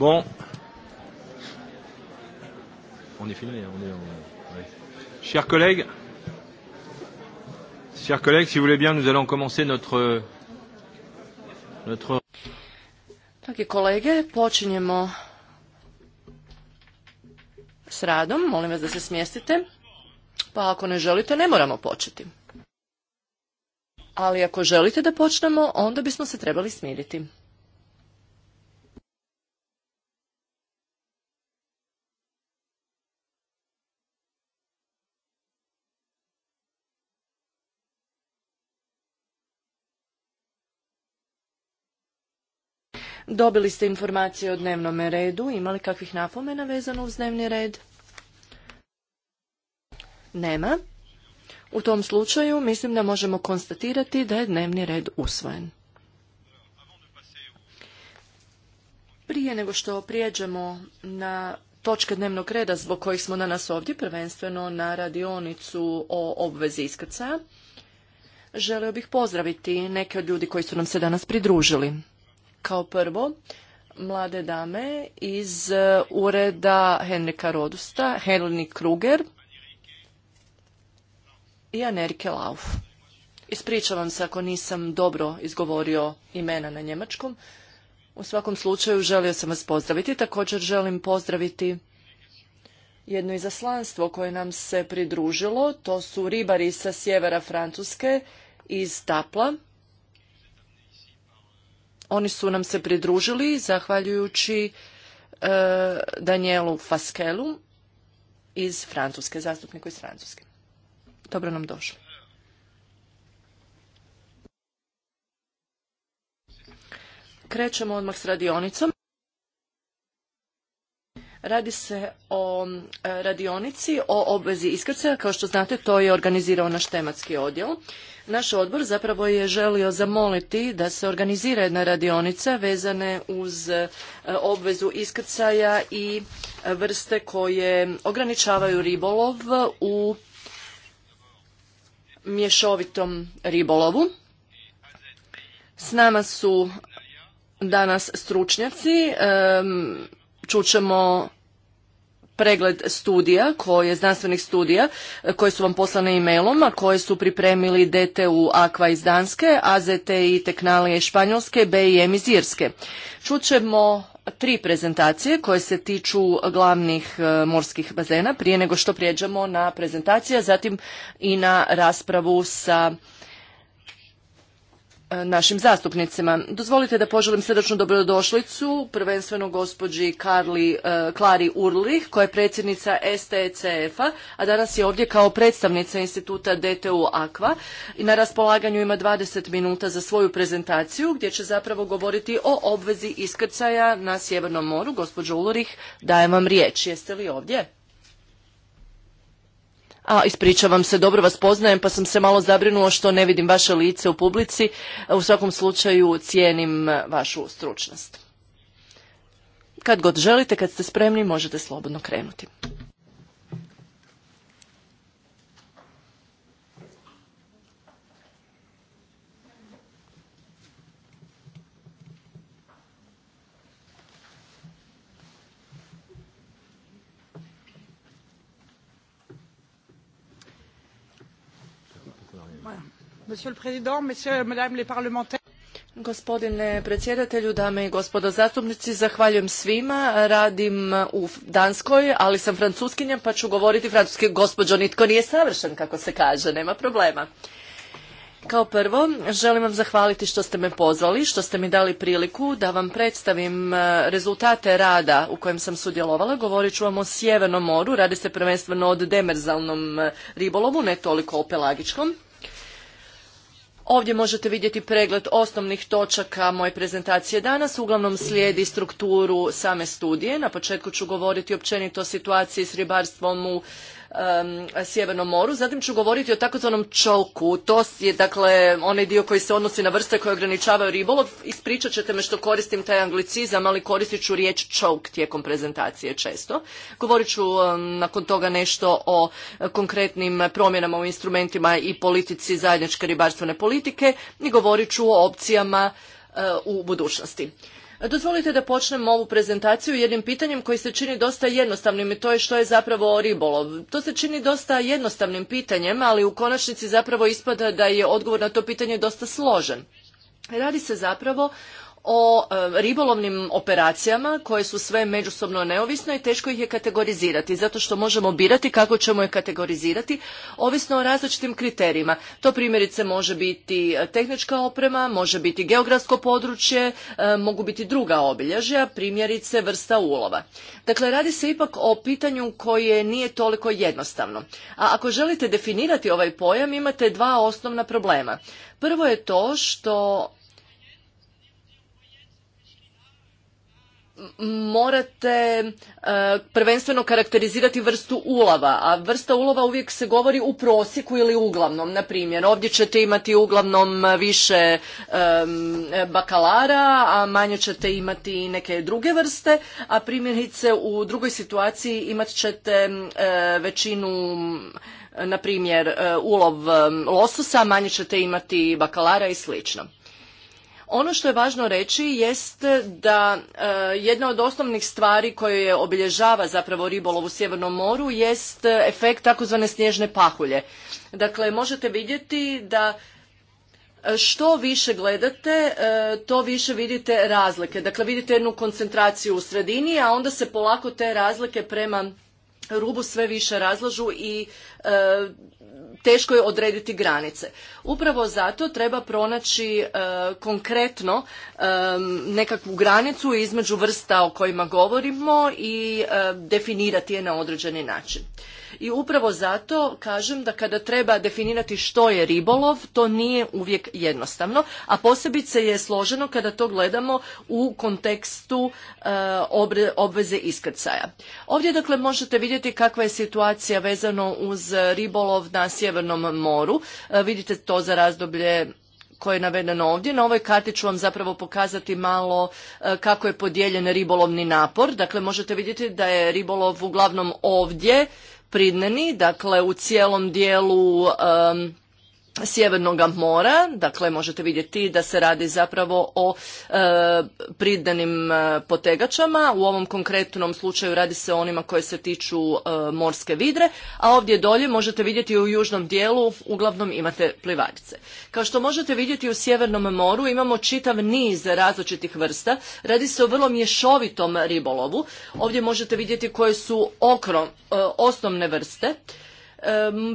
Bon. On est filmé, on est. On... Ouais. Chers collègues, chers collègues, si vous voulez bien, nous allons commencer notre. notre... Dragi kolege, počinjemo s radom. Molim vas da se smjestite. Pa ako ne želite, ne moramo početi. Ali ako želite da počnemo, onda bismo se trebali smiriti. Dobili ste informacije o dnevnom redu. Ima li kakvih napomena vezano uz dnevni red? Nema. U tom slučaju mislim da možemo konstatirati da je dnevni red usvojen. Prije nego što prijeđemo na točke dnevnog reda zbog kojih smo danas ovdje, prvenstveno na radionicu o obvezi iskrcaja, želio bih pozdraviti neke od ljudi koji su nam se danas pridružili. Kao prvo, mlade dame iz e, ureda Henrika Rodusta, Heleni Kruger i Anerike Lauf. Ispričavam se ako nisam dobro izgovorio imena na njemačkom. U svakom slučaju želio sam vas pozdraviti. Također želim pozdraviti jedno izaslanstvo koje nam se pridružilo. To su ribari sa sjevera Francuske iz Tapla. Oni su nam se pridružili zahvaljujući e, Danielu Faskelu iz Francuske, zastupniku iz Francuske. Dobro nam došli. Krećemo odmah s radionicom. Radi se o e, radionici o obvezi iskrcaja. Kao što znate, to je organizirao naš tematski odjel. Naš odbor zapravo je želio zamoliti da se organizira jedna radionica vezane uz e, obvezu iskrcaja i e, vrste koje ograničavaju ribolov u mješovitom ribolovu. S nama su danas stručnjaci. Čućemo pregled studija, koje, znanstvenih studija, e, koje su vam poslane e-mailom, a koje su pripremili DTU Akva iz Danske, i Teknalije iz Španjolske, BIM iz Irske. ćemo tri prezentacije koje se tiču glavnih e, morskih bazena prije nego što prijeđemo na prezentacije, zatim i na raspravu sa E, našim zastupnicima. Dozvolite da poželim srdačnu dobrodošlicu, prvenstveno gospođi Karli, e, Klari Urlih, koja je predsjednica STCF-a, a danas je ovdje kao predstavnica instituta DTU Aqua i na raspolaganju ima 20 minuta za svoju prezentaciju gdje će zapravo govoriti o obvezi iskrcaja na Sjevernom moru. Gospođo Urlih, dajem vam riječ. Jeste li ovdje? A, ispričavam se, dobro vas poznajem, pa sam se malo zabrinula što ne vidim vaše lice u publici. U svakom slučaju cijenim e, vašu stručnost. Kad god želite, kad ste spremni, možete slobodno krenuti. Gospodine predsjedatelju, dame i gospodo zastupnici, zahvaljujem svima. Radim u Danskoj, ali sam francuskinja pa ću govoriti francuski. Gospođo, nitko nije savršen, kako se kaže, nema problema. Kao prvo, želim vam zahvaliti što ste me pozvali, što ste mi dali priliku da vam predstavim e, rezultate rada u kojem sam sudjelovala. Govorit ću vam o Sjevernom moru, radi se prvenstveno o demerzalnom e, ribolovu, ne toliko o pelagičkom. Ovdje možete vidjeti pregled osnovnih točaka moje prezentacije danas. Uglavnom slijedi strukturu same studije. Na početku ću govoriti općenito o situaciji s ribarstvom u Sjevernom moru. Zatim ću govoriti o takozvanom čoku. To je dakle onaj dio koji se odnosi na vrste koje ograničavaju ribolov. Ispričat ćete me što koristim taj anglicizam, ali koristit ću riječ čok tijekom prezentacije često. Govorit ću nakon toga nešto o konkretnim promjenama u instrumentima i politici zajedničke ribarstvene politike i govorit ću o opcijama E, u budućnosti. Dozvolite da počnem ovu prezentaciju jednim pitanjem koji se čini dosta jednostavnim i to je što je zapravo ribolov. To se čini dosta jednostavnim pitanjem, ali u konačnici zapravo ispada da je odgovor na to pitanje dosta složen. Radi se zapravo o e, ribolovnim operacijama koje su sve međusobno neovisne i teško ih je kategorizirati zato što možemo birati kako ćemo je kategorizirati ovisno o različitim kriterijima. To primjerice može biti e, tehnička oprema, može biti geografsko područje, e, mogu biti druga obilježja, primjerice vrsta ulova. Dakle, radi se ipak o pitanju koje nije toliko jednostavno. A ako želite definirati ovaj pojam imate dva osnovna problema. Prvo je to što morate e, prvenstveno karakterizirati vrstu ulova, a vrsta ulova uvijek se govori u prosjeku ili uglavnom. Na primjer, ovdje ćete imati uglavnom više bakalara, a manje ćete imati neke druge vrste, a primjerice u drugoj situaciji imat ćete e, većinu na primjer e, ulov lososa, manje ćete imati bakalara i slično. Ono što je važno reći jest da e, jedna od osnovnih stvari koje obilježava zapravo ribolov u Sjevernom moru jest efekt takozvane snježne pahulje. Dakle, možete vidjeti da e, što više gledate, e, to više vidite razlike. Dakle, vidite jednu koncentraciju u sredini, a onda se polako te razlike prema rubu sve više razlažu i teško je odrediti granice. Upravo zato treba pronaći e, konkretno e, nekakvu granicu između vrsta o kojima govorimo i e, definirati je na određeni način. I upravo zato kažem da kada treba definirati što je ribolov, to nije uvijek jednostavno, a posebice je složeno kada to gledamo u kontekstu e, obveze iskrcaja. Ovdje dakle možete vidjeti kakva je situacija vezano uz ribolov na Sjevernom moru. E, vidite to za razdoblje koje je navedeno ovdje. Na ovoj karti ću vam zapravo pokazati malo e, kako je podijeljen ribolovni napor. Dakle, možete vidjeti da je ribolov uglavnom ovdje pridneni, dakle u cijelom dijelu Sjevernog mora, dakle možete vidjeti da se radi zapravo o e, pridanim e, potegačama, u ovom konkretnom slučaju radi se o onima koje se tiču e, morske vidre, a ovdje dolje možete vidjeti u južnom dijelu uglavnom imate plivarice. Kao što možete vidjeti u Sjevernom moru imamo čitav niz različitih vrsta, radi se o vrlo mješovitom ribolovu, ovdje možete vidjeti koje su okrom, osnovne vrste,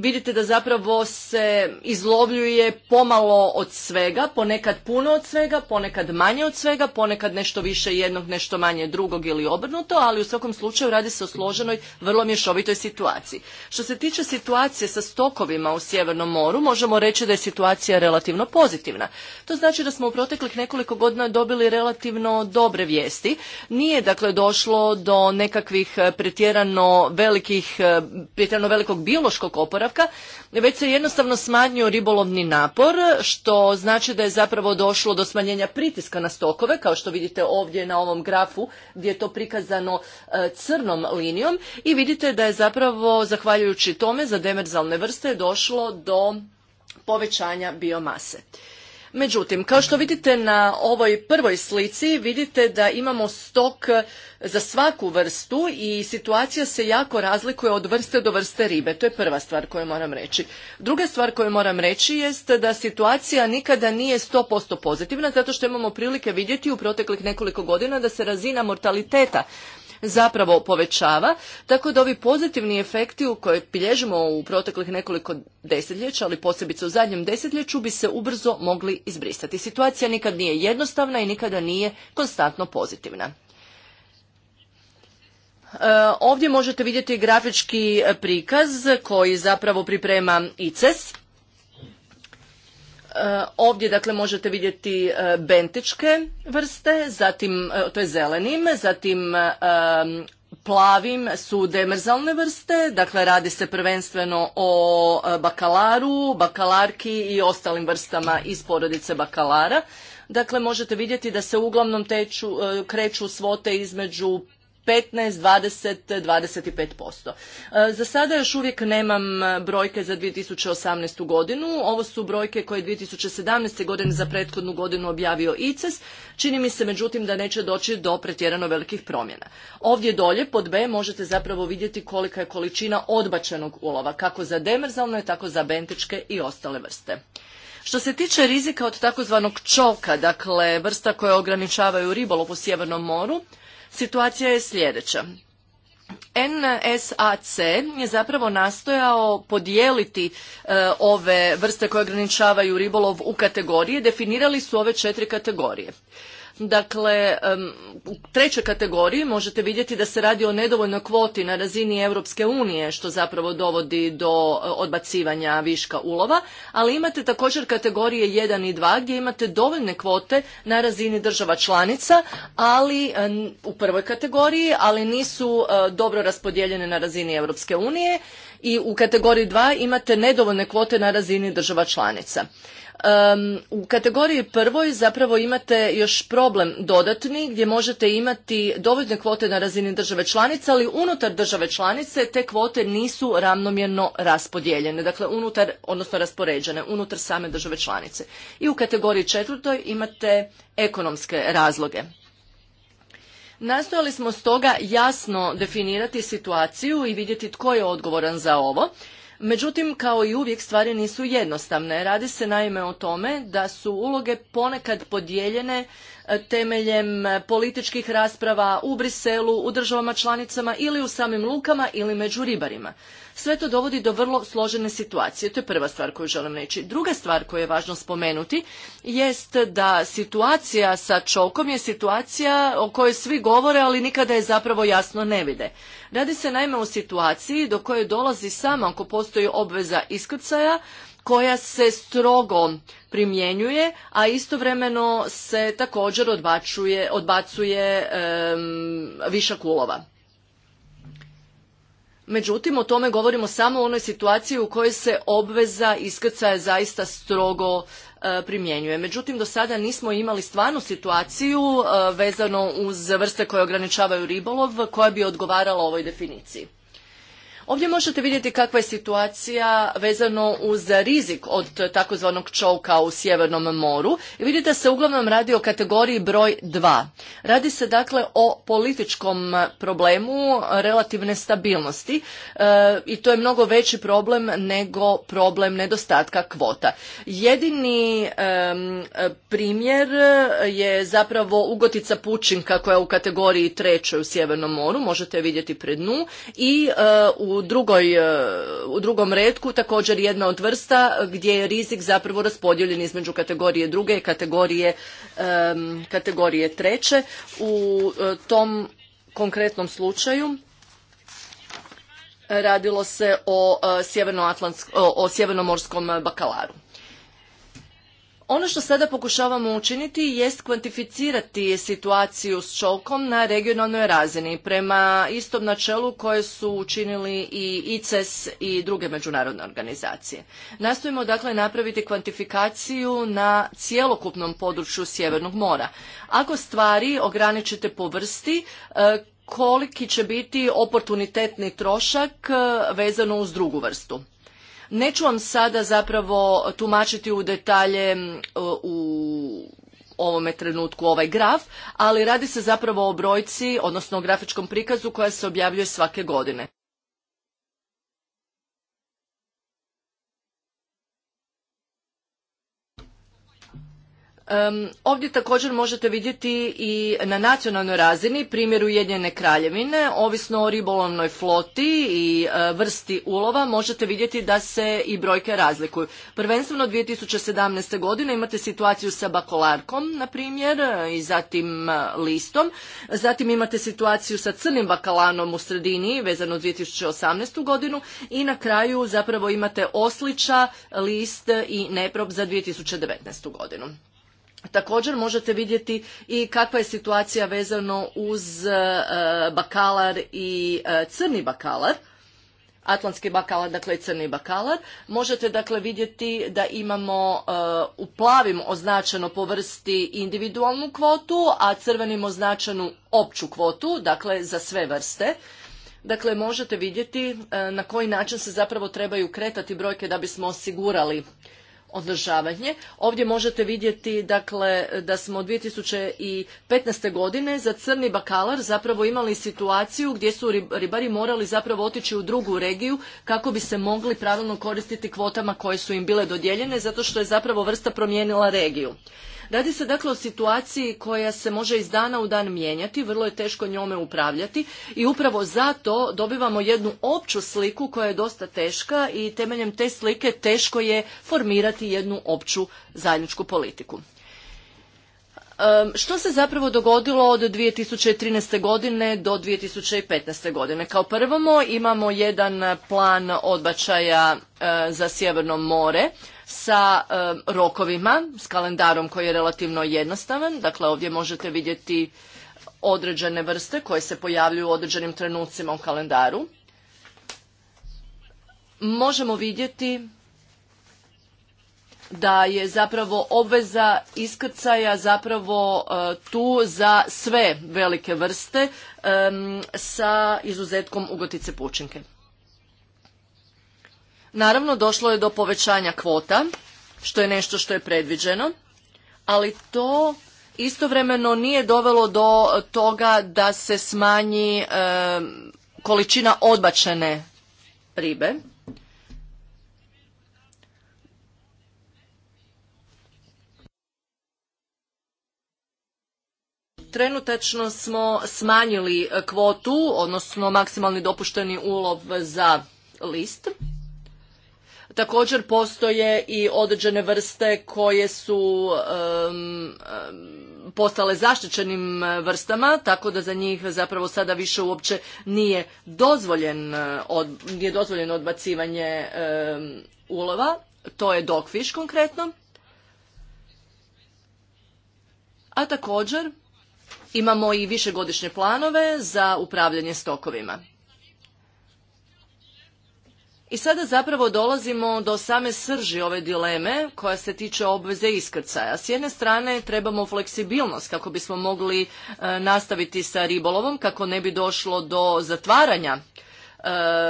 vidite da zapravo se izlovljuje pomalo od svega, ponekad puno od svega, ponekad manje od svega, ponekad nešto više jednog, nešto manje drugog ili obrnuto, ali u svakom slučaju radi se o složenoj, vrlo mješovitoj situaciji. Što se tiče situacije sa stokovima u Sjevernom moru, možemo reći da je situacija relativno pozitivna. To znači da smo u proteklih nekoliko godina dobili relativno dobre vijesti. Nije dakle došlo do nekakvih pretjerano velikih, pretjerano velikog bilo ekološkog oporavka, već se jednostavno smanjio ribolovni napor, što znači da je zapravo došlo do smanjenja pritiska na stokove, kao što vidite ovdje na ovom grafu gdje je to prikazano e, crnom linijom i vidite da je zapravo zahvaljujući tome za demerzalne vrste došlo do povećanja biomase. Međutim, kao što vidite na ovoj prvoj slici, vidite da imamo stok eh, za svaku vrstu i situacija se jako razlikuje od vrste do vrste ribe. To je prva stvar koju moram reći. Druga stvar koju moram reći jest da situacija nikada nije 100% pozitivna, zato što imamo prilike vidjeti u proteklih nekoliko godina da se razina mortaliteta zapravo povećava, tako da ovi pozitivni efekti u koje bilježimo u proteklih nekoliko desetljeća, ali posebice u zadnjem desetljeću, bi se ubrzo mogli izbrisati. Situacija nikad nije jednostavna i nikada nije konstantno pozitivna. E, ovdje možete vidjeti grafički prikaz koji zapravo priprema ICES Eh, ovdje dakle možete vidjeti eh, bentičke vrste, zatim eh, to je zelenim, zatim plavim su demerzalne vrste, dakle radi se prvenstveno o bakalaru, bakalarki i ostalim vrstama iz porodice bakalara. Dakle, možete vidjeti da se uglavnom teču, kreću svote između 15, 20, 25%. Za sada još uvijek nemam e, brojke za 2018. godinu. Ovo su brojke koje je 2017. godine za prethodnu godinu objavio ICES. Čini mi se međutim da neće doći do pretjerano velikih promjena. Ovdje dolje pod B možete zapravo vidjeti kolika je količina odbačenog ulova, kako za demerzalne, tako za bentičke i ostale vrste. Što se tiče rizika od takozvanog čoka, dakle vrsta koje ograničavaju ribolov u Sjevernom moru, Situacija je sljedeća. NSAC je zapravo nastojao podijeliti e, ove vrste koje ograničavaju ribolov u kategorije, definirali su ove četiri kategorije. Dakle, u trećoj kategoriji možete vidjeti da se radi o nedovoljnoj kvoti na razini Europske unije, što zapravo dovodi do e, odbacivanja viška ulova, ali imate također kategorije 1 i 2 gdje imate dovoljne kvote na razini država članica, ali u prvoj kategoriji, ali nisu e, dobro raspodijeljene na razini Europske unije i u kategoriji 2 imate nedovoljne kvote na razini država članica u kategoriji prvoj zapravo imate još problem dodatni gdje možete imati dovoljne kvote na razini države članice, ali unutar države članice te kvote nisu ravnomjerno raspodijeljene, dakle unutar, odnosno raspoređene, unutar same države članice. I u kategoriji četvrtoj imate ekonomske razloge. Nastojali smo stoga jasno definirati situaciju i vidjeti tko je odgovoran za ovo Međutim, kao i uvijek stvari nisu jednostavne. Radi se naime o tome da su uloge ponekad podijeljene e, temeljem političkih rasprava u Briselu, u državama članicama ili u samim lukama ili među ribarima. Sve to dovodi do vrlo složene situacije. To je prva stvar koju želim reći. Druga stvar koju je važno spomenuti jest da situacija sa čokom je situacija o kojoj svi govore, ali nikada je zapravo jasno ne vide. Radi se naime o situaciji do koje dolazi samo ako postoji obveza iskrcaja, koja se strogo primjenjuje, a istovremeno se također odbacuje višak ulova. Međutim, o tome govorimo samo u onoj situaciji u kojoj se obveza iskrcaja zaista strogo e, primjenjuje. Međutim, do sada nismo imali stvarnu situaciju e, vezano uz vrste koje ograničavaju ribolov koja bi odgovarala ovoj definiciji. Ovdje možete vidjeti kakva je situacija vezano uz rizik od takozvanog čovka u Sjevernom moru i vidite se uglavnom radi o kategoriji broj 2. Radi se dakle o političkom problemu relativne stabilnosti e, i to je mnogo veći problem nego problem nedostatka kvota. Jedini primjer je zapravo ugotica pučinka koja je u kategoriji trećoj u Sjevernom moru, možete vidjeti pred dnu i e, u u, drugoj, e, u drugom redku također jedna od vrsta gdje je rizik zapravo raspodijeljen između kategorije druge i kategorije, kategorije treće. U e, tom konkretnom slučaju radilo se o, e, o, o sjevernomorskom bakalaru. Ono što sada pokušavamo učiniti jest kvantificirati situaciju s čolkom na regionalnoj razini prema istom načelu koje su učinili i ICES i druge međunarodne organizacije. Nastojimo dakle napraviti kvantifikaciju na cjelokupnom području Sjevernog mora. Ako stvari ograničite po vrsti, e, koliki će biti oportunitetni trošak e, vezano uz drugu vrstu. Neću vam sada zapravo tumačiti u detalje u ovome trenutku ovaj graf, ali radi se zapravo o brojci, odnosno o grafičkom prikazu koja se objavljuje svake godine. ovdje također možete vidjeti i na nacionalnoj razini primjer Ujedinjene kraljevine, ovisno o ribolovnoj floti i e, vrsti ulova možete vidjeti da se i brojke razlikuju. Prvenstveno 2017. godine imate situaciju sa bakolarkom, na primjer, e, i zatim e, listom. Zatim imate situaciju sa crnim bakalanom u sredini, vezano 2018. godinu. I na kraju zapravo imate oslića, list i neprob za 2019. godinu. Također možete vidjeti i kakva je situacija vezano uz e, bakalar i e, crni bakalar. Atlantski bakalar, dakle i crni bakalar. Možete dakle vidjeti da imamo e, u plavim označeno po vrsti individualnu kvotu, a crvenim označenu opću kvotu, dakle za sve vrste. Dakle, možete vidjeti na koji način se zapravo trebaju kretati brojke da bismo osigurali održavanje. Ovdje možete vidjeti dakle, da smo od 2015. godine za crni bakalar zapravo imali situaciju gdje su ribari morali zapravo otići u drugu regiju kako bi se mogli pravilno koristiti kvotama koje su im bile dodijeljene zato što je zapravo vrsta promijenila regiju. Radi se dakle o situaciji koja se može iz dana u dan mijenjati, vrlo je teško njome upravljati i upravo zato dobivamo jednu opću sliku koja je dosta teška i temeljem te slike teško je formirati jednu opću zajedničku politiku. Što se zapravo dogodilo od 2013. godine do 2015. godine? Kao prvomo imamo jedan plan odbačaja e, za Sjeverno more sa rokovima, s kalendarom koji je relativno jednostavan. Dakle, ovdje možete vidjeti određene vrste koje se pojavljuju u određenim trenucima u kalendaru. Možemo vidjeti da je zapravo obveza iskrcaja zapravo e, tu za sve velike vrste sa izuzetkom ugotice pučinke. Naravno, došlo je do povećanja kvota, što je nešto što je predviđeno, ali to istovremeno nije dovelo do toga da se smanji količina odbačene ribe. Trenutačno smo smanjili kvotu, odnosno maksimalni dopušteni ulov za list. Također postoje i određene vrste koje su postale zaštićenim vrstama, tako da za njih zapravo sada više uopće nije e, nije dozvoljeno odbacivanje ulova. To je dogfish konkretno. A također imamo i višegodišnje planove za upravljanje stokovima. I sada zapravo dolazimo do same srži ove dileme koja se tiče obveze iskrcaja. S jedne strane trebamo fleksibilnost kako bismo mogli e, nastaviti sa ribolovom, kako ne bi došlo do zatvaranja e,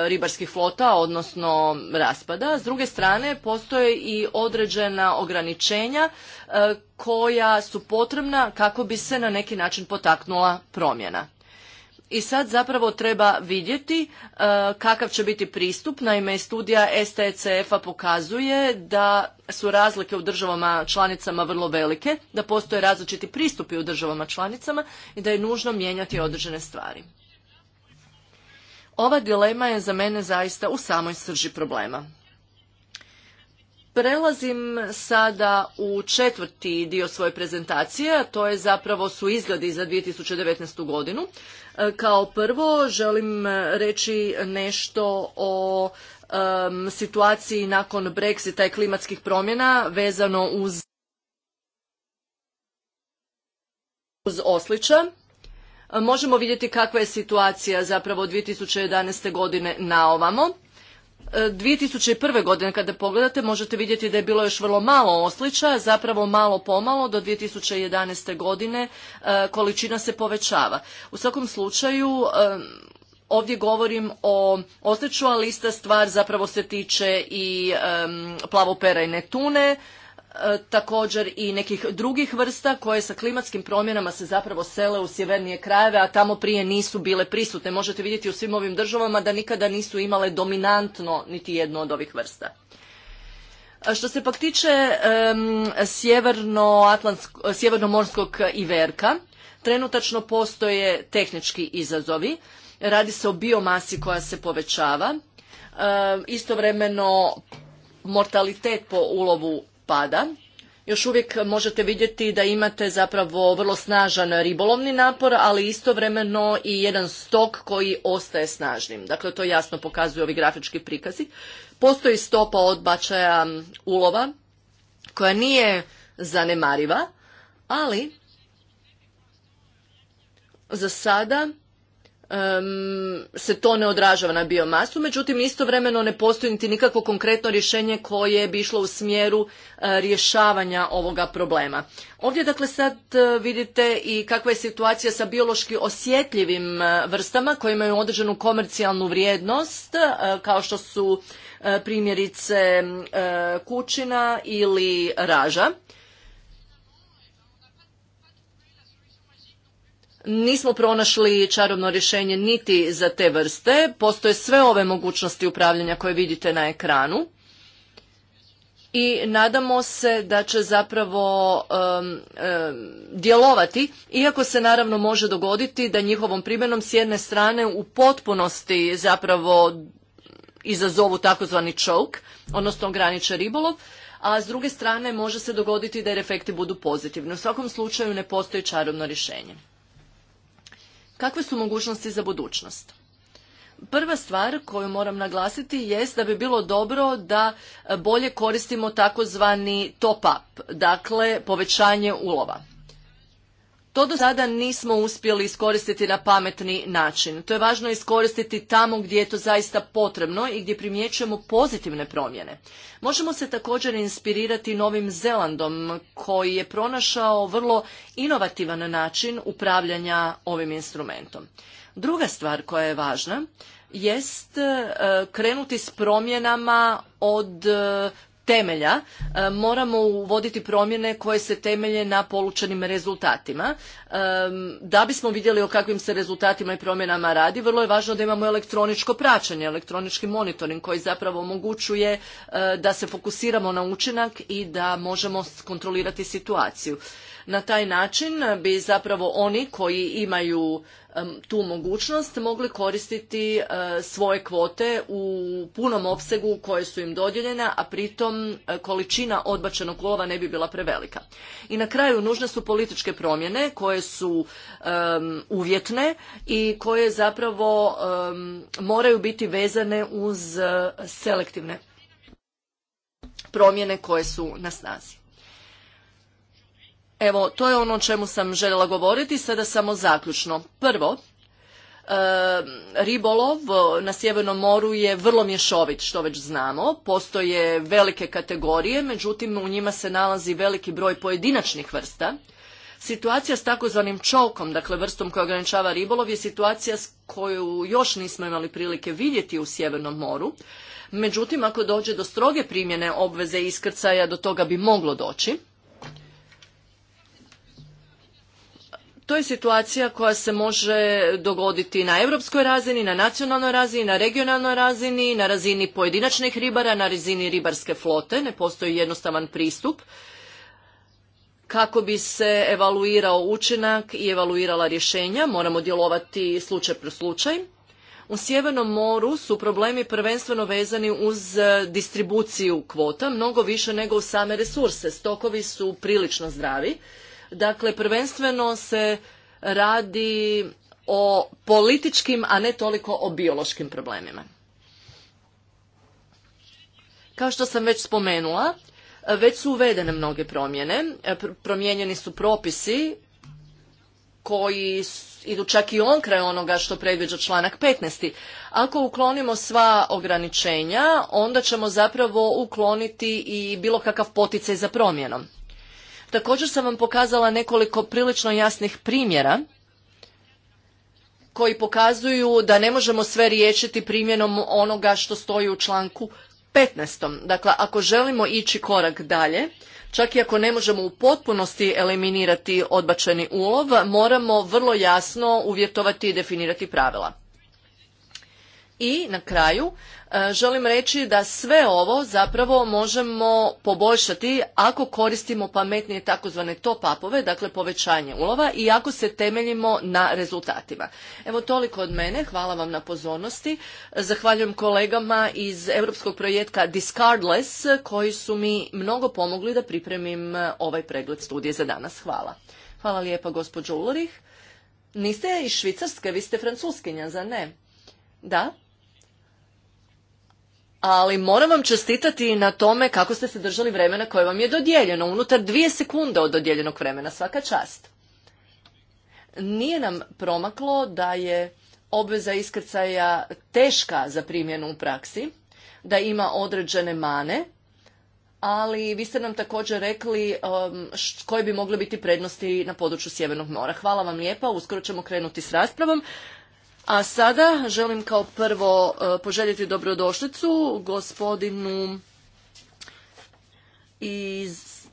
ribarskih flota, odnosno raspada. S druge strane, postoje i određena ograničenja e, koja su potrebna kako bi se na neki način potaknula promjena i sad zapravo treba vidjeti e, kakav će biti pristup. Naime, studija STCF-a pokazuje da su razlike u državama članicama vrlo velike, da postoje različiti pristupi u državama članicama i da je nužno mijenjati određene stvari. Ova dilema je za mene zaista u samoj srži problema. Prelazim sada u četvrti dio svoje prezentacije, a to je zapravo su izgledi za 2019. godinu. E, kao prvo želim reći nešto o situaciji nakon Brexita i klimatskih promjena vezano uz, uz oslića. E, možemo vidjeti kakva je situacija zapravo 2011. godine na ovamo. 2001. godine kada pogledate možete vidjeti da je bilo još vrlo malo oslića, zapravo malo pomalo do 2011. godine e, količina se povećava. U svakom slučaju e, ovdje govorim o osliću, ali ista stvar zapravo se tiče i plavoperajne tune, E, također i nekih drugih vrsta koje sa klimatskim promjenama se zapravo sele u sjevernije krajeve, a tamo prije nisu bile prisutne. Možete vidjeti u svim ovim državama da nikada nisu imale dominantno niti jednu od ovih vrsta. što se pak tiče sjeverno sjevernomorskog iverka, trenutačno postoje tehnički izazovi. Radi se o biomasi koja se povećava. istovremeno mortalitet po ulovu pada. Još uvijek možete vidjeti da imate zapravo vrlo snažan ribolovni napor, ali istovremeno i jedan stok koji ostaje snažnim. Dakle, to jasno pokazuju ovi grafički prikazi. Postoji stopa odbačaja ulova koja nije zanemariva, ali za sada se to ne odražava na biomasu, međutim istovremeno ne postoji niti nikakvo konkretno rješenje koje bi išlo u smjeru e, rješavanja ovoga problema. Ovdje dakle sad e, vidite i kakva je situacija sa biološki osjetljivim e, vrstama koje imaju određenu komercijalnu vrijednost kao što su primjerice kućina ili raža. Nismo pronašli čarobno rješenje niti za te vrste. Postoje sve ove mogućnosti upravljanja koje vidite na ekranu. I nadamo se da će zapravo djelovati, iako se naravno može dogoditi da njihovom primjenom s jedne strane u potpunosti zapravo izazovu takozvani choke, odnosno ograniče ribolov, a s druge strane može se dogoditi da efekti budu pozitivni. U svakom slučaju ne postoji čarobno rješenje. Kakve su mogućnosti za budućnost? Prva stvar koju moram naglasiti jest da bi bilo dobro da bolje koristimo takozvani top up, dakle povećanje ulova. To do sada nismo uspjeli iskoristiti na pametni način. To je važno iskoristiti tamo gdje je to zaista potrebno i gdje primjećujemo pozitivne promjene. Možemo se također inspirirati Novim Zelandom koji je pronašao vrlo inovativan način upravljanja ovim instrumentom. Druga stvar koja je važna jest e, krenuti s promjenama od e, temelja e, moramo uvoditi promjene koje se temelje na polučenim rezultatima. E, da bismo vidjeli o kakvim se rezultatima i promjenama radi, vrlo je važno da imamo elektroničko praćenje, elektronički monitoring koji zapravo omogućuje e, da se fokusiramo na učinak i da možemo kontrolirati situaciju. Na taj način bi zapravo oni koji imaju tu mogućnost mogli koristiti e, svoje kvote u punom opsegu koje su im dodijeljene, a pritom e, količina odbačenog lova ne bi bila prevelika. I na kraju nužne su političke promjene koje su uvjetne i koje zapravo moraju biti vezane uz e, selektivne promjene koje su na snazi. Evo, to je ono o čemu sam željela govoriti, sada samo zaključno. Prvo, e, ribolov na Sjevernom moru je vrlo mješovit, što već znamo. Postoje velike kategorije, međutim u njima se nalazi veliki broj pojedinačnih vrsta. Situacija s takozvanim čolkom, dakle vrstom koja ograničava ribolov, je situacija s koju još nismo imali prilike vidjeti u Sjevernom moru. Međutim, ako dođe do stroge primjene obveze iskrcaja, do toga bi moglo doći. To je situacija koja se može dogoditi na europskoj razini, na nacionalnoj razini, na regionalnoj razini, na razini pojedinačnih ribara, na razini ribarske flote. Ne postoji jednostavan pristup kako bi se evaluirao učinak i evaluirala rješenja. Moramo djelovati slučaj pro slučaj. U Sjevernom moru su problemi prvenstveno vezani uz distribuciju kvota, mnogo više nego u same resurse. Stokovi su prilično zdravi Dakle, prvenstveno se radi o političkim, a ne toliko o biološkim problemima. Kao što sam već spomenula, već su uvedene mnoge promjene. Promijenjeni su propisi koji idu čak i on kraj onoga što predviđa članak 15. Ako uklonimo sva ograničenja, onda ćemo zapravo ukloniti i bilo kakav poticaj za promjenom. Također sam vam pokazala nekoliko prilično jasnih primjera koji pokazuju da ne možemo sve riješiti primjenom onoga što stoji u članku 15. Dakle, ako želimo ići korak dalje, čak i ako ne možemo u potpunosti eliminirati odbačeni ulov, moramo vrlo jasno uvjetovati i definirati pravila. I na kraju e, želim reći da sve ovo zapravo možemo poboljšati ako koristimo pametnije takozvane top upove, dakle povećanje ulova i ako se temeljimo na rezultatima. Evo toliko od mene, hvala vam na pozornosti. Zahvaljujem kolegama iz europskog projekta Discardless koji su mi mnogo pomogli da pripremim e, ovaj pregled studije za danas. Hvala. Hvala lijepa gospođo Ulorih. Niste iz Švicarske, vi ste francuskinja, za ne? Da? ali moram vam čestitati na tome kako ste se držali vremena koje vam je dodijeljeno, unutar dvije sekunde od dodijeljenog vremena, svaka čast. Nije nam promaklo da je obveza iskrcaja teška za primjenu u praksi, da ima određene mane, ali vi ste nam također rekli um, koje bi mogle biti prednosti na području Sjevernog mora. Hvala vam lijepa, uskoro ćemo krenuti s raspravom. A sada želim kao prvo e, poželjeti dobrodošlicu gospodinu iz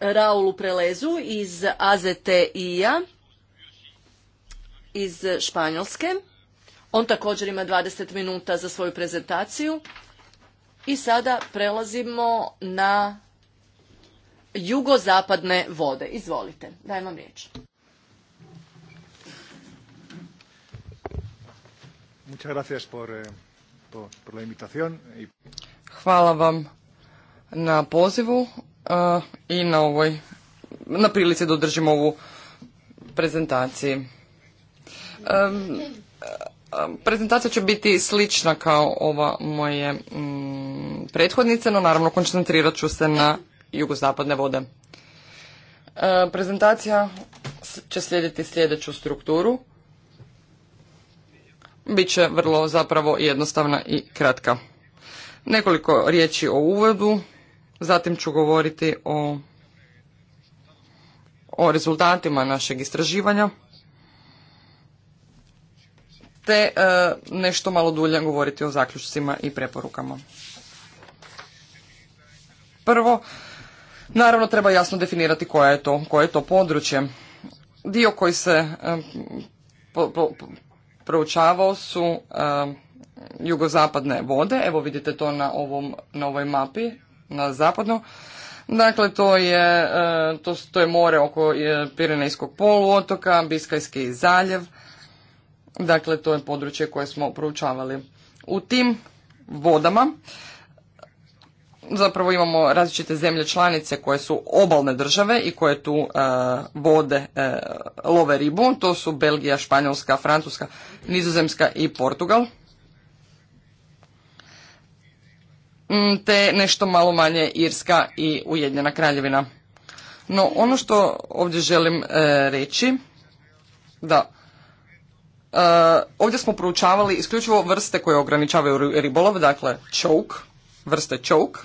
Raulu Prelezu iz AZTI-a iz Španjolske. On također ima 20 minuta za svoju prezentaciju. I sada prelazimo na jugozapadne vode. Izvolite, dajem vam riječ. Eh, Hvala vam na pozivu eh, i na ovoj, na prilici da održimo ovu prezentaciji. Prezentacija će biti slična kao ova moje mm, prethodnice, no naravno koncentrirat ću se na jugozapadne vode. Prezentacija će slijediti sljedeću strukturu bit će vrlo zapravo jednostavna i kratka. Nekoliko riječi o uvodu, zatim ću govoriti o, o rezultatima našeg istraživanja, te e, nešto malo dulje govoriti o zaključcima i preporukama. Prvo, naravno treba jasno definirati koje je to, koje je to područje. Dio koji se e, proučavao su eh, jugozapadne vode, evo vidite to na, ovom, ovoj mapi, na zapadno. Dakle, to je, eh, to, je more oko eh, Pirenejskog poluotoka, Biskajski zaljev, dakle to je područje koje smo proučavali. U tim vodama zapravo imamo različite zemlje članice koje su obalne države i koje tu e, vode e, love ribu. To su Belgija, Španjolska, Francuska, Nizozemska i Portugal. Mm, te nešto malo manje Irska i Ujedinjena kraljevina. No ono što ovdje želim e, reći da e, ovdje smo proučavali isključivo vrste koje ograničavaju ribolov, dakle čouk, vrste choke,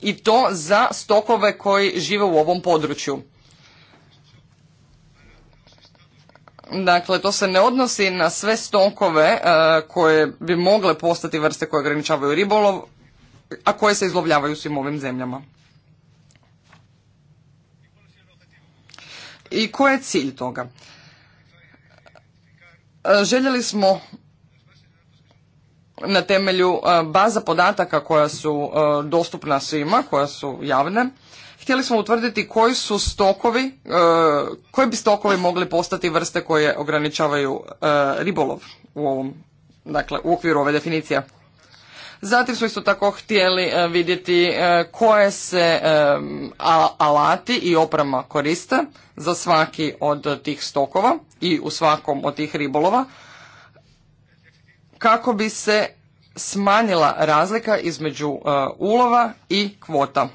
i to za stokove koji žive u ovom području. Dakle, to se ne odnosi na sve stokove e, koje bi mogle postati vrste koje ograničavaju ribolov, a koje se izlovljavaju svim ovim zemljama. I koji je cilj toga? E, željeli smo na temelju e, baza podataka koja su e, dostupna svima, koja su javne, htjeli smo utvrditi koji su stokovi, e, koji bi stokovi mogli postati vrste koje ograničavaju ribolov u ovom, dakle u okviru ove definicije. Zatim smo isto tako htjeli vidjeti koje se alati i oprema koriste za svaki od tih stokova i u svakom od tih ribolova kako bi se smanjila razlika između uh, ulova i kvota.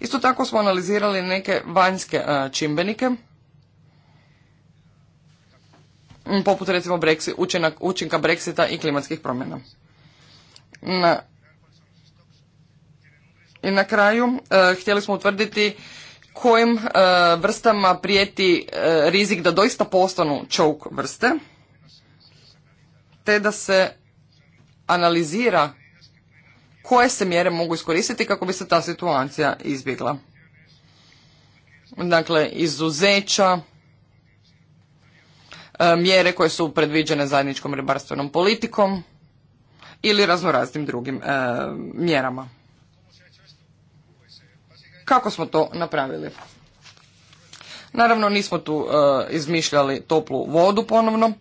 Isto tako smo analizirali neke vanjske uh, čimbenike, poput recimo učinka Brexita i klimatskih promjena. I na kraju uh, htjeli smo utvrditi kojim vrstama prijeti rizik da doista postanu čovk vrste, te da se analizira koje se mjere mogu iskoristiti kako bi se ta situacija izbjegla. Dakle, izuzeća, e, mjere koje su predviđene zajedničkom ribarstvenom politikom ili raznoraznim drugim e, mjerama. Kako smo to napravili? Naravno nismo tu e, izmišljali toplu vodu ponovno.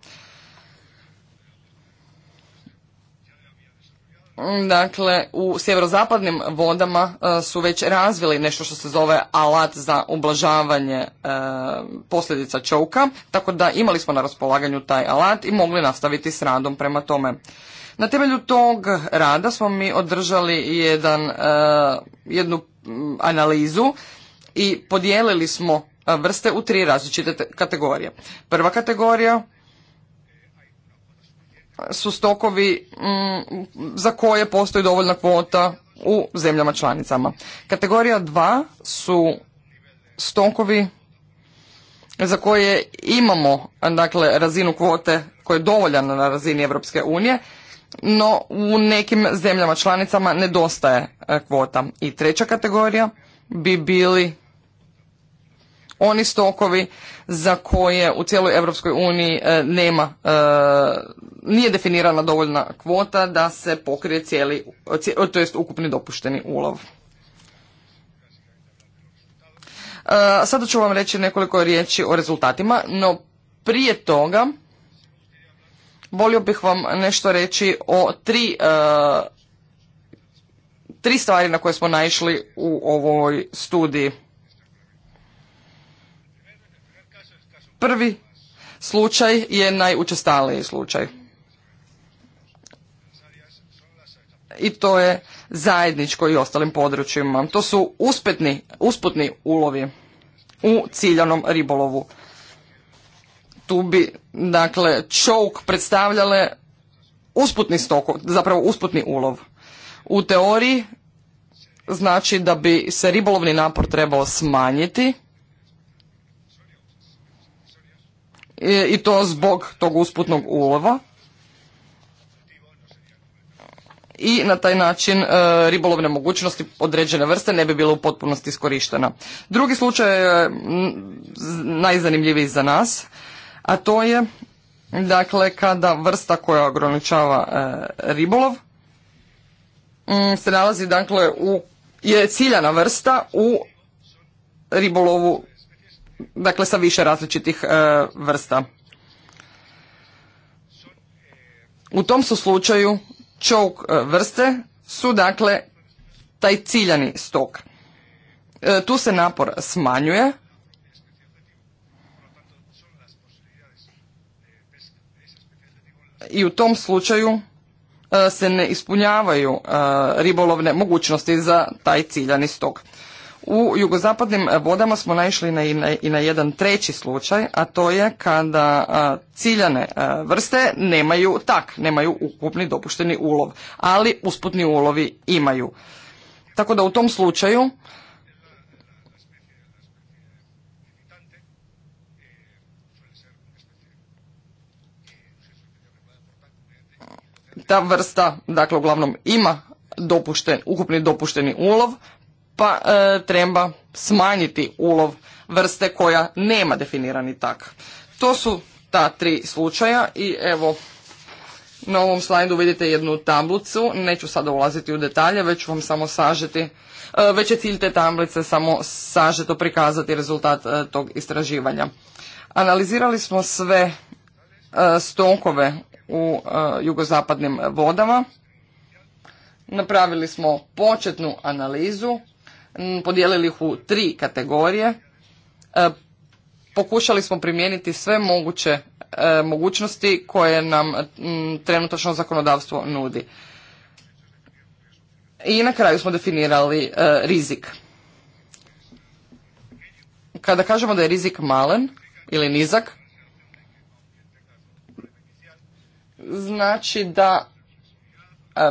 Mm, dakle u sjeverozapadnim vodama e, su već razvili nešto što se zove alat za ublažavanje e, posljedica čovka, tako da imali smo na raspolaganju taj alat i mogli nastaviti s radom prema tome. Na temelju tog rada smo mi održali jedan, e, jednu mm, analizu i podijelili smo vrste u tri različite kategorije. Prva kategorija su stokovi mm, za koje postoji dovoljna kvota u zemljama članicama. Kategorija 2 su stokovi za koje imamo dakle, razinu kvote koja je dovoljna na razini Europske unije, no u nekim zemljama članicama nedostaje e, kvota. I treća kategorija bi bili oni stokovi za koje u cijeloj Europskoj uniji e, nema, e, nije definirana dovoljna kvota da se pokrije cijeli, to jest ukupni dopušteni ulov. E, sada ću vam reći nekoliko riječi o rezultatima, no prije toga volio bih vam nešto reći o tri, tri stvari na koje smo naišli u ovoj studiji. Prvi slučaj je najučestaliji slučaj. I to je zajedničko i ostalim područjima. To su uspetni, usputni ulovi u ciljanom ribolovu. Tu bi, dakle, čovk predstavljale usputni stok, zapravo usputni ulov. U teoriji znači da bi se ribolovni napor trebao smanjiti E, i to zbog tog usputnog ulova i na taj način e, ribolovne mogućnosti određene vrste ne bi bila u potpunosti iskorištena. Drugi slučaj je najzanimljiviji za nas, a to je dakle kada vrsta koja ograničava e, ribolov se nalazi dakle u je ciljana vrsta u ribolovu dakle sa više različitih e, vrsta. U tom su slučaju čovk e, vrste su dakle taj ciljani stok. E, tu se napor smanjuje. I u tom slučaju se ne ispunjavaju ribolovne mogućnosti za taj ciljani stok. U jugozapadnim vodama smo naišli na, i, na, i na jedan treći slučaj, a to je kada ciljane vrste nemaju tak, nemaju ukupni dopušteni ulov, ali usputni ulovi imaju. Tako da u tom slučaju ta vrsta, dakle uglavnom ima dopušten, ukupni dopušteni ulov, pa e, treba smanjiti ulov vrste koja nema definirani tak. To su ta tri slučaja i evo na ovom slajdu vidite jednu tablicu, neću sada ulaziti u detalje, već ću vam samo sažeti, e, već je cilj te tablice samo sažeto prikazati rezultat e, tog istraživanja. Analizirali smo sve stokove u jugozapadnim vodama, napravili smo početnu analizu podijelili ih u tri kategorije. E, pokušali smo primijeniti sve moguće e, mogućnosti koje nam trenutačno zakonodavstvo nudi. I na kraju smo definirali e, rizik. Kada kažemo da je rizik malen ili nizak, znači da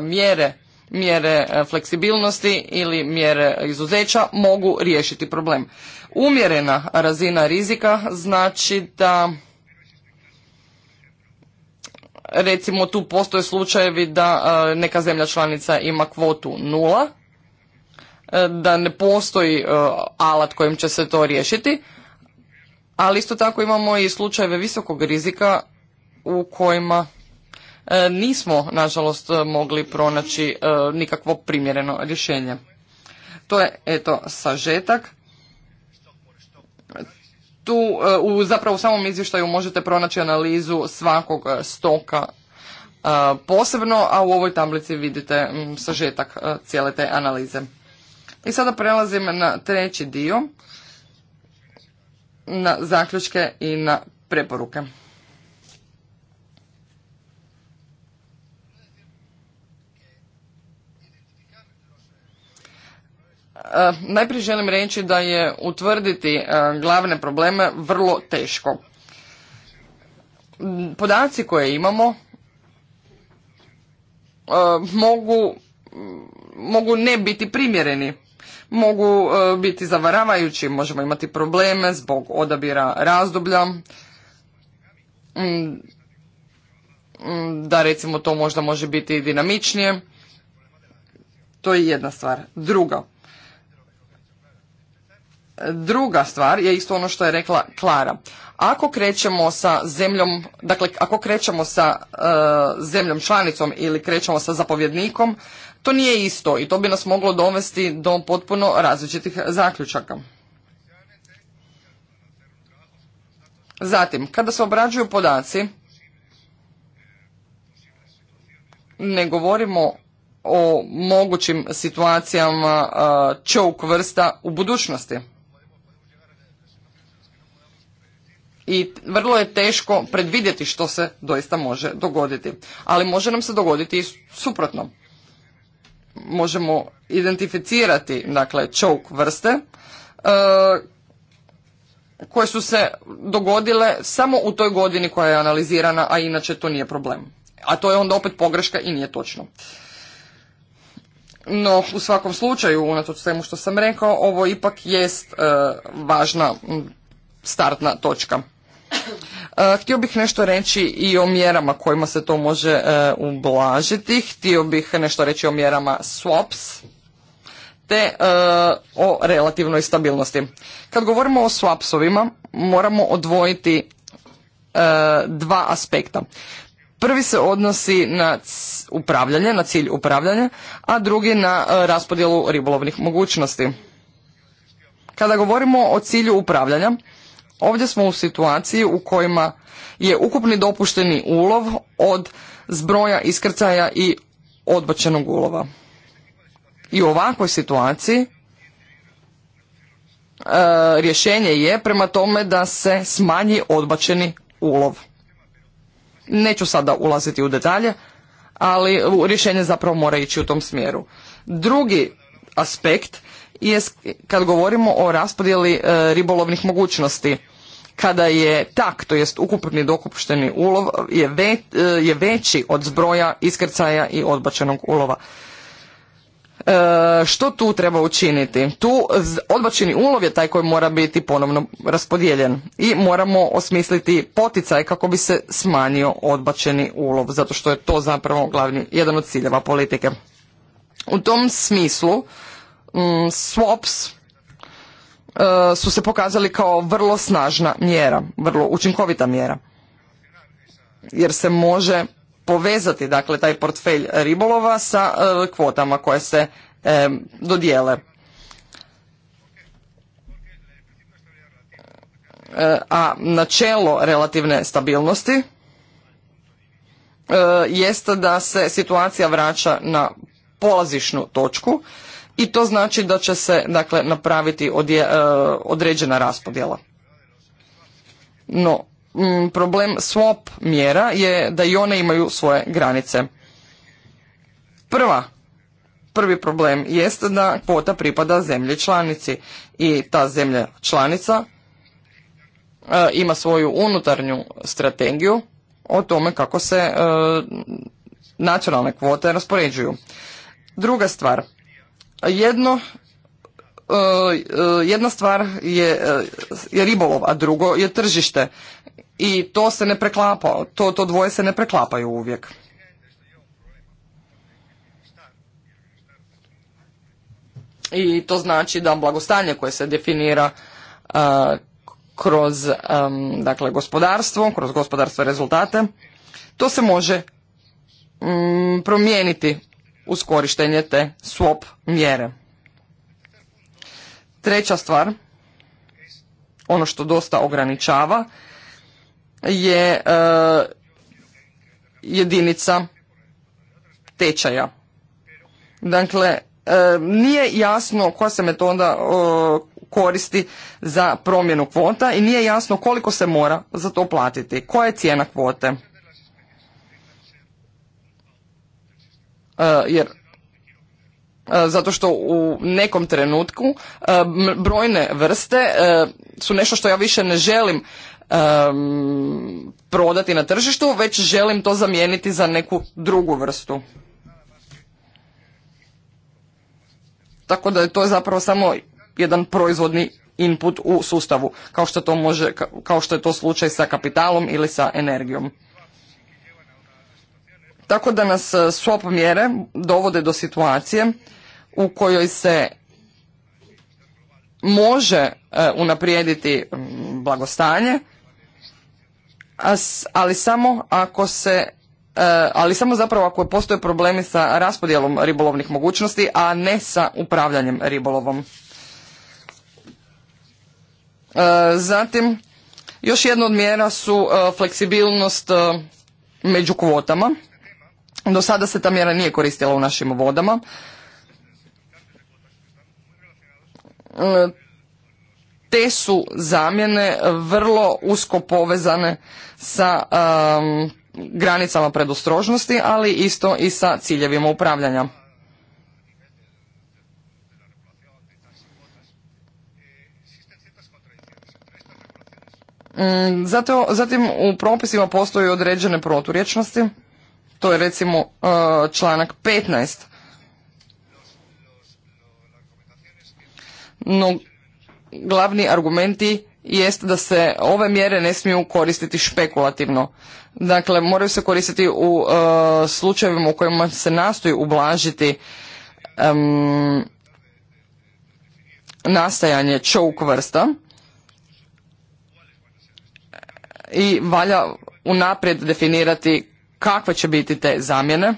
mjere mjere e, fleksibilnosti ili mjere izuzeća mogu riješiti problem. Umjerena razina rizika znači da recimo tu postoje slučajevi da e, neka zemlja članica ima kvotu nula, e, da ne postoji alat kojim će se to riješiti, ali isto tako imamo i slučajeve visokog rizika u kojima E, nismo nažalost mogli pronaći e, nikakvo primjereno rješenje. To je eto sažetak. Tu e, u zapravo u samom izvještaju možete pronaći analizu svakog stoka posebno, a u ovoj tablici vidite sažetak cijele te analize. I sada prelazim na treći dio, na zaključke i na preporuke. E, najprije želim reći da je utvrditi e, glavne probleme vrlo teško. Podaci koje imamo e, mogu, mogu ne biti primjereni, mogu biti zavaravajući, možemo imati probleme zbog odabira razdoblja, mm, mm, da recimo to možda može biti dinamičnije. To je jedna stvar. Druga, Druga stvar je isto ono što je rekla Klara. Ako krećemo sa zemljom, dakle ako krećemo sa e, zemljom članicom ili krećemo sa zapovjednikom, to nije isto i to bi nas moglo dovesti do potpuno različitih zaključaka. Zatim, kada se obrađuju podaci, ne govorimo o mogućim situacijama e, čovk vrsta u budućnosti. i vrlo je teško predvidjeti što se doista može dogoditi. Ali može nam se dogoditi i suprotno. Možemo identificirati dakle, čovk vrste e, koje su se dogodile samo u toj godini koja je analizirana, a inače to nije problem. A to je onda opet pogreška i nije točno. No, u svakom slučaju, unatoč svemu što sam rekao, ovo ipak jest e, važna startna točka. Eh, htio bih nešto reći i o mjerama kojima se to može eh, ublažiti. Htio bih nešto reći o mjerama swaps te eh, o relativnoj stabilnosti. Kad govorimo o swapsovima, moramo odvojiti dva aspekta. Prvi se odnosi na upravljanje, na cilj upravljanja, a drugi na raspodjelu ribolovnih mogućnosti. Kada govorimo o cilju upravljanja, Ovdje smo u situaciji u kojima je ukupni dopušteni ulov od zbroja iskrcaja i odbačenog ulova. I u ovakvoj situaciji e, rješenje je prema tome da se smanji odbačeni ulov. Neću sada ulaziti u detalje, ali rješenje zapravo mora ići u tom smjeru. Drugi aspekt je kad govorimo o raspodjeli e, ribolovnih mogućnosti kada je tak, to jest ukupni dokupušteni ulov, je, eh, je veći od zbroja iskrcaja i odbačenog ulova. Eh, što tu treba učiniti? Tu odbačeni ulov je taj koji mora biti ponovno raspodijeljen i moramo osmisliti poticaj kako bi se smanjio odbačeni ulov, zato što je to zapravo glavni, jedan od ciljeva politike. U tom smislu mm, swaps E, su se pokazali kao vrlo snažna mjera, vrlo učinkovita mjera. Jer se može povezati dakle taj portfelj ribolova sa e, kvotama koje se e, dodijele. a načelo relativne stabilnosti e, jeste da se situacija vraća na polazišnu točku i to znači da će se dakle napraviti odje, e, određena raspodjela. No, problem swap mjera je da i one imaju svoje granice. Prva, prvi problem jest da kvota pripada zemlji članici i ta zemlja članica e, ima svoju unutarnju strategiju o tome kako se e, nacionalne kvote raspoređuju. Druga stvar, jedno, e, e, jedna stvar je, e, je ribolov, a drugo je tržište. I to se ne preklapa, to, to dvoje se ne preklapaju uvijek. I to znači da blagostanje koje se definira kroz dakle gospodarstvo, kroz gospodarstvo rezultate, to se može mm, promijeniti uz korištenje te swap mjere. Treća stvar, ono što dosta ograničava, je e, jedinica tečaja. Dakle, e, nije jasno koja se metoda e, koristi za promjenu kvota i nije jasno koliko se mora za to platiti. Koja je cijena kvote? E, jer e, zato što u nekom trenutku e, brojne vrste su nešto što ja više ne želim prodati na tržištu, već želim to zamijeniti za neku drugu vrstu. Tako da je to zapravo samo jedan proizvodni input u sustavu, kao što, to može, kao što je to slučaj sa kapitalom ili sa energijom. Tako da nas e, swap mjere dovode do situacije u kojoj se može e, unaprijediti blagostanje, ali samo ako se e, ali samo zapravo ako postoje problemi sa raspodjelom ribolovnih mogućnosti, a ne sa upravljanjem ribolovom. Zatim, još jedna od mjera su fleksibilnost među kvotama. Do sada se ta mjera nije koristila u našim vodama. E, te su zamjene vrlo usko povezane sa um, granicama predostrožnosti, ali isto i sa ciljevima upravljanja. Mm, zatim u propisima postoje određene proturječnosti. To je recimo e, članak 15. No, glavni argumenti jest da se ove mjere ne smiju koristiti špekulativno. Dakle, moraju se koristiti u e, slučajevima u kojima se nastoji ublažiti nastajanje čovuk vrsta i valja unaprijed definirati kakve će biti te zamjene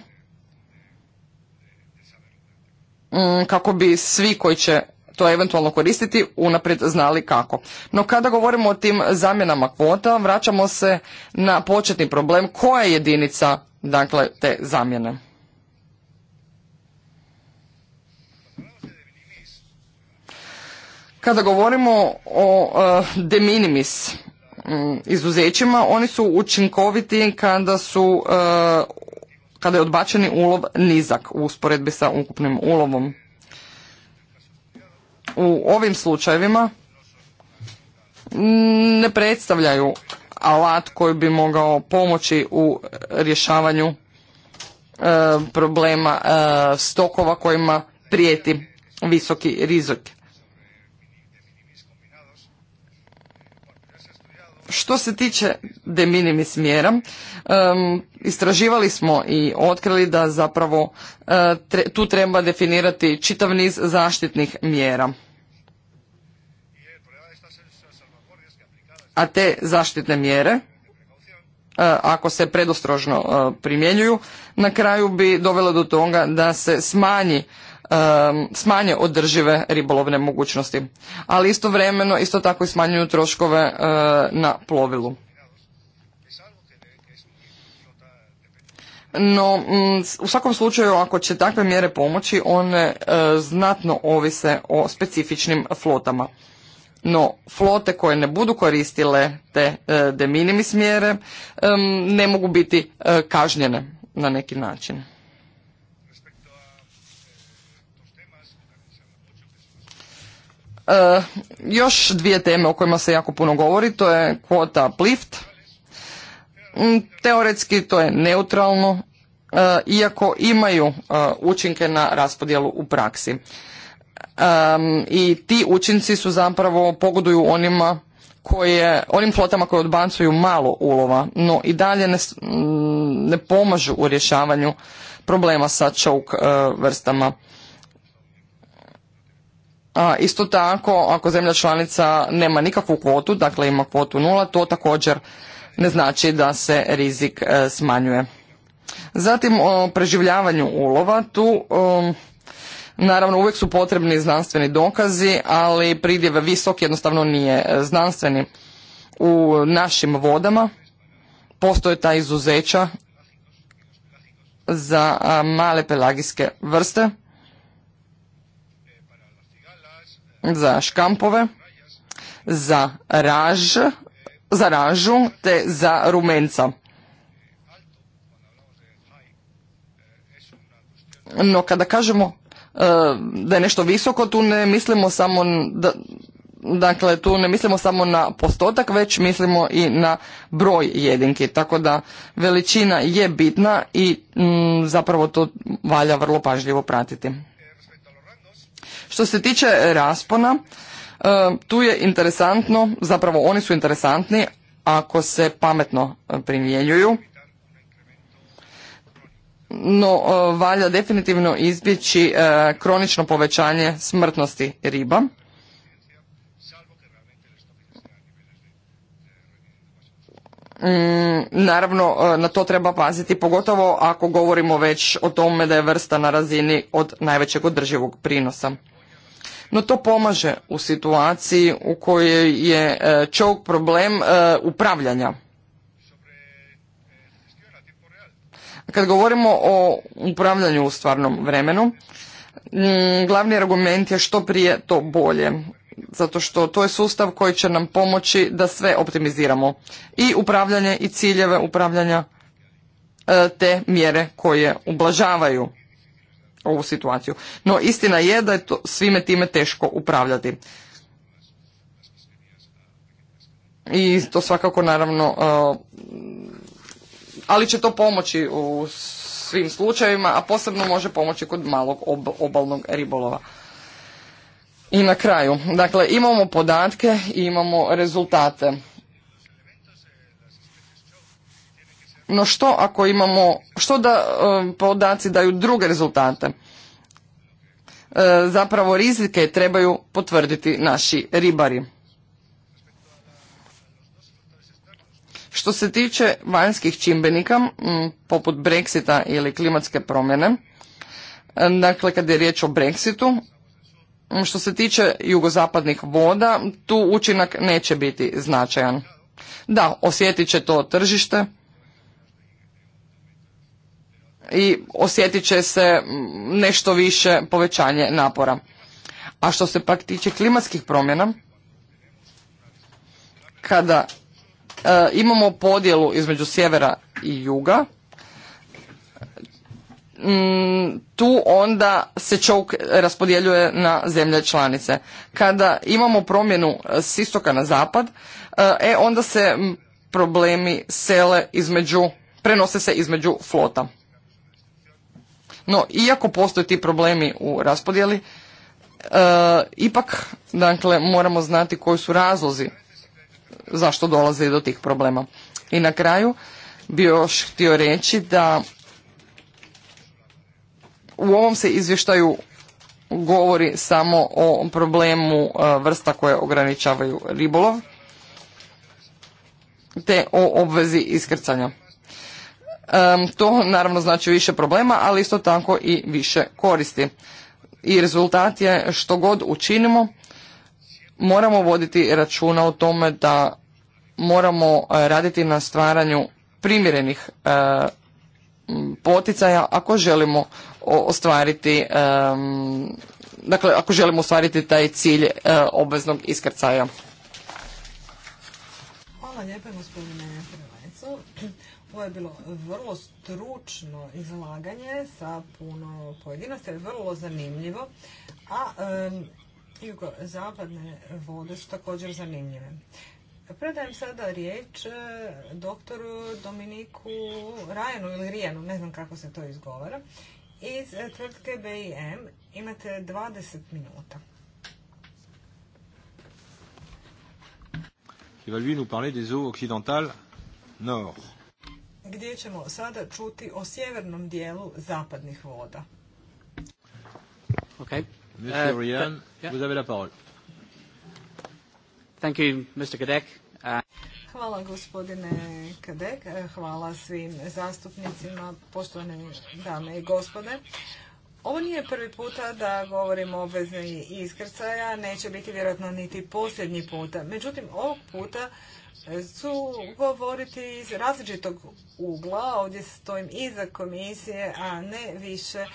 mm, kako bi svi koji će to eventualno koristiti unaprijed znali kako. No kada govorimo o tim zamjenama kvota, vraćamo se na početni problem koja je jedinica dakle, te zamjene. Kada govorimo o eh, de minimis Mm, izuzećima, oni su učinkoviti kada su eh, kada je odbačeni ulov nizak u usporedbi sa ukupnim ulovom. U ovim slučajevima mm, ne predstavljaju alat koji bi mogao pomoći u rješavanju eh, problema eh, stokova kojima prijeti visoki rizik. Što se tiče de minimis mjera, istraživali smo i otkrili da zapravo e, tu treba definirati čitav niz zaštitnih mjera. A te zaštitne mjere, e, ako se predostrožno e, primjenjuju, na kraju bi dovelo do toga da se smanji Um, smanje održive ribolovne mogućnosti, ali istovremeno isto tako i smanjuju troškove uh, na plovilu. No, mm, u svakom slučaju, ako će takve mjere pomoći, one uh, znatno ovise o specifičnim flotama. No, flote koje ne budu koristile te uh, de minimis mjere um, ne mogu biti kažnjene na neki način. Eh, još dvije teme o kojima se jako puno govori, to je kvota plift. Mm, teoretski to je neutralno, eh, iako imaju eh, učinke na raspodjelu u praksi. I ti učinci su zapravo pogoduju onima koje, onim flotama koje odbancuju malo ulova, no i dalje ne, mm, ne pomažu u rješavanju problema sa čovk vrstama isto tako, ako zemlja članica nema nikakvu kvotu, dakle ima kvotu nula, to također ne znači da se rizik e, smanjuje. Zatim o preživljavanju ulova, tu naravno uvijek su potrebni znanstveni dokazi, ali pridjev visok jednostavno nije e, znanstveni. U našim vodama postoje ta izuzeća za male pelagijske vrste za škampove, za raž, za ražu te za rumenca. No kada kažemo e, da je nešto visoko, tu ne mislimo samo da, dakle tu ne mislimo samo na postotak, već mislimo i na broj jedinki. Tako da veličina je bitna i zapravo to valja vrlo pažljivo pratiti. Što se tiče raspona, e, tu je interesantno, zapravo oni su interesantni ako se pametno e, primjenjuju, no e, valja definitivno izbjeći kronično povećanje smrtnosti riba. Mm, naravno, na to treba paziti, pogotovo ako govorimo već o tome da je vrsta na razini od najvećeg održivog prinosa no to pomaže u situaciji u kojoj je e, čovjek problem e, upravljanja. Kad govorimo o upravljanju u stvarnom vremenu, glavni argument je što prije to bolje zato što to je sustav koji će nam pomoći da sve optimiziramo i upravljanje i ciljeve upravljanja e, te mjere koje ublažavaju ovu situaciju. No istina je da je to, svime time teško upravljati. I to svakako naravno, e, ali će to pomoći u svim slučajevima, a posebno može pomoći kod malog obalnog ribolova. I na kraju, dakle imamo podatke i imamo rezultate. No što ako imamo, što da e, podaci daju druge rezultate? E, zapravo rizike trebaju potvrditi naši ribari. Što se tiče vanjskih čimbenika, poput Brexita ili klimatske promjene, dakle kad je riječ o Brexitu, što se tiče jugozapadnih voda, tu učinak neće biti značajan. Da, osjetit će to tržište, i osjetit će se nešto više povećanje napora. A što se pak tiče klimatskih promjena, kada e, imamo podjelu između sjevera i juga, mm, tu onda se čovk raspodjeljuje na zemlje članice. Kada imamo promjenu e, s istoka na zapad, e, e onda se problemi sele između, prenose se između flota. No, iako postoje ti problemi u raspodjeli, e, ipak dakle, moramo znati koji su razlozi zašto dolaze do tih problema. I na kraju bi još htio reći da u ovom se izvještaju govori samo o problemu e, vrsta koje ograničavaju ribolov te o obvezi iskrcanja. To naravno znači više problema, ali isto tako i više koristi. I rezultat je što god učinimo, moramo voditi računa o tome da moramo e, raditi na stvaranju primjerenih e, poticaja ako želimo ostvariti dakle ako želimo ostvariti taj cilj e, obveznog iskrcaja. gospodine je bilo vrlo stručno izlaganje sa puno pojedinosti, vrlo zanimljivo, a i jugozapadne vode su također zanimljive. Predajem sada riječ e, doktoru Dominiku Rajanu ili Rijanu, ne znam kako se to izgovara, iz e, tvrtke BIM. Imate 20 minuta. Il lui nous parler des eaux occidentales nord gdje ćemo sada čuti o sjevernom dijelu zapadnih voda. Okay. Uh, Thank you, Mr. Uh, hvala gospodine Kadek, uh, hvala svim zastupnicima, poštovane dame i gospode. Ovo nije prvi puta da govorimo o obvezni iskrcaja, neće biti vjerojatno niti posljednji puta. Međutim, ovog puta E, su govoriti iz različitog ugla. Ovdje stojim iza komisije, a ne više,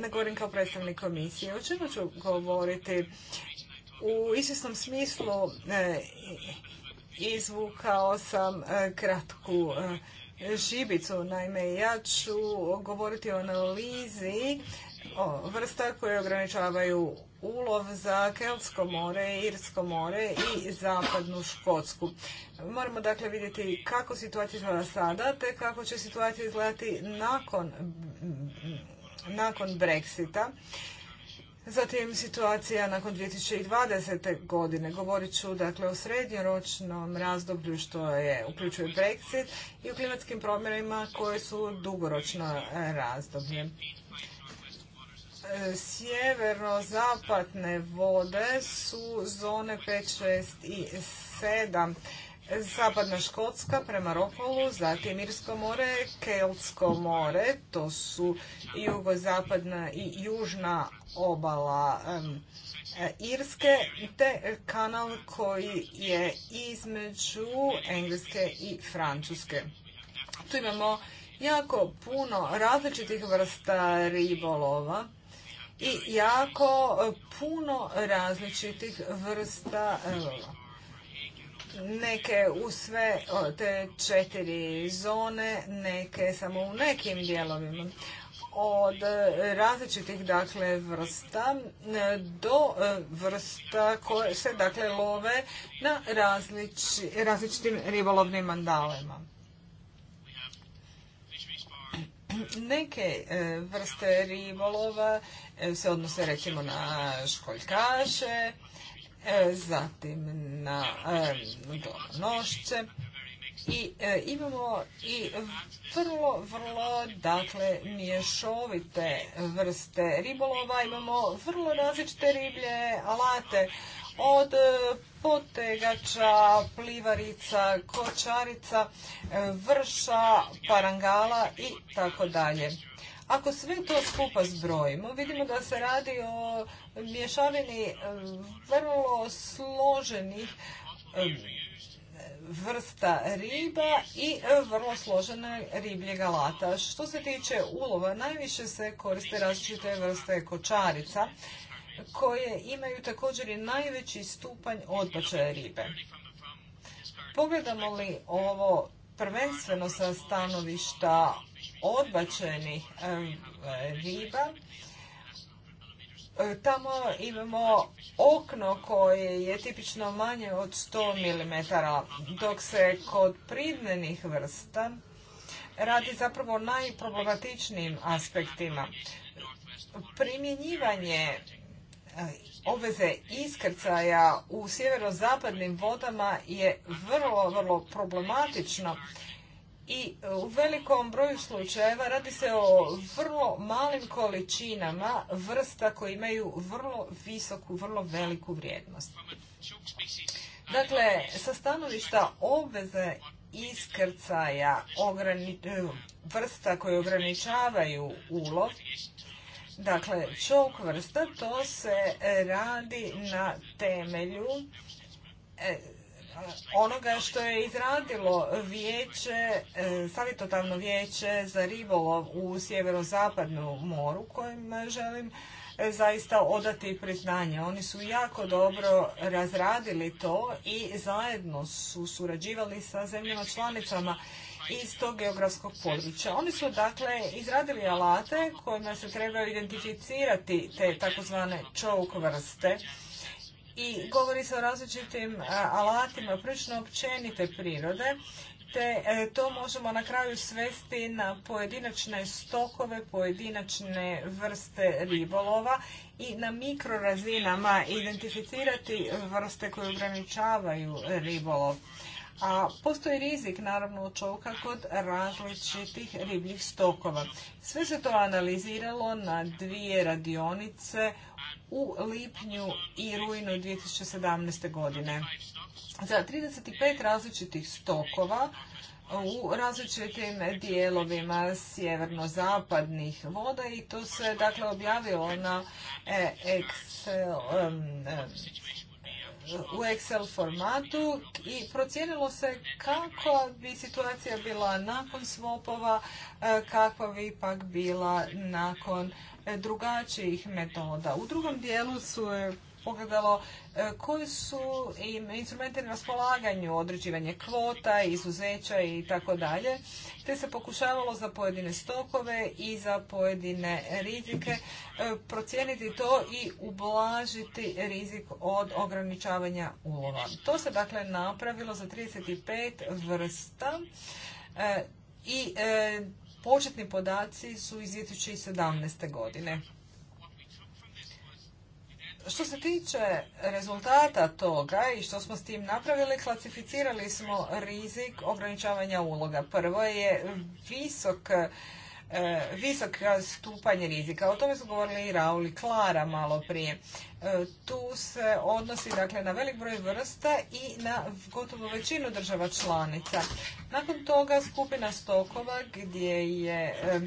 ne govorim kao predstavnik komisije. O čemu ću govoriti? U izvjesnom smislu e, izvukao sam e, kratku žibicu. Naime, ja ću govoriti o analizi vrsta koje ograničavaju ulov za Kelsko more, Irsko more i zapadnu Škotsku. Moramo dakle vidjeti kako situacija izgleda sada, te kako će situacija izgledati nakon, nakon Brexita. Zatim situacija nakon 2020. godine. Govorit ću dakle o srednjoročnom razdoblju što je uključuje Brexit i o klimatskim promjerima koje su dugoročno razdoblje sjeverno-zapadne vode su zone 5, 6 i 7. Zapadna Škotska prema Rokolu, zatim Irsko more, Keltsko more, to su jugozapadna i južna obala Irske, te kanal koji je između Engleske i Francuske. Tu imamo jako puno različitih vrsta ribolova i jako e, puno različitih vrsta e, Neke u sve te četiri zone, neke samo u nekim dijelovima. Od e, različitih dakle vrsta do vrsta koje se dakle love na različitim ribolovnim mandalima. Neke e, vrste ribolova e, se odnose recimo na školjkaše, e, zatim na nošće. i imamo i vrlo, vrlo dakle mješovite vrste ribolova, imamo vrlo različite riblje alate od e, potegača, plivarica, kočarica, e, vrša, parangala i tako dalje. Ako sve to skupa zbrojimo, vidimo da se radi o mješavini e, vrlo složenih vrsta riba i vrlo složene riblje alata. Što se tiče ulova, najviše se koriste različite vrste kočarica koje imaju također i najveći stupanj odbačaja ribe. Pogledamo li ovo prvenstveno sa stanovišta odbačenih eh, riba, eh, tamo imamo okno koje je tipično manje od 100 mm, dok se kod pridnenih vrsta radi zapravo o najproblematičnijim aspektima. Primjenjivanje obveze iskrcaja u sjeverozapadnim vodama je vrlo, vrlo problematično i e, u velikom broju slučajeva radi se o vrlo malim količinama vrsta koje imaju vrlo visoku, vrlo veliku vrijednost. Dakle, sa stanovišta obveze iskrcaja e, vrsta koje ograničavaju ulov, Dakle, šok vrsta, to se e, radi na temelju e, onoga što je izradilo vijeće, e, savjetodavno vijeće za ribolov u sjeverozapadnom moru kojem želim zaista odati priznanje. Oni su jako dobro razradili to i zajedno su surađivali sa zemljama članicama iz tog geografskog područja. Oni su dakle izradili alate kojima se trebaju identificirati te takozvane čovuk vrste i govori se o različitim e, alatima prilično općenite prirode te e, to možemo na kraju svesti na pojedinačne stokove, pojedinačne vrste ribolova i na mikrorazinama identificirati vrste koje ograničavaju ribolov a postoji rizik naravno od čovka kod različitih ribljih stokova. Sve se to analiziralo na dvije radionice u lipnju i rujnu 2017. godine. Za 35 različitih stokova u različitim dijelovima sjeverno-zapadnih voda i to se dakle objavilo na Excel u Excel formatu i procijenilo se kako bi situacija bila nakon svopova, e, kakva bi ipak bila nakon e, drugačijih metoda. U drugom dijelu su e, pogledalo e, koji su im instrumenti na raspolaganju, određivanje kvota, izuzeća i tako dalje, te se pokušavalo za pojedine stokove i za pojedine rizike e, procijeniti to i ublažiti rizik od ograničavanja ulova. To se dakle napravilo za 35 vrsta e, i početni podaci su iz 2017. godine. Što se tiče rezultata toga i što smo s tim napravili, klasificirali smo rizik ograničavanja uloga. Prvo je visok e, visok stupanj rizika. O tome su govorili i Raul i Klara malo prije. E, tu se odnosi dakle, na velik broj vrsta i na gotovo većinu država članica. Nakon toga skupina stokova gdje je e,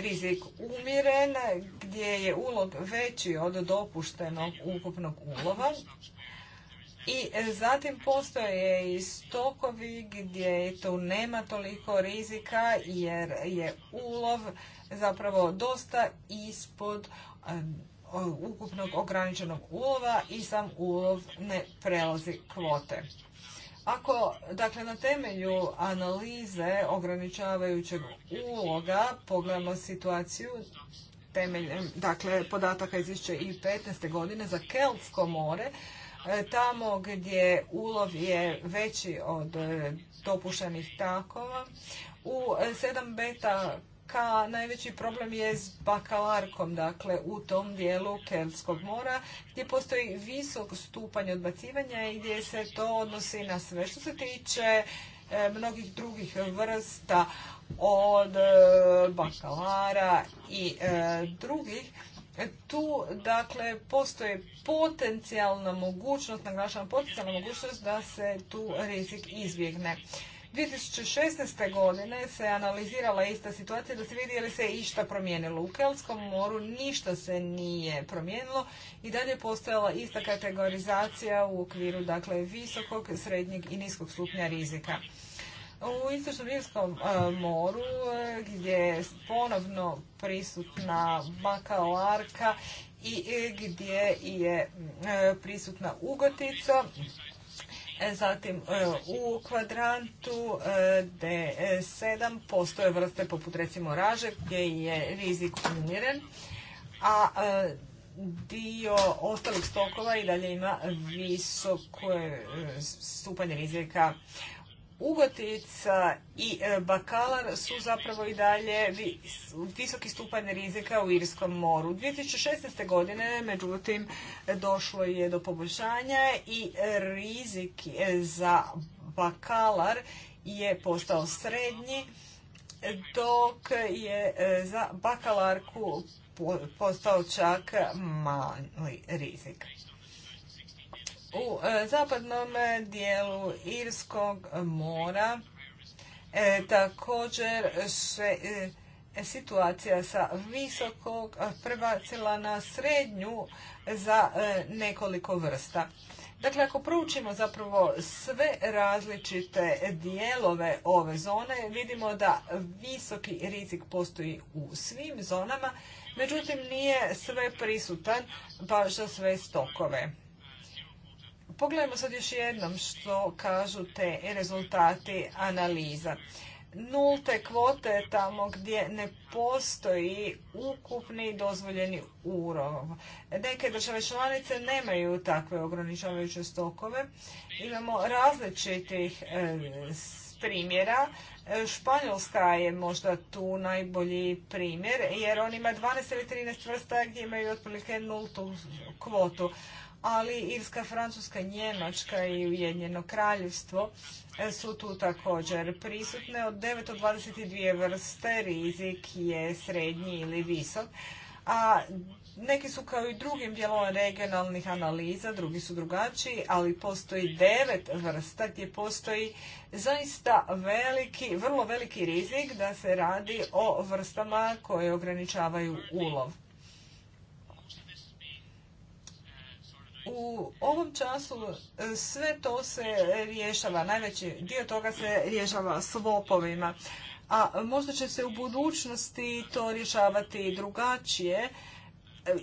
rizik umjeren gdje je ulog veći od dopuštenog ukupnog ulova. I zatim postoje i stokovi gdje tu nema toliko rizika jer je ulov zapravo dosta ispod ukupnog ograničenog ulova i sam ulov ne prelazi kvote. Ako, dakle, na temelju analize ograničavajućeg uloga pogledamo situaciju temeljem, dakle, podataka iz 2015. godine za Keltsko more, e, tamo gdje ulov je veći od e, dopuštenih takova, u 7 beta ka najveći problem je s bakalarkom, dakle u tom dijelu Kelskog mora gdje postoji visok stupanj odbacivanja i gdje se to odnosi na sve. Što se tiče e, mnogih drugih vrsta od e, bakalara i e, drugih, tu dakle postoji potencijalna mogućnost, naglašavam potencijalna mogućnost da se tu rizik izbjegne. 2016. godine se analizirala ista situacija da se vidi je li se išta promijenilo. U Kelskom moru ništa se nije promijenilo i dalje je postojala ista kategorizacija u okviru dakle, visokog, srednjeg i niskog stupnja rizika. U Istočnom Irskom e, moru e, gdje je ponovno prisutna bakalarka i e, gdje je prisutna ugotica E, zatim e, u kvadrantu e, D7 postoje vrste poput recimo raže gdje je rizik umiren, a dio ostalih stokova i dalje ima visok stupanj rizika Ugotica i e, bakalar su zapravo i dalje visoki stupanj rizika u Irskom moru. 2016. godine, međutim, došlo je do poboljšanja i rizik e, za bakalar je postao srednji, dok je e, za bakalarku postao čak mali rizik u e, zapadnom dijelu Irskog mora e, također se e, situacija sa visokog prebacila na srednju za nekoliko vrsta. Dakle, ako proučimo zapravo sve različite dijelove ove zone, vidimo da visoki rizik postoji u svim zonama, međutim nije sve prisutan baš za sve stokove. Pogledajmo sad još jednom što kažu te rezultati analiza. Nulte kvote tamo gdje ne postoji ukupni dozvoljeni urov. Neke države članice nemaju takve ograničavajuće stokove. Imamo različitih e, primjera. E, Španjolska je možda tu najbolji primjer jer on ima 12 ili 13 vrsta gdje imaju otprilike nultu kvotu ali Irska, Francuska, Njemačka i Ujedinjeno kraljevstvo e, su tu također prisutne. Od 9 od 22 vrste rizik je srednji ili visok, a neki su kao i drugim dijelom regionalnih analiza, drugi su drugačiji, ali postoji devet vrsta gdje postoji zaista veliki, vrlo veliki rizik da se radi o vrstama koje ograničavaju ulov. U ovom času e, sve to se rješava, najveći dio toga se rješava svopovima, a možda će se u budućnosti to rješavati drugačije e,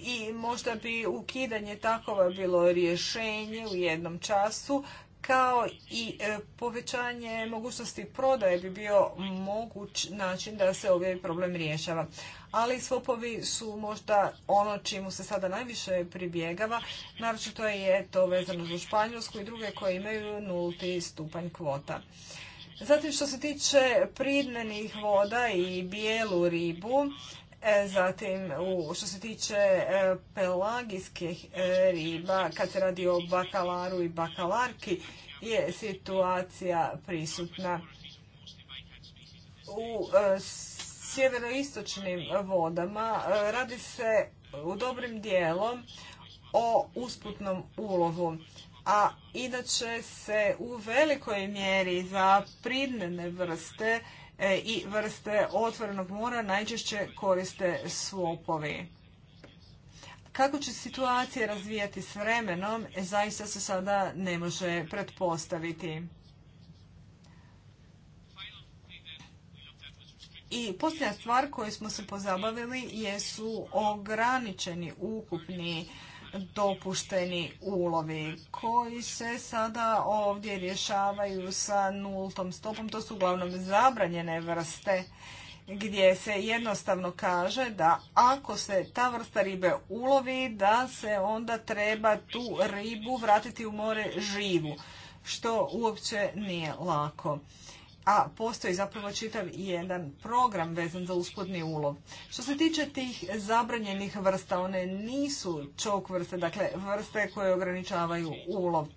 i možda bi ukidanje takova bilo rješenje u jednom času, kao i e, povećanje mogućnosti prodaje bi bio moguć način da se ovaj problem rješava ali svopovi su možda ono čemu se sada najviše pribjegava, naročito je to vezano za Španjolsku i druge koje imaju nulti stupanj kvota. Zatim što se tiče pridnenih voda i bijelu ribu, e, zatim što se tiče e, pelagijskih e, riba, kad se radi o bakalaru i bakalarki, je situacija prisutna u sjeveroistočnim vodama e, radi se u dobrim dijelom o usputnom ulovu. A inače se u velikoj mjeri za pridnene vrste e, i vrste otvorenog mora najčešće koriste svopovi. Kako će situacija razvijati s vremenom, zaista se sada ne može pretpostaviti. I posljednja stvar koju smo se pozabavili jesu ograničeni ukupni dopušteni ulovi koji se sada ovdje rješavaju sa nultom stopom. To su uglavnom zabranjene vrste gdje se jednostavno kaže da ako se ta vrsta ribe ulovi da se onda treba tu ribu vratiti u more živu što uopće nije lako a postoji zapravo čitav jedan program vezan za uspodni ulov. Što se tiče tih zabranjenih vrsta, one nisu čok vrste, dakle vrste koje ograničavaju ulov.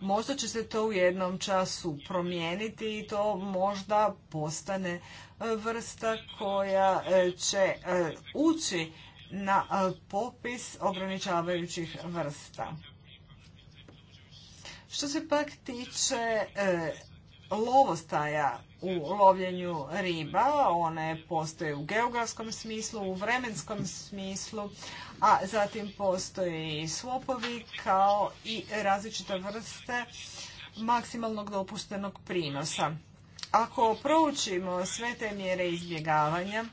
Možda će se to u jednom času promijeniti i to možda postane e, vrsta koja e, će e, ući na popis ograničavajućih vrsta. Što se pak tiče lovostaja u lovljenju riba, one postoje u geografskom smislu, u vremenskom smislu, a zatim postoje i svopovi kao i različite vrste maksimalnog dopuštenog prinosa. Ako proučimo sve te mjere izbjegavanja,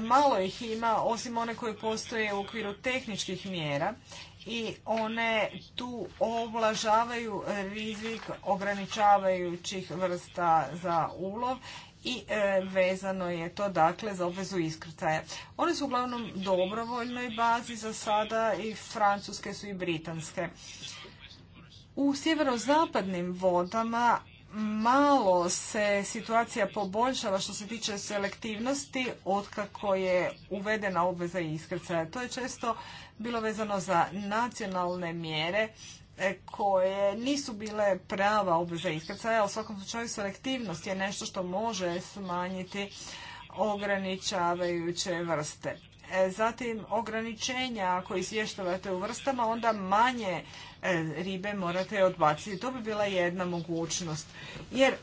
malo ih ima osim one koje postoje u okviru tehničkih mjera i one tu oblažavaju rizik ograničavajućih vrsta za ulov i e, vezano je to dakle za obvezu iskrcaja. One su uglavnom dobrovoljnoj bazi za sada i francuske su i britanske. U sjeverozapadnim vodama malo se situacija poboljšala što se tiče selektivnosti otkako je uvedena obveza iskrcaja. To je često bilo vezano za nacionalne mjere e, koje nisu bile prava obveza iskrcaja. U svakom slučaju selektivnost je nešto što može smanjiti ograničavajuće vrste. E, zatim ograničenja ako izvještavate u vrstama onda manje E, ribe morate odbaciti. To bi bila jedna mogućnost. Jer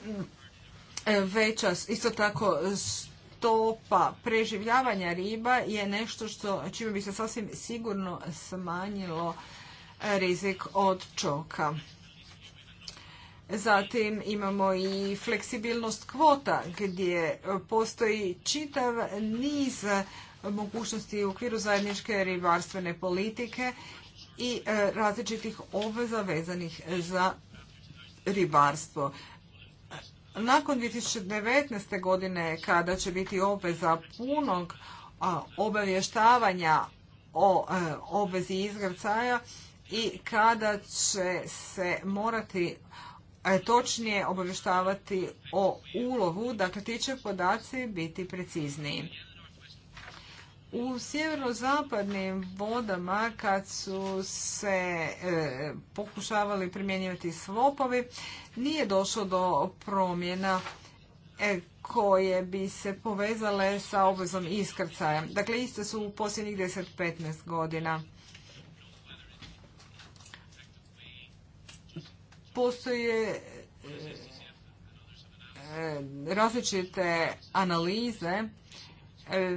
e, veća, isto tako, stopa preživljavanja riba je nešto što, čime bi se sasvim sigurno smanjilo e, rizik od čoka. Zatim imamo i fleksibilnost kvota gdje postoji čitav niz mogućnosti u okviru zajedničke ribarstvene politike i e, različitih obveza vezanih za ribarstvo. Nakon 2019. godine kada će biti obveza punog obavještavanja o e, obvezi izgrcaja i kada će se morati e, točnije obavještavati o ulovu, dakle ti će podaci biti precizniji. U sjeverozapadnim vodama kad su se e, pokušavali primjenjivati svopovi nije došlo do promjena e, koje bi se povezale sa obvezom iskrcaja. Dakle, iste su u posljednjih 10-15 godina. Postoje e, različite analize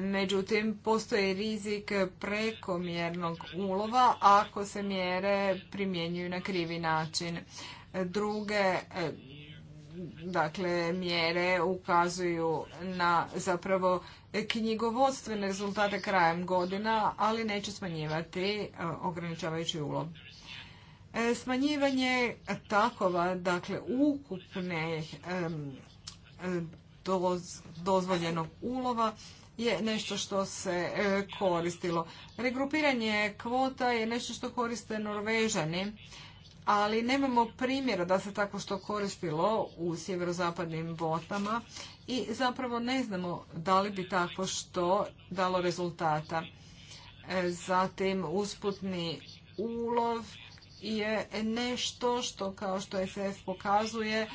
Međutim, postoji rizik prekomjernog ulova ako se mjere primjenjuju na krivi način. Druge e, dakle, mjere ukazuju na zapravo knjigovodstvene rezultate krajem godina, ali neće smanjivati e, ograničavajući ulov. E, smanjivanje takova, dakle, ukupne dozvoljenog ulova je nešto što se e, koristilo. Regrupiranje kvota je nešto što koriste Norvežani, ali nemamo primjera da se tako što koristilo u sjeverozapadnim botama i zapravo ne znamo da li bi tako što dalo rezultata. E, zatim usputni ulov je nešto što kao što SF pokazuje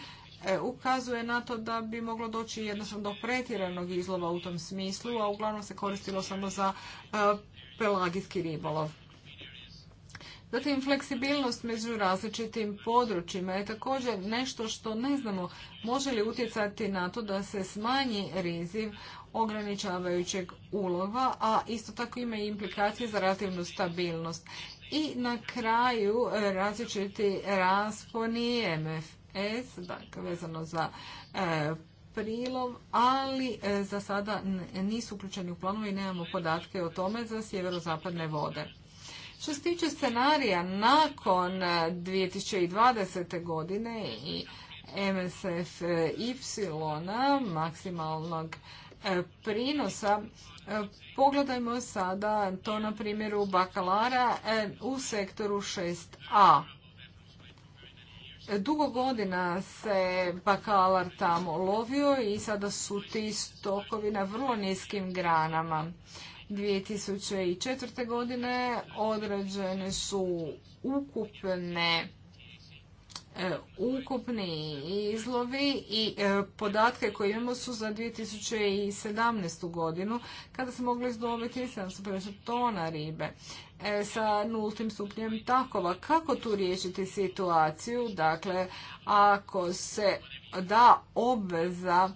E, ukazuje na to da bi moglo doći jednostavno do pretjeranog izlova u tom smislu, a uglavnom se koristilo samo za e, pelagijski ribolov. Zatim fleksibilnost među različitim područjima je također nešto što ne znamo može li utjecati na to da se smanji riziv ograničavajućeg ulova, a isto tako ima i implikacije za relativnu stabilnost. I na kraju različiti rasponi MF. S, dakle vezano za e, prilov, ali e, za sada nisu uključeni u planovi i nemamo podatke o tome za sjeverozapadne vode. Što se tiče scenarija nakon 2020. E, godine i MSF Y maksimalnog prinosa. Pogledajmo sada to na primjeru bakalara u sektoru 6a. Dugo godina se bakalar tamo lovio i sada su ti stokovi na vrlo niskim granama. 2004. godine odrađene su ukupne e, ukupni izlovi i e, podatke koje imamo su za 2017. godinu kada se mogli izdobiti 750 tona ribe. E, sa nultim stupnjem takova. Kako tu riješiti situaciju? Dakle, ako se da obveza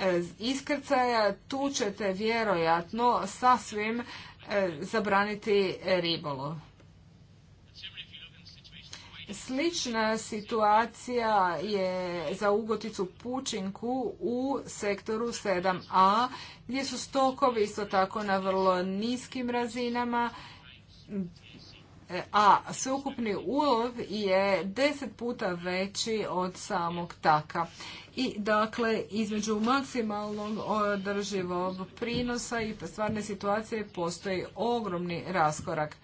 e, iskrcaja, tu ćete vjerojatno sasvim e, zabraniti ribolov. Slična situacija je za ugoticu pučinku u sektoru 7a, gdje su stokovi isto tako na vrlo niskim razinama a sveukupni ulov je deset puta veći od samog taka. I dakle, između maksimalnog održivog prinosa i stvarne situacije postoji ogromni raskorak.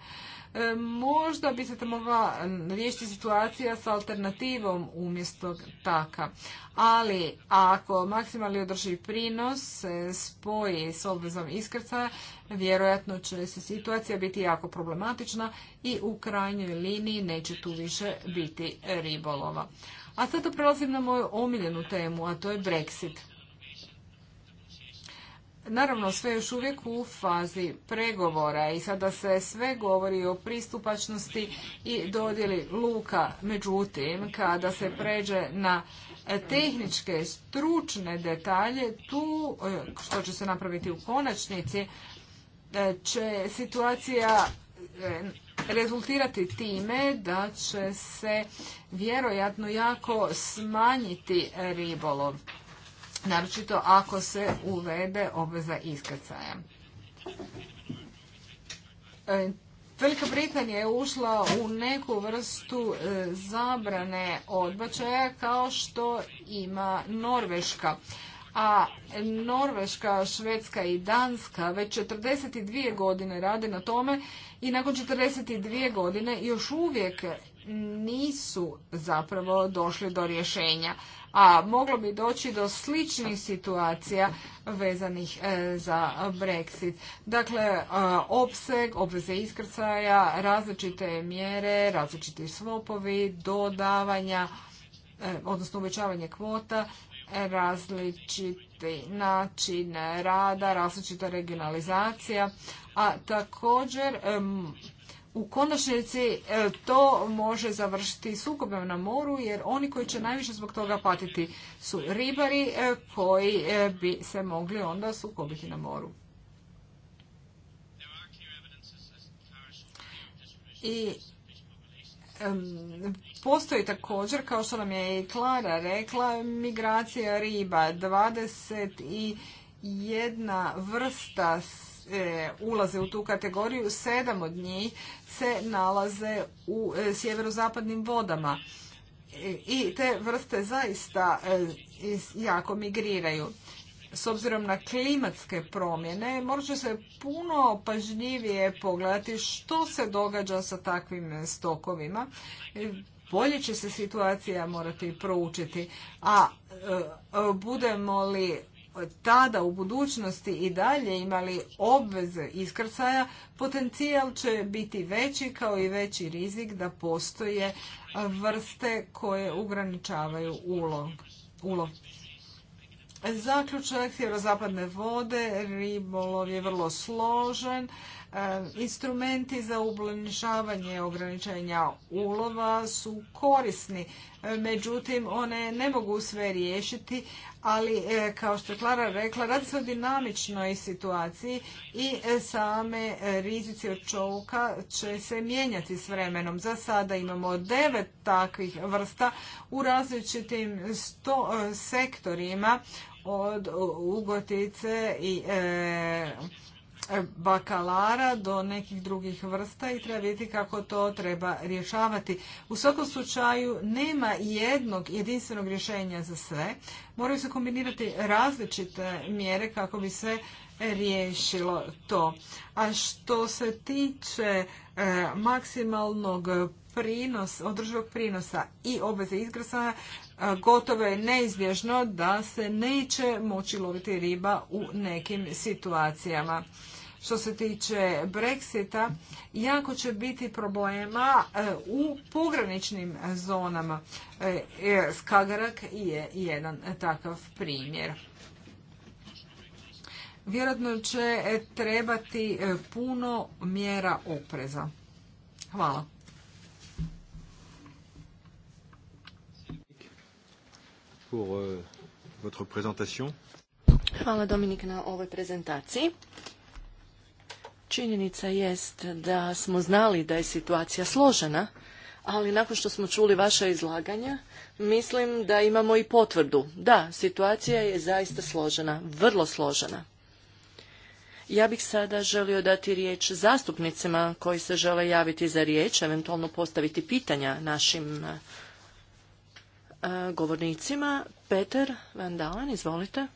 E, možda bi se to mogla riješiti situacija sa alternativom umjesto taka. Ali ako maksimalni održivi prinos spoji s obvezom iskrcaja, vjerojatno će se situacija biti jako problematična i u krajnjoj liniji neće tu više biti ribolova. A sada prelazim na moju omiljenu temu, a to je Brexit. Naravno, sve još uvijek u fazi pregovora i sada se sve govori o pristupačnosti i dodjeli luka. Međutim, kada se pređe na tehničke, stručne detalje, tu, e, što će se napraviti u konačnici, e, će situacija e, rezultirati time da će se vjerojatno jako smanjiti ribolov naročito ako se uvede obveza iskrcaja. E, Velika Britanija je ušla u neku vrstu e, zabrane odbačaja kao što ima Norveška. A Norveška, Švedska i Danska već 42 godine rade na tome i nakon 42 godine još uvijek nisu zapravo došli do rješenja a moglo bi doći do sličnih situacija vezanih e, za Brexit. Dakle, e, opseg, obveze iskrcaja, različite mjere, različiti svopovi, dodavanja, e, odnosno uvećavanje kvota, različiti način rada, različita regionalizacija, a također u konačnici e, to može završiti sukobom na moru jer oni koji će najviše zbog toga patiti su ribari e, koji e, bi se mogli onda sukobiti na moru. I postoji također, kao što nam je i Klara rekla, migracija riba. 21 vrsta ulaze u tu kategoriju, sedam od njih se nalaze u e, sjeverozapadnim vodama e, i te vrste zaista e, jako migriraju. S obzirom na klimatske promjene, morat će se puno pažljivije pogledati što se događa sa takvim stokovima. Bolje će se situacija morati proučiti, a budemo li tada u budućnosti i dalje imali obveze iskrcaja, potencijal će biti veći kao i veći rizik da postoje e, vrste koje ograničavaju ulov. Zaključak sjeverozapadne vode, ribolov je vrlo složen, e, Instrumenti za ublažavanje ograničenja ulova su korisni, e, međutim one ne mogu sve riješiti, ali e, kao što je Klara rekla, radi se o dinamičnoj situaciji i e, same e, rizici od čovka će se mijenjati s vremenom. Za sada imamo devet takvih vrsta u različitim sto sektorima od ugotice i bakalara do nekih drugih vrsta i treba vidjeti kako to treba rješavati. U svakom slučaju nema jednog jedinstvenog rješenja za sve. Moraju se kombinirati različite mjere kako bi se riješilo to. A što se tiče e, maksimalnog prinos, održivog prinosa i obveze izgrasa, e, gotovo je neizbježno da se neće moći loviti riba u nekim situacijama. Što se tiče Brexita, jako će biti problema e, u pograničnim zonama. E, e, Skagarak je jedan takav primjer. Vjerojatno će trebati puno mjera opreza. Hvala. Pour, euh, Hvala Dominik na ovoj prezentaciji. Činjenica jest da smo znali da je situacija složena, ali nakon što smo čuli vaša izlaganja, mislim da imamo i potvrdu. Da, situacija je zaista složena, vrlo složena. Ja bih sada želio dati riječ zastupnicima koji se žele javiti za riječ, eventualno postaviti pitanja našim eh, govornicima. Peter Van Dalen, izvolite.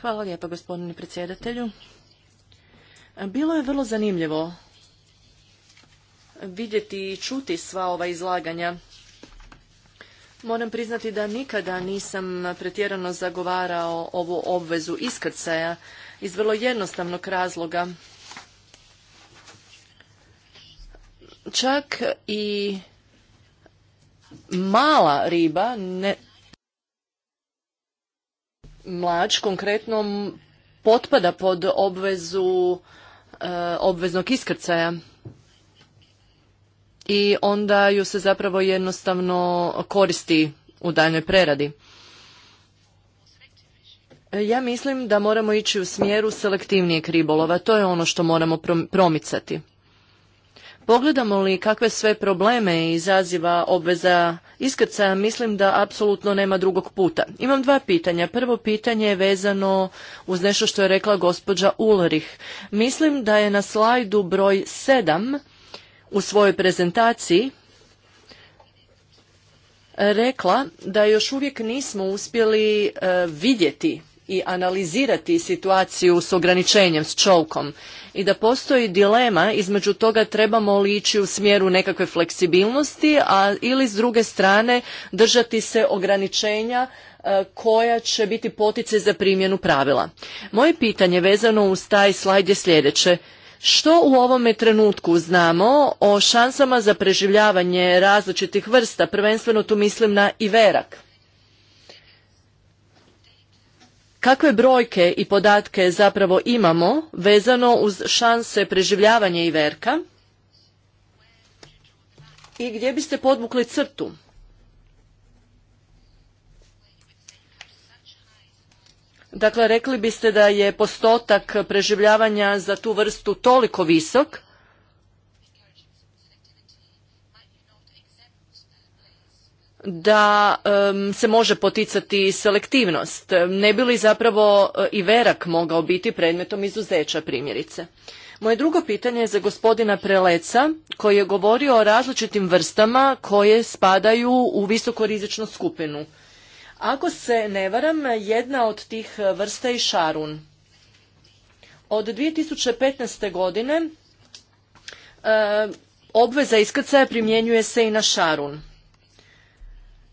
Hvala lijepa gospodine predsjedatelju. Bilo je vrlo zanimljivo vidjeti i čuti sva ova izlaganja. Moram priznati da nikada nisam pretjerano zagovarao ovu obvezu iskrcaja iz vrlo jednostavnog razloga. Čak i mala riba ne mlač konkretno potpada pod obvezu e, obveznog iskrcaja i onda ju se zapravo jednostavno koristi u daljnoj preradi. E, ja mislim da moramo ići u smjeru selektivnijeg ribolova, to je ono što moramo promicati. Pogledamo li kakve sve probleme izaziva obveza iskrcaja mislim da apsolutno nema drugog puta. Imam dva pitanja. Prvo pitanje je vezano uz nešto što je rekla gospođa Ulrich. Mislim da je na slajdu broj 7 u svojoj prezentaciji rekla da još uvijek nismo uspjeli e, vidjeti i analizirati situaciju s ograničenjem, s čovkom i da postoji dilema između toga trebamo li ići u smjeru nekakve fleksibilnosti a ili s druge strane držati se ograničenja e, koja će biti potice za primjenu pravila. Moje pitanje vezano uz taj slajd je sljedeće. Što u ovome trenutku znamo o šansama za preživljavanje različitih vrsta, prvenstveno tu mislim na iverak? kakve brojke i podatke zapravo imamo vezano uz šanse preživljavanja i verka i gdje biste podvukli crtu? Dakle, rekli biste da je postotak preživljavanja za tu vrstu toliko visok da se može poticati selektivnost. Ne bi li zapravo e, i verak mogao biti predmetom izuzeća primjerice? Moje drugo pitanje je za gospodina Preleca koji je govorio o različitim vrstama koje spadaju u visokorizičnu skupinu. Ako se ne varam, jedna od tih vrsta je šarun. Od 2015. godine e, obveza iskrcaja primjenjuje se i na šarun.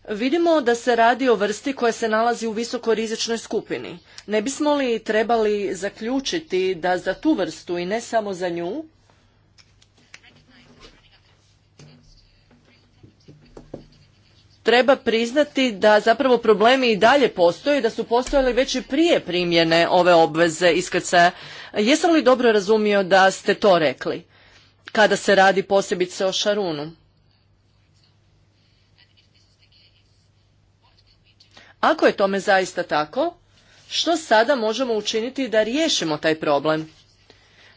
Vidimo da se radi o vrsti koja se nalazi u visokorizičnoj skupini. Ne bismo li trebali zaključiti da za tu vrstu i ne samo za nju treba priznati da zapravo problemi i dalje postoje, da su postojali već i prije primjene ove obveze iskrcaja. Jesam li dobro razumio da ste to rekli kada se radi posebice o Šarunu? Ako je tome zaista tako, što sada možemo učiniti da riješimo taj problem?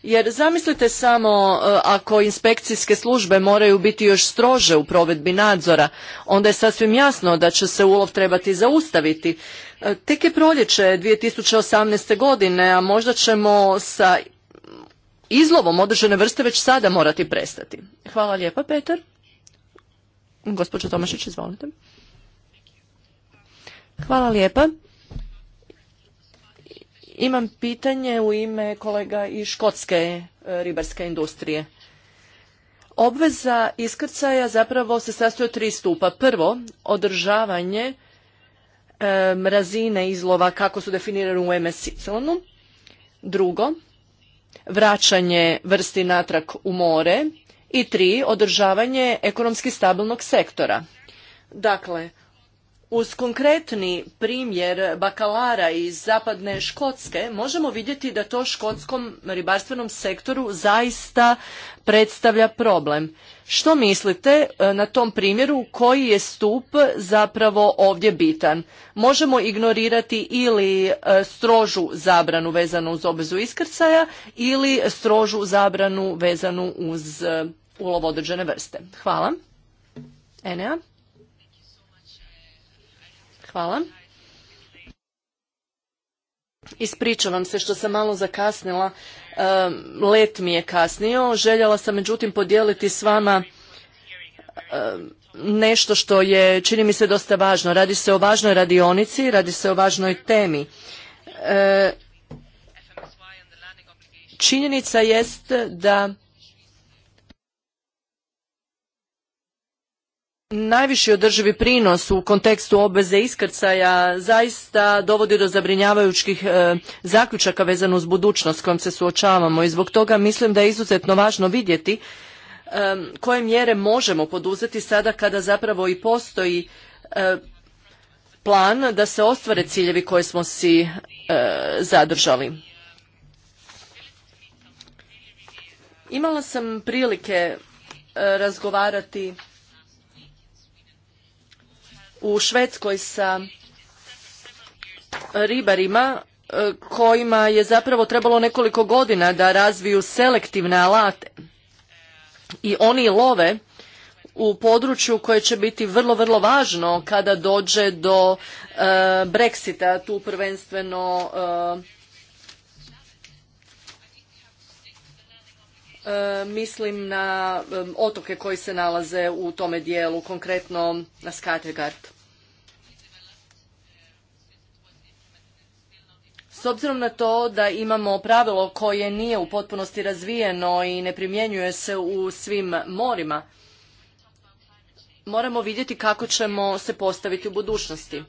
Jer zamislite samo e, ako inspekcijske službe moraju biti još strože u provedbi nadzora, onda je sasvim jasno da će se ulov trebati zaustaviti. E, tek je proljeće 2018. godine, a možda ćemo sa izlovom određene vrste već sada morati prestati. Hvala lijepa, Petar. Gospođo Tomašić, izvolite. Hvala lijepa. Imam pitanje u ime kolega iz škotske e, ribarske industrije. Obveza iskrcaja zapravo se sastoji od tri stupa. Prvo, održavanje e, mrazine razine izlova kako su definirane u MSY. Drugo, vraćanje vrsti natrag u more. I tri, održavanje ekonomski stabilnog sektora. Dakle, uz konkretni primjer bakalara iz zapadne Škotske možemo vidjeti da to škotskom ribarstvenom sektoru zaista predstavlja problem. Što mislite e, na tom primjeru koji je stup zapravo ovdje bitan? Možemo ignorirati ili e, strožu zabranu vezanu uz obvezu iskrcaja ili strožu zabranu vezanu uz e, ulov određene vrste. Hvala. Enea? Hvala. Ispričavam se što sam malo zakasnila, let mi je kasnio. Željela sam međutim podijeliti s vama nešto što je, čini mi se, dosta važno. Radi se o važnoj radionici, radi se o važnoj temi. Činjenica jest da Najviši održivi prinos u kontekstu obveze iskrcaja zaista dovodi do zabrinjavajućih e, zaključaka vezano uz budućnost s kojom se suočavamo i zbog toga mislim da je izuzetno važno vidjeti e, koje mjere možemo poduzeti sada kada zapravo i postoji e, plan da se ostvare ciljevi koje smo si zadržali. Imala sam prilike razgovarati u Švedskoj sa ribarima e, kojima je zapravo trebalo nekoliko godina da razviju selektivne alate i oni love u području koje će biti vrlo, vrlo važno kada dođe do e, Brexita, tu prvenstveno e, E, mislim na otoke koji se nalaze u tome dijelu, konkretno na Skategard. S obzirom na to da imamo pravilo koje nije u potpunosti razvijeno i ne primjenjuje se u svim morima, moramo vidjeti kako ćemo se postaviti u budućnosti.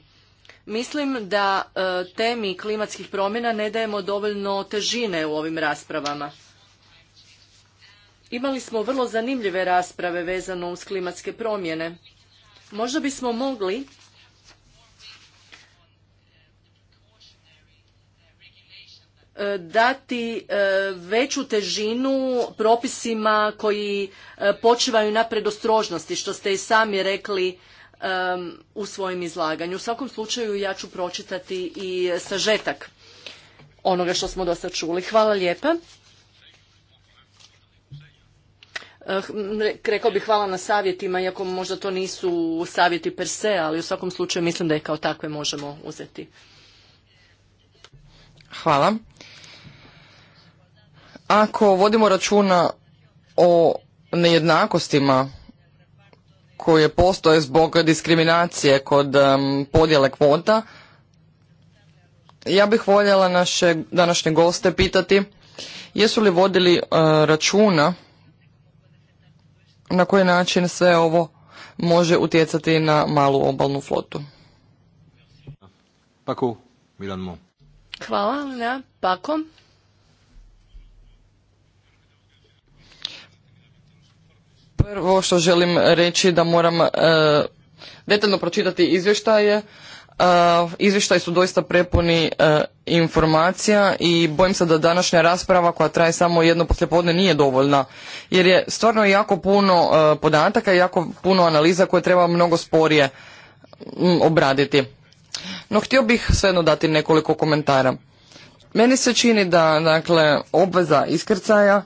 Mislim da e, temi klimatskih promjena ne dajemo dovoljno težine u ovim raspravama. Imali smo vrlo zanimljive rasprave vezano uz klimatske promjene. Možda bismo mogli dati e, veću težinu propisima koji e, počivaju na predostrožnosti, što ste i sami rekli e, u svojem izlaganju. U svakom slučaju ja ću pročitati i sažetak onoga što smo dosta čuli. Hvala lijepa. Eh, rekao bih hvala na savjetima, iako možda to nisu savjeti per se, ali u svakom slučaju mislim da je kao takve možemo uzeti. Hvala. Ako vodimo računa o nejednakostima koje postoje zbog diskriminacije kod podjele kvota, ja bih voljela naše današnje goste pitati jesu li vodili eh, računa na koji način sve ovo može utjecati na malu obalnu flotu. Paku, Milan Mo. Hvala na Pako. Prvo što želim reći da moram e, detaljno pročitati izvještaje E, izvještaji su doista prepuni e, informacija i bojim se da današnja rasprava koja traje samo jedno poslijepodne nije dovoljna jer je stvarno jako puno e, podataka i jako puno analiza koje treba mnogo sporije obraditi. No htio bih svejedno dati nekoliko komentara. Meni se čini da dakle, obveza iskrcaja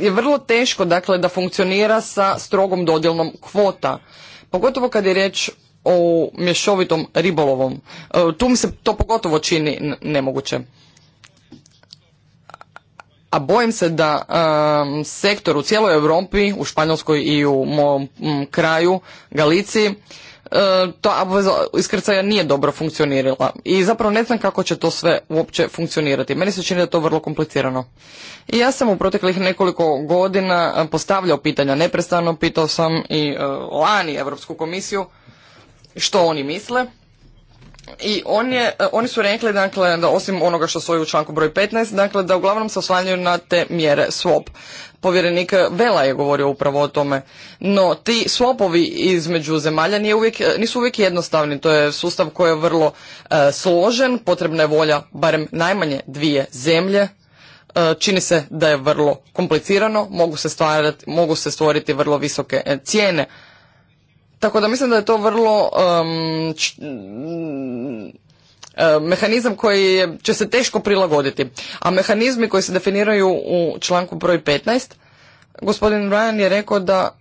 je, vrlo teško dakle, da funkcionira sa strogom dodjelnom kvota pogotovo kad je riječ o mješovitom ribolovom. E, tu mi se to pogotovo čini nemoguće. A bojim se da sektor u cijeloj Europi, u Španjolskoj i u mom kraju, Galiciji, E, ta obveza iskrcaja nije dobro funkcionirala i zapravo ne znam kako će to sve uopće funkcionirati. Meni se čini da je to vrlo komplicirano. I ja sam u proteklih nekoliko godina e, postavljao pitanja, neprestano pitao sam i e, lani Europsku komisiju što oni misle i on je, e, oni su rekli dakle, da osim onoga što stoji u članku broj 15, dakle, da uglavnom se oslanjaju na te mjere swap. Povjerenik Vela je govorio upravo o tome. No, ti swapovi između zemalja nije uvijek, e, nisu uvijek jednostavni. To je sustav koji je vrlo e, složen, potrebna je volja barem najmanje dvije zemlje. čini se da je vrlo komplicirano, mogu se, stvarati, mogu se stvoriti vrlo visoke cijene tako da mislim da je to vrlo mehanizam koji će se teško prilagoditi. A mehanizmi koji se definiraju u članku broj 15, gospodin Ryan je rekao da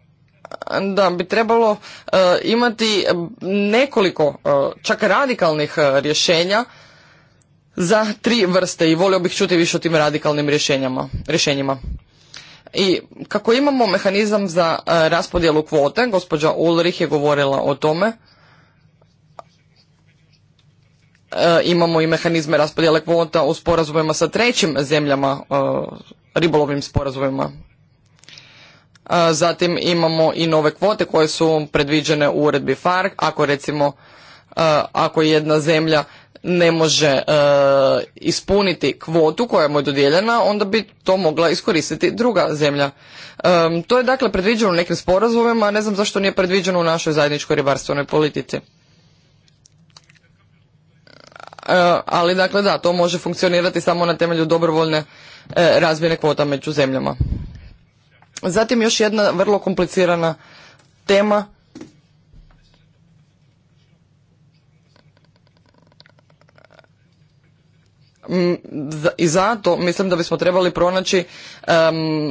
da bi trebalo eh, imati nekoliko uh, čak radikalnih eh, rješenja za tri vrste i volio bih čuti više o tim radikalnim rješenjima. I kako imamo mehanizam za e, raspodjelu kvote, gospođa Ulrich je govorila o tome, e, imamo i mehanizme raspodjele kvota u sporazumima sa trećim zemljama, e, ribolovnim sporazumima. Zatim imamo i nove kvote koje su predviđene u uredbi FARC, ako recimo ako jedna zemlja ne može e, ispuniti kvotu koja mu je dodijeljena, onda bi to mogla iskoristiti druga zemlja. E, to je dakle predviđeno u nekim sporazumima, a ne znam zašto nije predviđeno u našoj zajedničkoj ribarstvenoj politici. E, ali dakle da, to može funkcionirati samo na temelju dobrovoljne razmjene kvota među zemljama. Zatim još jedna vrlo komplicirana tema Mm, i zato mislim da bismo trebali pronaći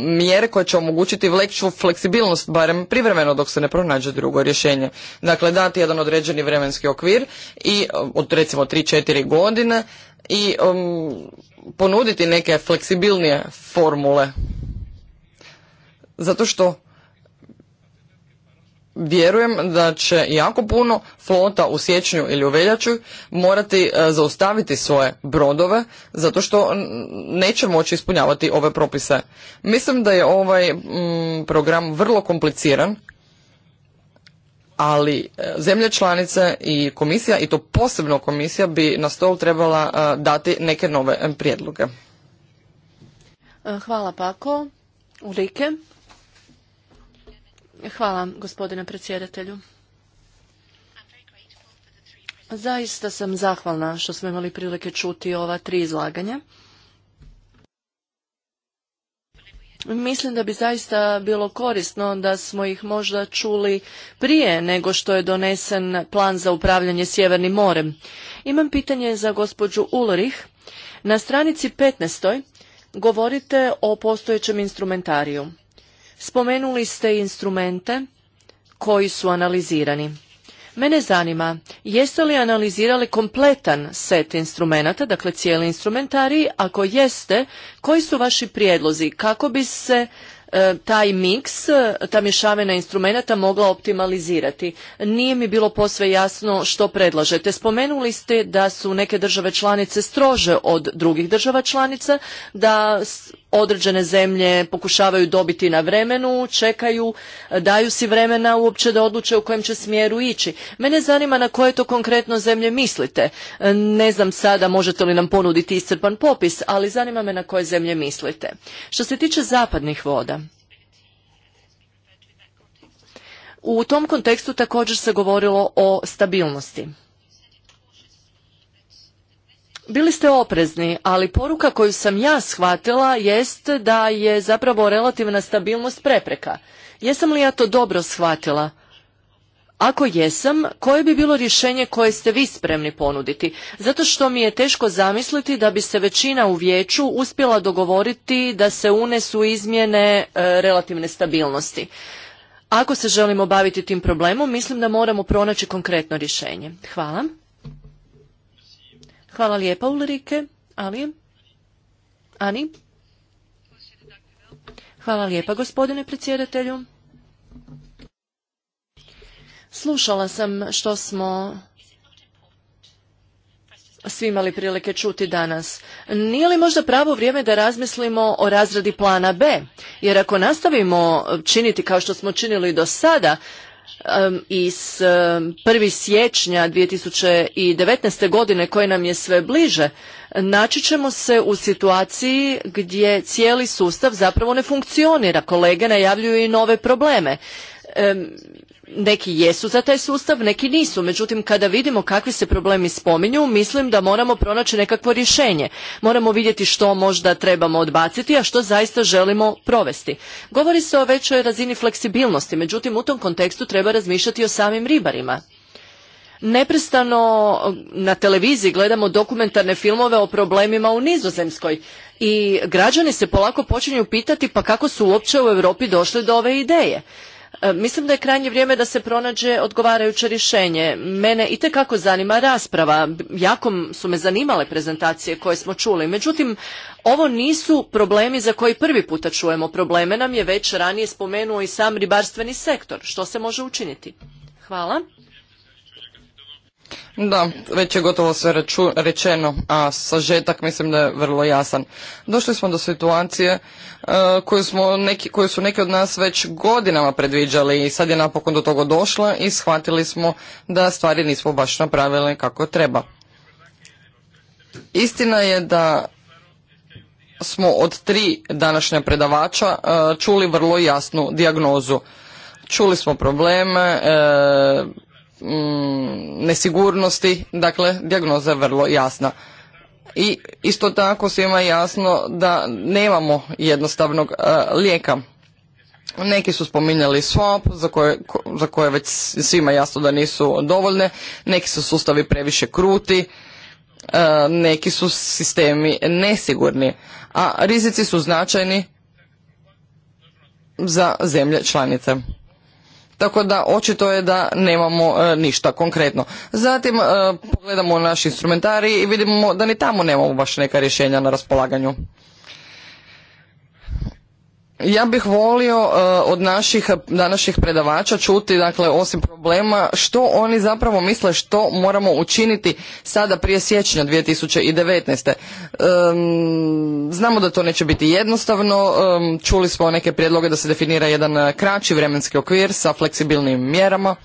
mjere koje će omogućiti veću fleksibilnost barem privremeno dok se ne pronađe drugo rješenje dakle dati jedan određeni vremenski okvir i od recimo 3-4 godine i ponuditi neke fleksibilnije formule zato što vjerujem da će jako puno flota u siječnju ili u veljaču morati e, zaustaviti svoje brodove zato što neće moći ispunjavati ove propise. Mislim da je ovaj program vrlo kompliciran, ali e, zemlje članice i komisija, i to posebno komisija, bi na stol trebala e, dati neke nove prijedloge. Hvala Pako. ulike. Hvala gospodine predsjedatelju. Zaista sam zahvalna što smo imali prilike čuti ova tri izlaganja. Mislim da bi zaista bilo korisno da smo ih možda čuli prije nego što je donesen plan za upravljanje Sjevernim morem. Imam pitanje za gospođu Ulrich. Na stranici 15. govorite o postojećem instrumentariju. Spomenuli ste instrumente koji su analizirani. Mene zanima, jeste li analizirali kompletan set instrumenta, dakle cijeli instrumentarij, ako jeste, koji su vaši prijedlozi kako bi se e, taj miks, ta mješavena instrumenta mogla optimalizirati. Nije mi bilo posve jasno što predlažete. Spomenuli ste da su neke države članice strože od drugih država članica, da određene zemlje pokušavaju dobiti na vremenu, čekaju, daju si vremena uopće da odluče u kojem će smjeru ići. Mene zanima na koje to konkretno zemlje mislite. Ne znam sada možete li nam ponuditi iscrpan popis, ali zanima me na koje zemlje mislite. Što se tiče zapadnih voda, u tom kontekstu također se govorilo o stabilnosti bili ste oprezni, ali poruka koju sam ja shvatila jest da je zapravo relativna stabilnost prepreka. Jesam li ja to dobro shvatila? Ako jesam, koje bi bilo rješenje koje ste vi spremni ponuditi? Zato što mi je teško zamisliti da bi se većina u vijeću uspjela dogovoriti da se unesu izmjene e, relativne stabilnosti. Ako se želimo baviti tim problemom, mislim da moramo pronaći konkretno rješenje. Hvala. Hvala lijepa Ulrike. Ali? Ani? Hvala lijepa gospodine predsjedatelju. Slušala sam što smo svi imali prilike čuti danas. Nije li možda pravo vrijeme da razmislimo o razradi plana B? Jer ako nastavimo činiti kao što smo činili do sada, Um, iz um, siječnja 1. siječnja 2019. godine koje nam je sve bliže, naći ćemo se u situaciji gdje cijeli sustav zapravo ne funkcionira. Kolege najavljuju i nove probleme neki jesu za taj sustav, neki nisu. Međutim, kada vidimo kakvi se problemi spominju, mislim da moramo pronaći nekakvo rješenje. Moramo vidjeti što možda trebamo odbaciti, a što zaista želimo provesti. Govori se o većoj razini fleksibilnosti, međutim u tom kontekstu treba razmišljati o samim ribarima. Neprestano na televiziji gledamo dokumentarne filmove o problemima u Nizozemskoj i građani se polako počinju pitati pa kako su uopće u Europi došli do ove ideje. E, mislim da je krajnje vrijeme da se pronađe odgovarajuće rješenje. Mene i kako zanima rasprava. Jako su me zanimale prezentacije koje smo čuli. Međutim, ovo nisu problemi za koji prvi puta čujemo. Probleme nam je već ranije spomenuo i sam ribarstveni sektor. Što se može učiniti? Hvala. Da, već je gotovo sve reču, rečeno, a sažetak mislim da je vrlo jasan. Došli smo do situacije e, koju, smo neki, koju su neki od nas već godinama predviđali i sad je napokon do toga došla i shvatili smo da stvari nismo baš napravili kako treba. Istina je da smo od tri današnja predavača e, čuli vrlo jasnu dijagnozu. Čuli smo probleme, e, Mm, nesigurnosti, dakle dijagnoza je vrlo jasna. I isto tako svima je jasno da nemamo jednostavnog e, lijeka. Neki su spominjali swap, za koje, već svima jasno da nisu dovoljne, neki su sustavi previše kruti, e, neki su sistemi nesigurni, a rizici su značajni za zemlje članice. Tako da očito je da nemamo e, ništa konkretno. Zatim e, pogledamo naš instrumentarij i vidimo da ni tamo nemamo baš neka rješenja na raspolaganju ja bih volio e, od naših današnjih predavača čuti, dakle, osim problema, što oni zapravo misle što moramo učiniti sada prije siječnja 2019. Um, znamo da to neće biti jednostavno, čuli smo neke prijedloge da se definira jedan e, kraći vremenski okvir sa fleksibilnim mjerama.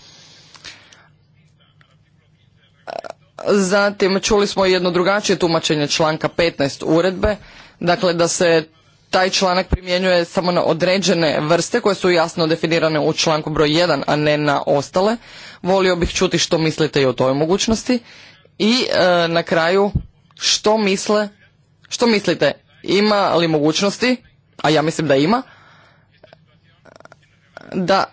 Zatim čuli smo jedno drugačije tumačenje članka 15 uredbe, dakle da se taj članak primjenjuje samo na određene vrste koje su jasno definirane u članku broj 1, a ne na ostale. Volio bih čuti što mislite i o toj mogućnosti. I e, na kraju, što misle, što mislite, ima li mogućnosti, a ja mislim da ima, da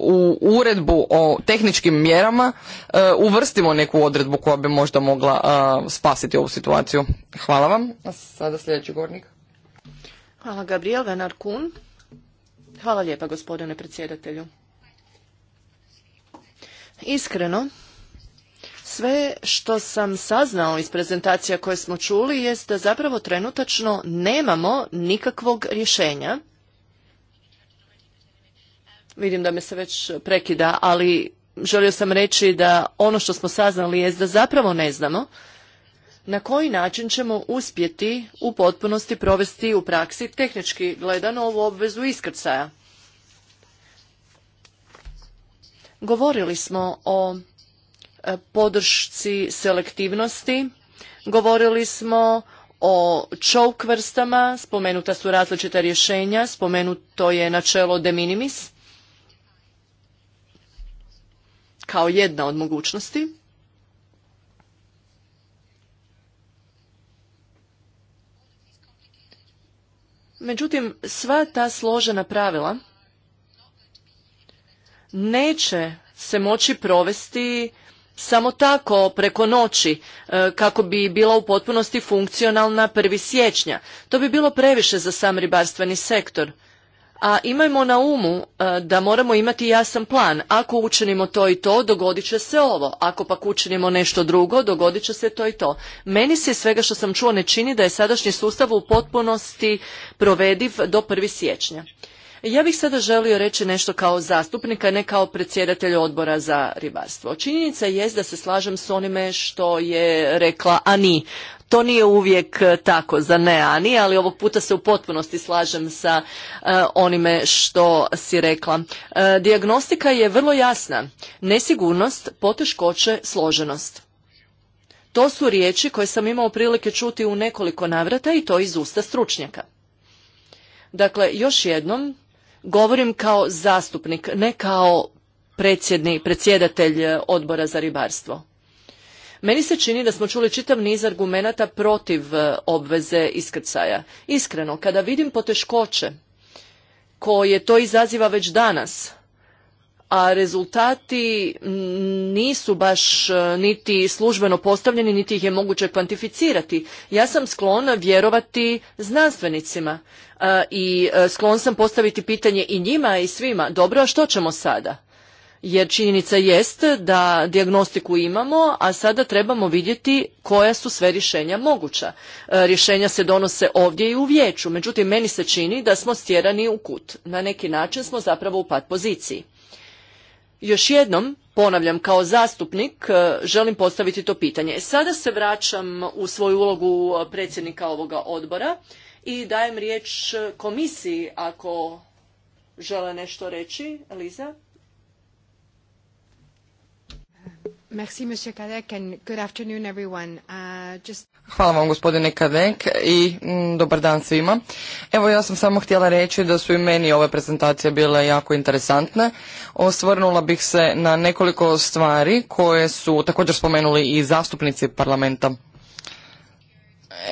u uredbu o tehničkim mjerama e, uvrstimo neku odredbu koja bi možda mogla e, spasiti ovu situaciju. Hvala vam. sada sljedeći govornik. Hvala Gabriel Venarkun. Hvala lijepa gospodine predsjedatelju. Iskreno, sve što sam saznao iz prezentacija koje smo čuli jest da zapravo trenutačno nemamo nikakvog rješenja Vidim da me se već prekida, ali želio sam reći da ono što smo saznali je da zapravo ne znamo na koji način ćemo uspjeti u potpunosti provesti u praksi tehnički gledano ovu obvezu iskrcaja. Govorili smo o e, podršci selektivnosti, govorili smo o čovk vrstama, spomenuta su različita rješenja, spomenuto je načelo de minimis. kao jedna od mogućnosti. Međutim, sva ta složena pravila neće se moći provesti samo tako preko noći e, kako bi bila u potpunosti funkcionalna prvi siječnja. To bi bilo previše za sam ribarstveni sektor a imajmo na umu e, da moramo imati jasan plan. Ako učinimo to i to, dogodit će se ovo. Ako pak učinimo nešto drugo, dogodit će se to i to. Meni se svega što sam čuo ne čini da je sadašnji sustav u potpunosti provediv do 1. siječnja. Ja bih sada želio reći nešto kao zastupnika, ne kao predsjedatelj odbora za ribarstvo. Činjenica je da se slažem s onime što je rekla Ani to nije uvijek e, tako za Neani, ali ovog puta se u potpunosti slažem sa e, onime što si rekla. E, dijagnostika je vrlo jasna. Nesigurnost, poteškoće, složenost. To su riječi koje sam imao prilike čuti u nekoliko navrata i to iz usta stručnjaka. Dakle, još jednom, govorim kao zastupnik, ne kao predsjedni, predsjedatelj odbora za ribarstvo. Meni se čini da smo čuli čitav niz argumenata protiv e, obveze iskrcaja. Iskreno, kada vidim poteškoće koje to izaziva već danas, a rezultati nisu baš e, niti službeno postavljeni, niti ih je moguće kvantificirati. Ja sam sklona vjerovati znanstvenicima e, i sklon sam postaviti pitanje i njima i svima, dobro, a što ćemo sada? jer činjenica jest da diagnostiku imamo, a sada trebamo vidjeti koja su sve rješenja moguća. E, rješenja se donose ovdje i u vijeću, međutim meni se čini da smo stjerani u kut. Na neki način smo zapravo u pat poziciji. Još jednom, ponavljam, kao zastupnik e, želim postaviti to pitanje. E, sada se vraćam u svoju ulogu predsjednika ovoga odbora i dajem riječ komisiji ako žele nešto reći. Liza? Uh, Hvala vam gospodine Kadek i mm, dobar dan svima. Evo ja sam samo htjela reći da su i meni ove prezentacije bile jako interesantne. Osvrnula bih se na nekoliko stvari koje su također spomenuli i zastupnici parlamenta.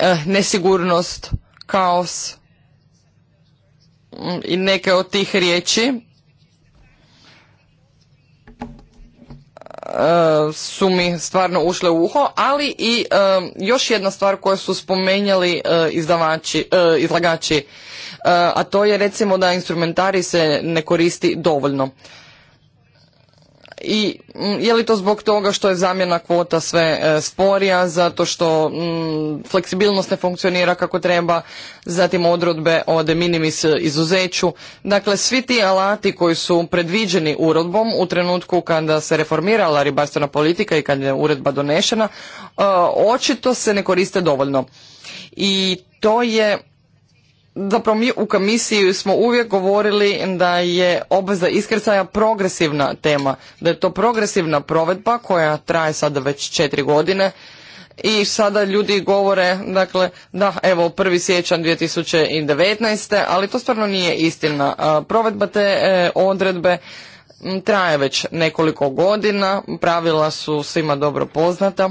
Eh, nesigurnost, kaos mm, i neke od tih riječi E, su mi stvarno ušle u uho, ali i e, još jedna stvar koju su spomenjali e, izdavači, izlagači, a to je recimo da instrumentari se ne koristi dovoljno i mm, je li to zbog toga što je zamjena kvota sve e, sporija, zato što mm, fleksibilnost ne funkcionira kako treba, zatim odrodbe o de minimis izuzeću. Dakle, svi ti alati koji su predviđeni urodbom u trenutku kada se reformirala ribarstvena politika i kada je uredba donešena, e, očito se ne koriste dovoljno. I to je zapravo mi u komisiji smo uvijek govorili da je obveza iskrcaja progresivna tema, da je to progresivna provedba koja traje sada već četiri godine i sada ljudi govore, dakle, da evo prvi siječanj 2019. ali to stvarno nije istina. Provedba te e, odredbe traje već nekoliko godina, pravila su svima dobro poznata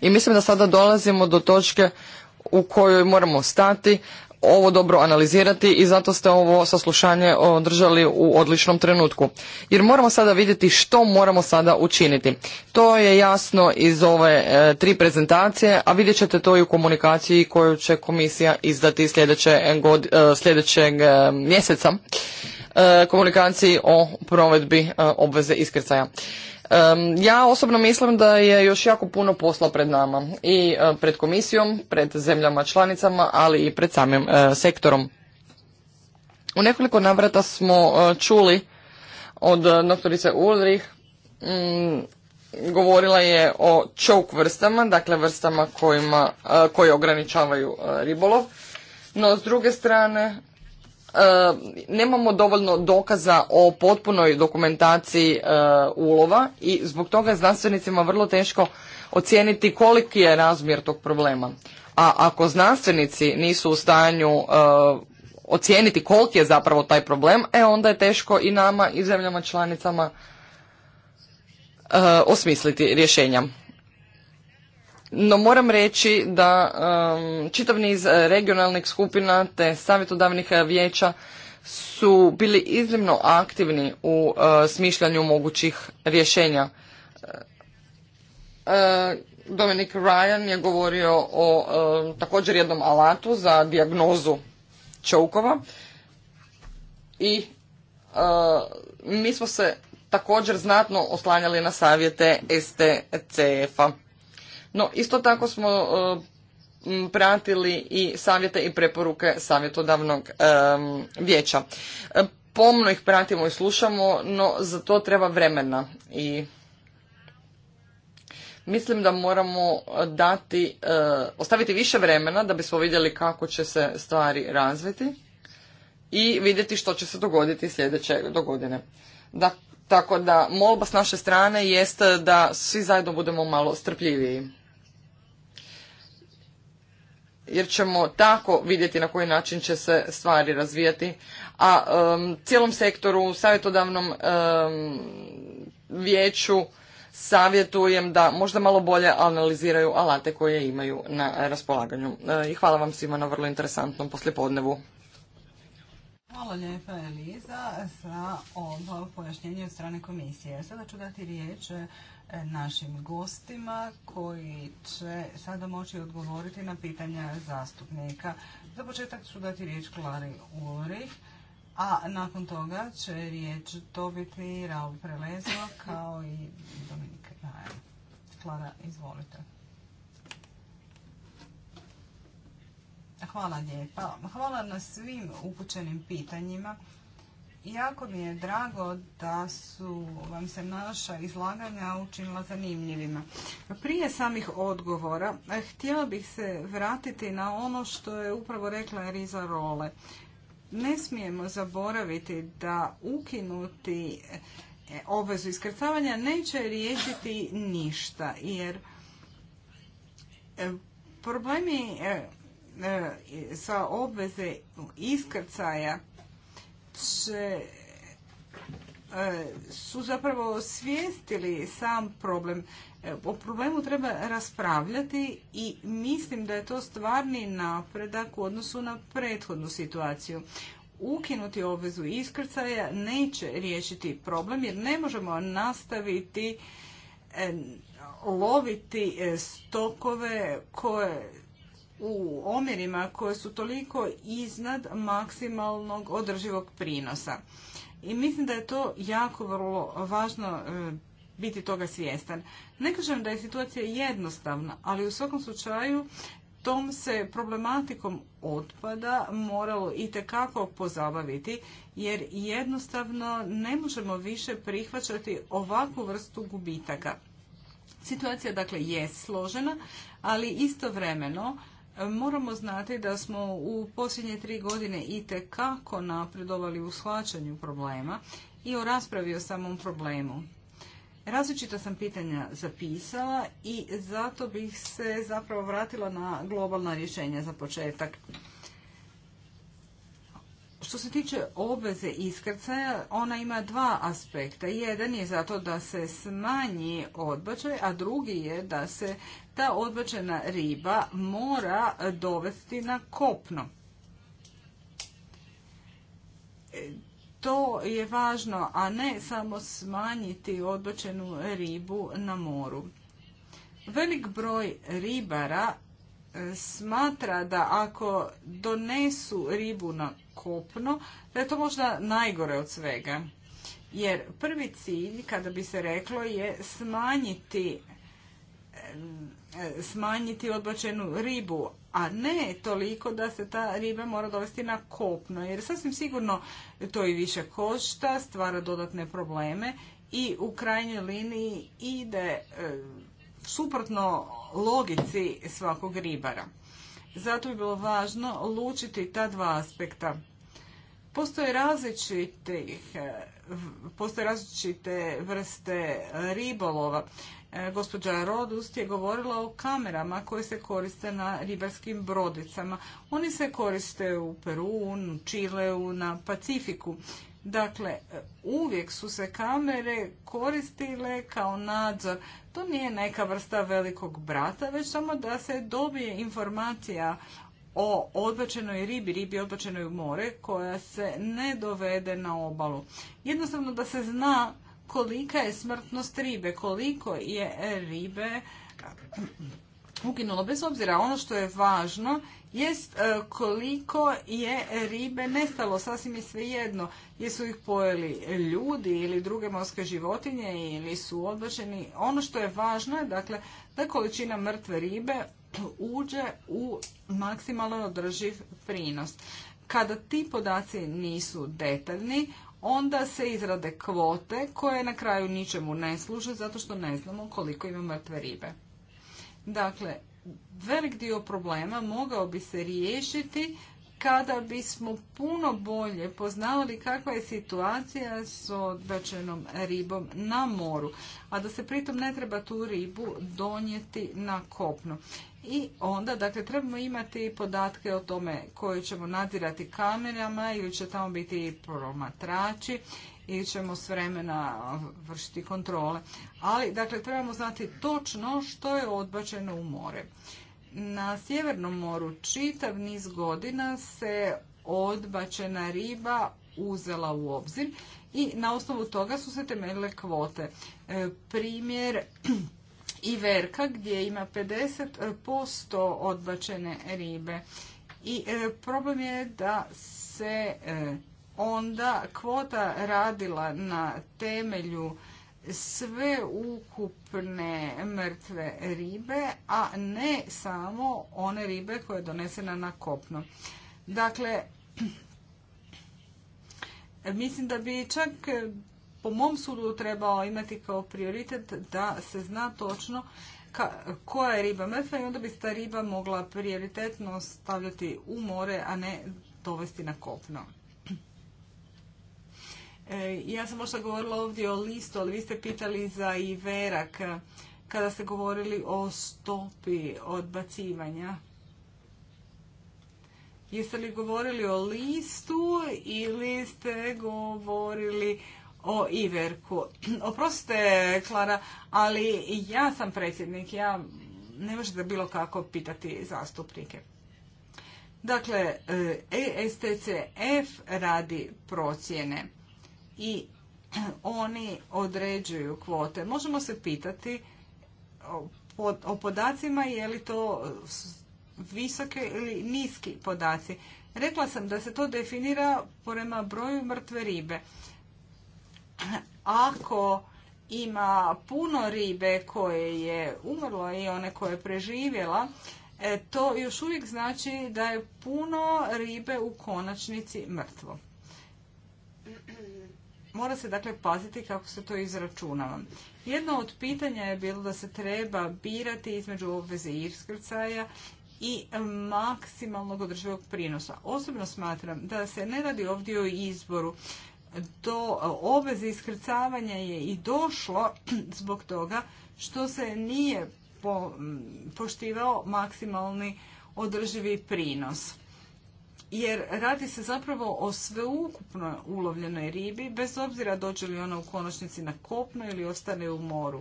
i mislim da sada dolazimo do točke u kojoj moramo stati, ovo dobro analizirati i zato ste ovo saslušanje održali u odličnom trenutku. Jer moramo sada vidjeti što moramo sada učiniti. To je jasno iz ove e, tri prezentacije, a vidjet ćete to i u komunikaciji koju će komisija izdati sljedeće e, sljedećeg e, mjeseca komunikaciji o provedbi obveze iskrcaja. Ja osobno mislim da je još jako puno posla pred nama i e, pred komisijom, pred zemljama članicama, ali i pred samim e, sektorom. U nekoliko navrata smo e, čuli od doktorice Ulrich, govorila je o choke vrstama, dakle vrstama kojima, koje ograničavaju ribolov, no s druge strane E, nemamo dovoljno dokaza o potpunoj dokumentaciji e, ulova i zbog toga je znanstvenicima vrlo teško ocijeniti koliki je razmjer tog problema. A ako znanstvenici nisu u stanju e, ocijeniti koliki je zapravo taj problem, e onda je teško i nama i zemljama članicama osmisliti rješenja no moram reći da um, čitav niz e, regionalnih skupina te savjetodavnih e, vijeća su bili iznimno aktivni u e, smišljanju mogućih rješenja. Uh, Dominik Ryan je govorio o također jednom alatu za dijagnozu čoukova i mi smo se također znatno oslanjali na savjete STCF-a. No, isto tako smo e, pratili i savjete i preporuke savjetodavnog e, vijeća. E, pomno ih pratimo i slušamo, no za to treba vremena i mislim da moramo dati, ostaviti više vremena da bismo vidjeli kako će se stvari razviti i vidjeti što će se dogoditi sljedeće do godine. Da, tako da molba s naše strane jest da svi zajedno budemo malo strpljiviji jer ćemo tako vidjeti na koji način će se stvari razvijati. A cijelom sektoru, savjetodavnom vijeću savjetujem da možda malo bolje analiziraju alate koje imaju na raspolaganju. E, I hvala vam svima na vrlo interesantnom poslijepodnevu. Hvala lijepa Eliza za ovo pojašnjenje od strane komisije. Sada ću dati riječ našim gostima koji će sada moći odgovoriti na pitanja zastupnika. Za početak ću dati riječ Klari Uri, a nakon toga će riječ dobiti Raul Prelezo kao i Dominika. Rajan. Klara, izvolite. Hvala lijepa. Hvala na svim upućenim pitanjima Jako mi je drago da su vam se naša izlaganja učinila zanimljivima. Prije samih odgovora eh, htjela bih se vratiti na ono što je upravo rekla Riza Role. Ne smijemo zaboraviti da ukinuti eh, obvezu iskrcavanja neće riješiti ništa, jer eh, problemi sa obveze iskrcaja će e, su zapravo svijestili sam problem. E, o problemu treba raspravljati i mislim da je to stvarni napredak u odnosu na prethodnu situaciju. Ukinuti obvezu iskrcaja neće riješiti problem jer ne možemo nastaviti e, loviti stokove koje u omjerima koje su toliko iznad maksimalnog održivog prinosa. I mislim da je to jako vrlo važno e, biti toga svjestan. Ne kažem da je situacija jednostavna, ali u svakom slučaju tom se problematikom otpada moralo i tekako pozabaviti, jer jednostavno ne možemo više prihvaćati ovakvu vrstu gubitaka. Situacija dakle je složena, ali istovremeno Moramo znati da smo u posljednje tri godine itekako napredovali u shvaćanju problema i o raspravi o samom problemu. Različita sam pitanja zapisala i zato bih se zapravo vratila na globalna rješenja za početak. Što se tiče obveze iskrcaja, ona ima dva aspekta. Jedan je zato da se smanji odbačaj, a drugi je da se ta odbačena riba mora dovesti na kopno. E, to je važno, a ne samo smanjiti odbačenu ribu na moru. Velik broj ribara e, smatra da ako donesu ribu na kopno, da je to možda najgore od svega. Jer prvi cilj, kada bi se reklo, je smanjiti E, smanjiti odbačenu ribu, a ne toliko da se ta riba mora dovesti na kopno, jer sasvim sigurno to i više košta, stvara dodatne probleme i u krajnjoj liniji ide e, suprotno logici svakog ribara. Zato bi bilo važno lučiti ta dva aspekta. Postoje različite, postoje različite vrste ribolova. E, gospođa Rodust je govorila o kamerama koje se koriste na ribarskim brodicama. Oni se koriste u Peru, u Čileu, na Pacifiku. Dakle, uvijek su se kamere koristile kao nadzor. To nije neka vrsta velikog brata, već samo da se dobije informacija o odbačenoj ribi, ribi odbačenoj u more, koja se ne dovede na obalu. Jednostavno da se zna kolika je smrtnost ribe, koliko je ribe uginulo. Bez obzira, ono što je važno jest e, koliko je ribe nestalo, sasvim je jedno Jesu ih pojeli ljudi ili druge morske životinje ili su odbačeni. Ono što je važno je dakle, da količina mrtve ribe uđe u maksimalno održiv prinos. Kada ti podaci nisu detaljni, onda se izrade kvote koje na kraju ničemu ne služe zato što ne znamo koliko ima mrtve ribe. Dakle, velik dio problema mogao bi se riješiti kada bismo puno bolje poznavali kakva je situacija s odbačenom ribom na moru, a da se pritom ne treba tu ribu donijeti na kopno. I onda, dakle, trebamo imati podatke o tome koje ćemo nadirati kamerama ili će tamo biti promatrači ili ćemo s vremena vršiti kontrole. Ali, dakle, trebamo znati točno što je odbačeno u more. Na Sjevernom moru čitav niz godina se odbačena riba uzela u obzir i na osnovu toga su se temeljile kvote. E, primjer i Verka gdje ima 50% odbačene ribe. I e, problem je da se e, onda kvota radila na temelju sve ukupne mrtve ribe, a ne samo one ribe koje je donesena na kopno. Dakle, mislim da bi čak po mom sudu trebao imati kao prioritet da se zna točno koja je riba mrtva i onda bi se ta riba mogla prioritetno stavljati u more, a ne dovesti na kopno. E, ja sam možda govorila ovdje o listu, ali vi ste pitali za i verak kada ste govorili o stopi odbacivanja. Jeste li govorili o listu ili ste govorili o Iverku. Oprostite, Klara, ali ja sam predsjednik, ja ne možete bilo kako pitati zastupnike. Dakle, ESTCF e radi procjene i oni određuju kvote. Možemo se pitati o podacima je li to visoke ili niski podaci. Rekla sam da se to definira prema broju mrtve ribe ako ima puno ribe koje je umrlo i one koje je preživjela, e, to još uvijek znači da je puno ribe u konačnici mrtvo. Mora se dakle paziti kako se to izračunava. Jedno od pitanja je bilo da se treba birati između obveze iskrcaja i maksimalnog održivog prinosa. Osobno smatram da se ne radi ovdje o izboru do obveze iskrcavanja je i došlo zbog toga što se nije poštivao maksimalni održivi prinos. Jer radi se zapravo o sveukupno ulovljenoj ribi, bez obzira dođe li ona u konačnici na kopno ili ostane u moru.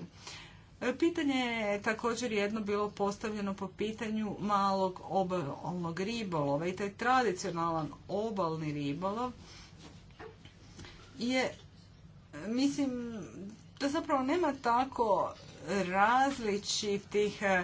E, pitanje je također jedno bilo postavljeno po pitanju malog obalnog ribolova i taj tradicionalan obalni ribolov je, mislim, da zapravo nema tako različitih e,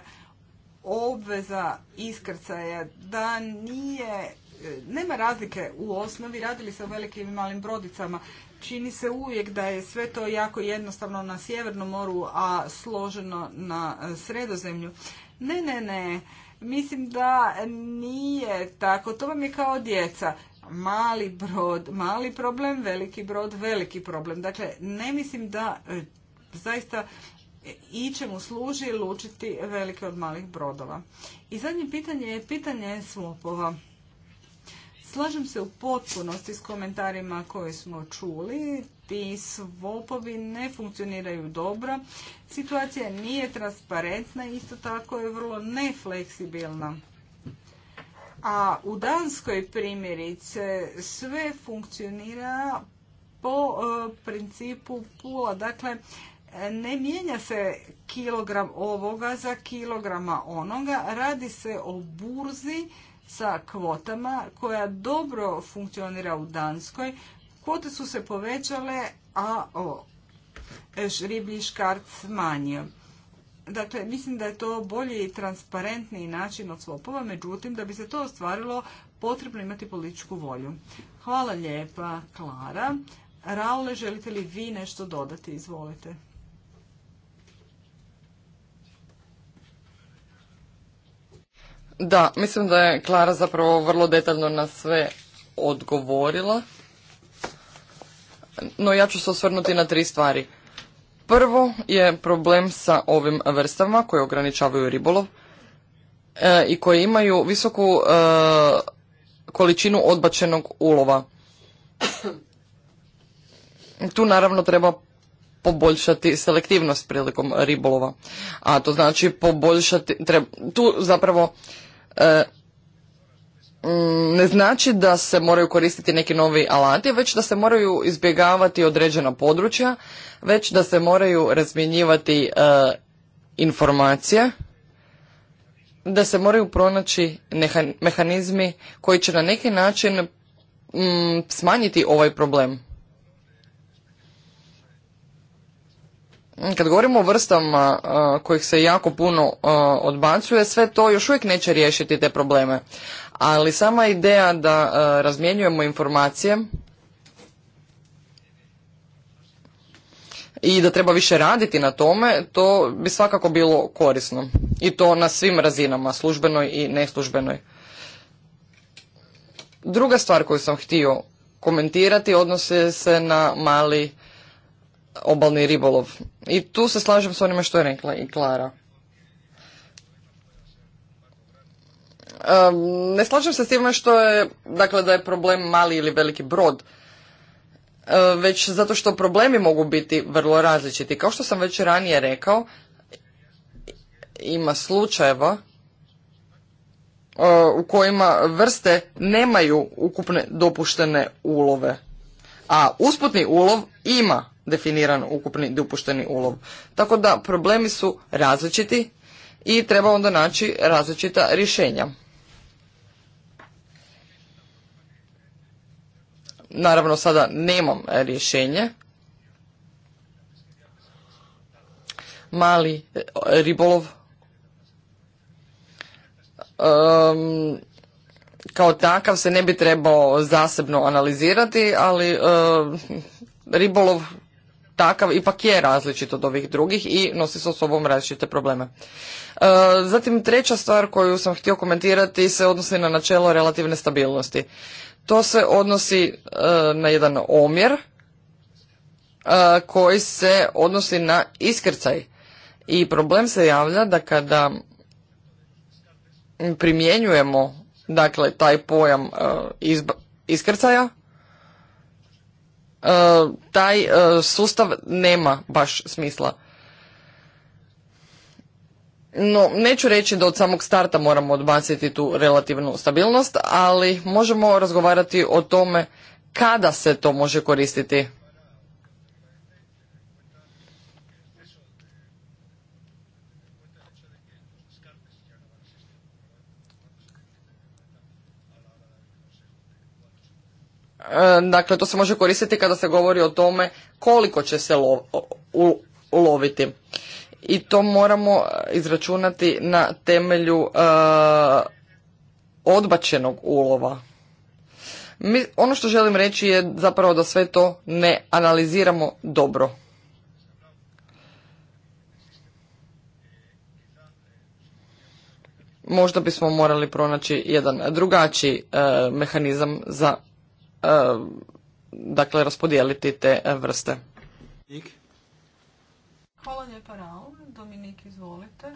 obveza iskrcaja, da nije, e, nema razlike u osnovi, radili se o velikim i malim brodicama, čini se uvijek da je sve to jako jednostavno na Sjevernom moru, a složeno na e, Sredozemlju. Ne, ne, ne, mislim da nije tako, to vam je kao djeca mali brod, mali problem, veliki brod, veliki problem. Dakle, ne mislim da e, zaista zaista čemu služi lučiti velike od malih brodova. I zadnje pitanje je pitanje svopova. Slažem se u potpunosti s komentarima koje smo čuli. Ti svopovi ne funkcioniraju dobro. Situacija nije transparentna, isto tako je vrlo nefleksibilna. A u Danskoj primjerice sve funkcionira po e, principu pula. Dakle, ne mijenja se kilogram ovoga za kilograma onoga. Radi se o burzi sa kvotama koja dobro funkcionira u Danskoj. Kvote su se povećale, a o, e, riblji škart smanjio. Dakle, mislim da je to bolji i transparentniji način od svopova, međutim, da bi se to ostvarilo, potrebno imati političku volju. Hvala lijepa, Klara. Raule, želite li vi nešto dodati? Izvolite. Da, mislim da je Klara zapravo vrlo detaljno na sve odgovorila. No ja ću se osvrnuti na tri stvari. Prvo je problem sa ovim vrstama koje ograničavaju ribolov e, i koje imaju visoku e, količinu odbačenog ulova. Tu naravno treba poboljšati selektivnost prilikom ribolova. A to znači poboljšati, tu zapravo e, Mm, ne znači da se moraju koristiti neki novi alati, već da se moraju izbjegavati određena područja, već da se moraju razmjenjivati e, informacije, da se moraju pronaći mehanizmi koji će na neki način mm, smanjiti ovaj problem. kad govorimo o vrstama kojih se jako puno odbacuje, sve to još uvijek neće riješiti te probleme. Ali sama ideja da razmjenjujemo informacije i da treba više raditi na tome, to bi svakako bilo korisno. I to na svim razinama, službenoj i neslužbenoj. Druga stvar koju sam htio komentirati odnose se na mali obalni ribolov. I tu se slažem s onima što je rekla i Klara. ne slažem se s time što je, dakle, da je problem mali ili veliki brod, e, već zato što problemi mogu biti vrlo različiti. Kao što sam već ranije rekao, ima slučajeva e, u kojima vrste nemaju ukupne dopuštene ulove, a usputni ulov ima definiran ukupni dopušteni ulov. Tako da problemi su različiti i treba onda naći različita rješenja. Naravno sada nemam rješenje. Mali e, ribolov kao takav se ne bi trebao zasebno analizirati, ali e, ribolov takav ipak je različit od ovih drugih i nosi sa sobom različite probleme. E, zatim treća stvar koju sam htio komentirati se odnosi na načelo relativne stabilnosti. To se odnosi e, na jedan omjer e, koji se odnosi na iskrcaj. I problem se javlja da kada primjenjujemo dakle taj pojam iskrcaja E, taj e, sustav nema baš smisla. No, neću reći da od samog starta moramo odbaciti tu relativnu stabilnost, ali možemo razgovarati o tome kada se to može koristiti. E, dakle to se može koristiti kada se govori o tome koliko će se uloviti. I to moramo izračunati na temelju e, odbačenog ulova. Mi, ono što želim reći je zapravo da sve to ne analiziramo dobro. Možda bismo morali pronaći jedan drugačiji e, mehanizam za Eh, dakle raspodijeliti te eh, vrste. Hvala lijepa Raul. Dominik, izvolite.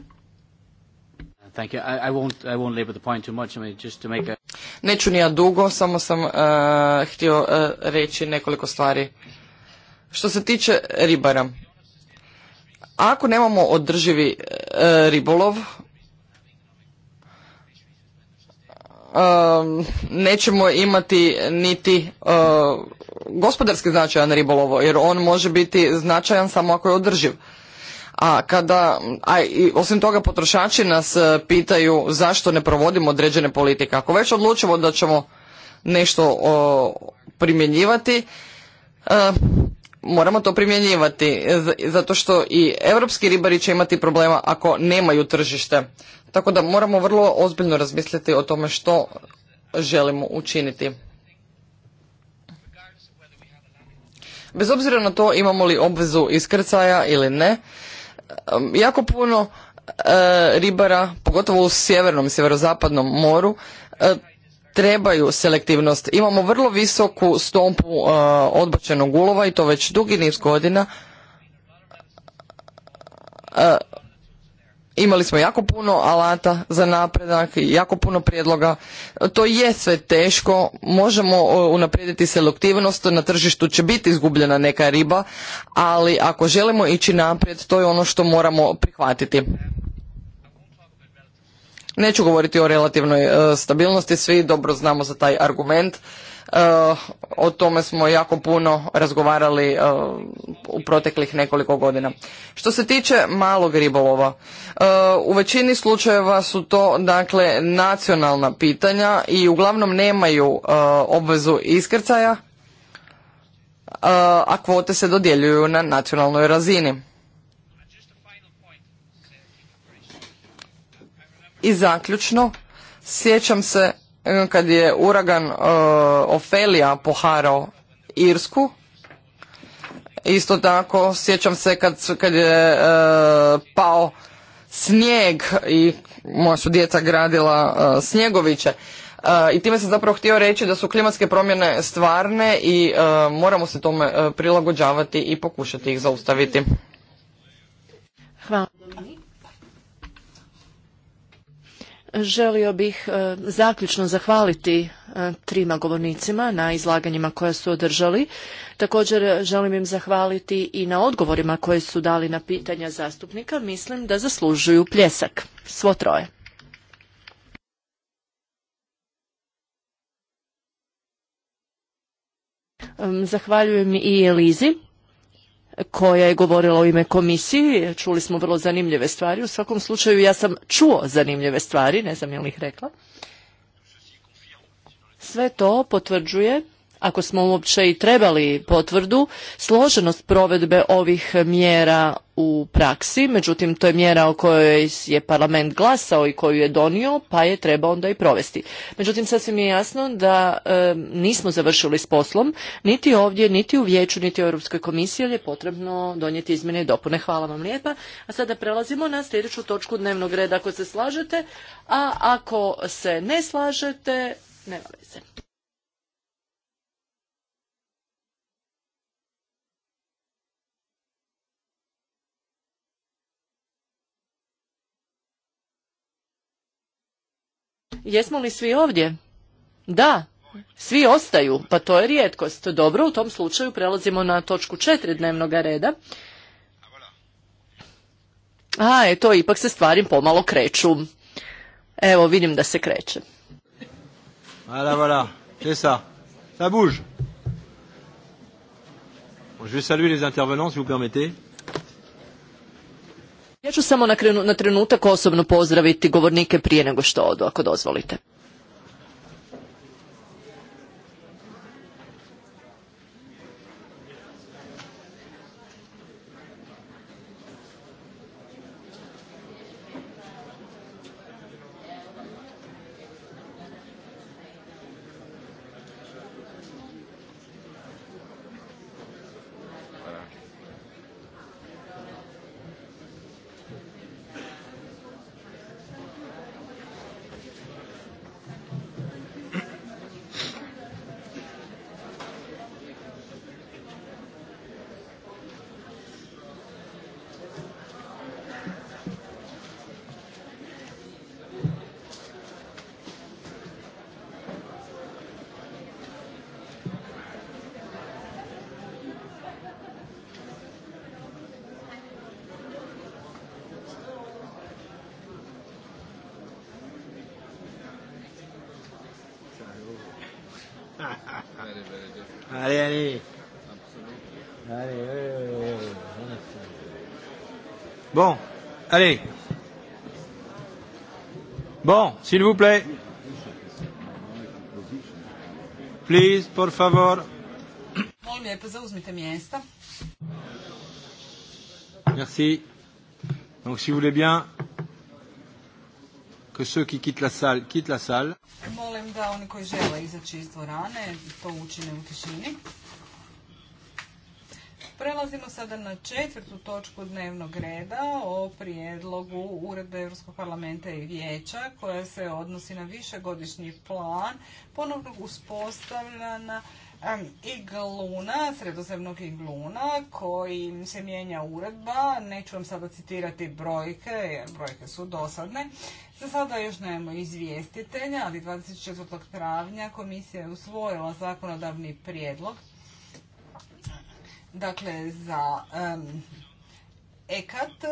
Thank you. I, I won't, I won't the point too much. I just to make a... Neću ni ja dugo, samo sam eh, htio reći nekoliko stvari. Što se tiče ribara, ako nemamo održivi ribolov, nećemo imati niti e, gospodarski značajan ribolovo jer on može biti značajan samo ako je održiv a kada a i osim toga potrošači nas e, pitaju zašto ne provodimo određene politike ako već odlučimo da ćemo nešto primjenjivati e, moramo to primjenjivati zato što i europski ribari će imati problema ako nemaju tržište tako da moramo vrlo ozbiljno razmisliti o tome što želimo učiniti. Bez obzira na to imamo li obvezu iskrcaja ili ne, jako puno e, ribara, pogotovo u sjevernom i sjeverozapadnom moru, e, trebaju selektivnost. Imamo vrlo visoku stompu e, odbačenog ulova i to već dugi niz godina Imali smo jako puno alata za napredak, jako puno prijedloga. To je sve teško, možemo unaprijediti selektivnost, na tržištu će biti izgubljena neka riba, ali ako želimo ići naprijed, to je ono što moramo prihvatiti. Neću govoriti o relativnoj e, stabilnosti, svi dobro znamo za taj argument. E, o tome smo jako puno razgovarali e, u proteklih nekoliko godina. Što se tiče malog ribolova, e, u većini slučajeva su to dakle nacionalna pitanja i uglavnom nemaju obvezu iskrcaja, a kvote se dodjeljuju na nacionalnoj razini. I zaključno, sjećam se Eh, kad je uragan eh, Ofelija poharao Irsku, isto tako sjećam se kad, kad je eh, pao snijeg i moja su djeca gradila snjegoviće. I time sam zapravo htio reći da su klimatske promjene stvarne i moramo se tome prilagođavati i pokušati ih zaustaviti. Hvala. Želio bih e, zaključno zahvaliti e, trima govornicima na izlaganjima koja su održali. Također e, želim im zahvaliti i na odgovorima koje su dali na pitanja zastupnika. Mislim da zaslužuju pljesak. Svo troje. Zahvaljujem i Elizi koja je govorila o ime komisiji. Čuli smo vrlo zanimljive stvari. U svakom slučaju ja sam čuo zanimljive stvari, ne znam je li ih rekla. Sve to potvrđuje ako smo uopće i trebali potvrdu, složenost provedbe ovih mjera u praksi, međutim to je mjera o kojoj je parlament glasao i koju je donio, pa je treba onda i provesti. Međutim, sasvim je jasno da nismo završili s poslom, niti ovdje, niti u vijeću, niti u Europskoj komisiji, je potrebno donijeti izmjene i dopune. Hvala vam lijepa. A sada prelazimo na sljedeću točku dnevnog reda ako se slažete, a ako se ne slažete, nema veze. Jesmo li svi ovdje? Da, svi ostaju, pa to je rijetkost. Dobro, u tom slučaju prelazimo na točku četiri dnevnog reda. A, eto, ipak se stvari pomalo kreću. Evo, vidim da se kreće. Voilà, voilà, c'est ça. Ça bouge. je les intervenants, si vous permettez. Ja ću samo na trenutak osobno pozdraviti govornike prije nego što odu, ako dozvolite. S'il vous plaît. Please, por favor. Molim lijepo, zauzmite mjesta. Merci. Donc, si vous voulez bien, que ceux qui quittent la salle, quittent la salle. Molim da oni koji žele izaći iz dvorane, to učine u tišini. Prelazimo sada na četvrtu točku dnevnog reda o prijedlogu Uredbe Europskog parlamenta i vijeća koja se odnosi na višegodišnji plan ponovnog uspostavljanja igluna, sredozemnog igluna koji se mijenja uredba. Neću vam sada citirati brojke, jer brojke su dosadne. Za sada još nemamo izvjestitelja, ali 24. travnja komisija je usvojila zakonodavni prijedlog Dakle, za EKAT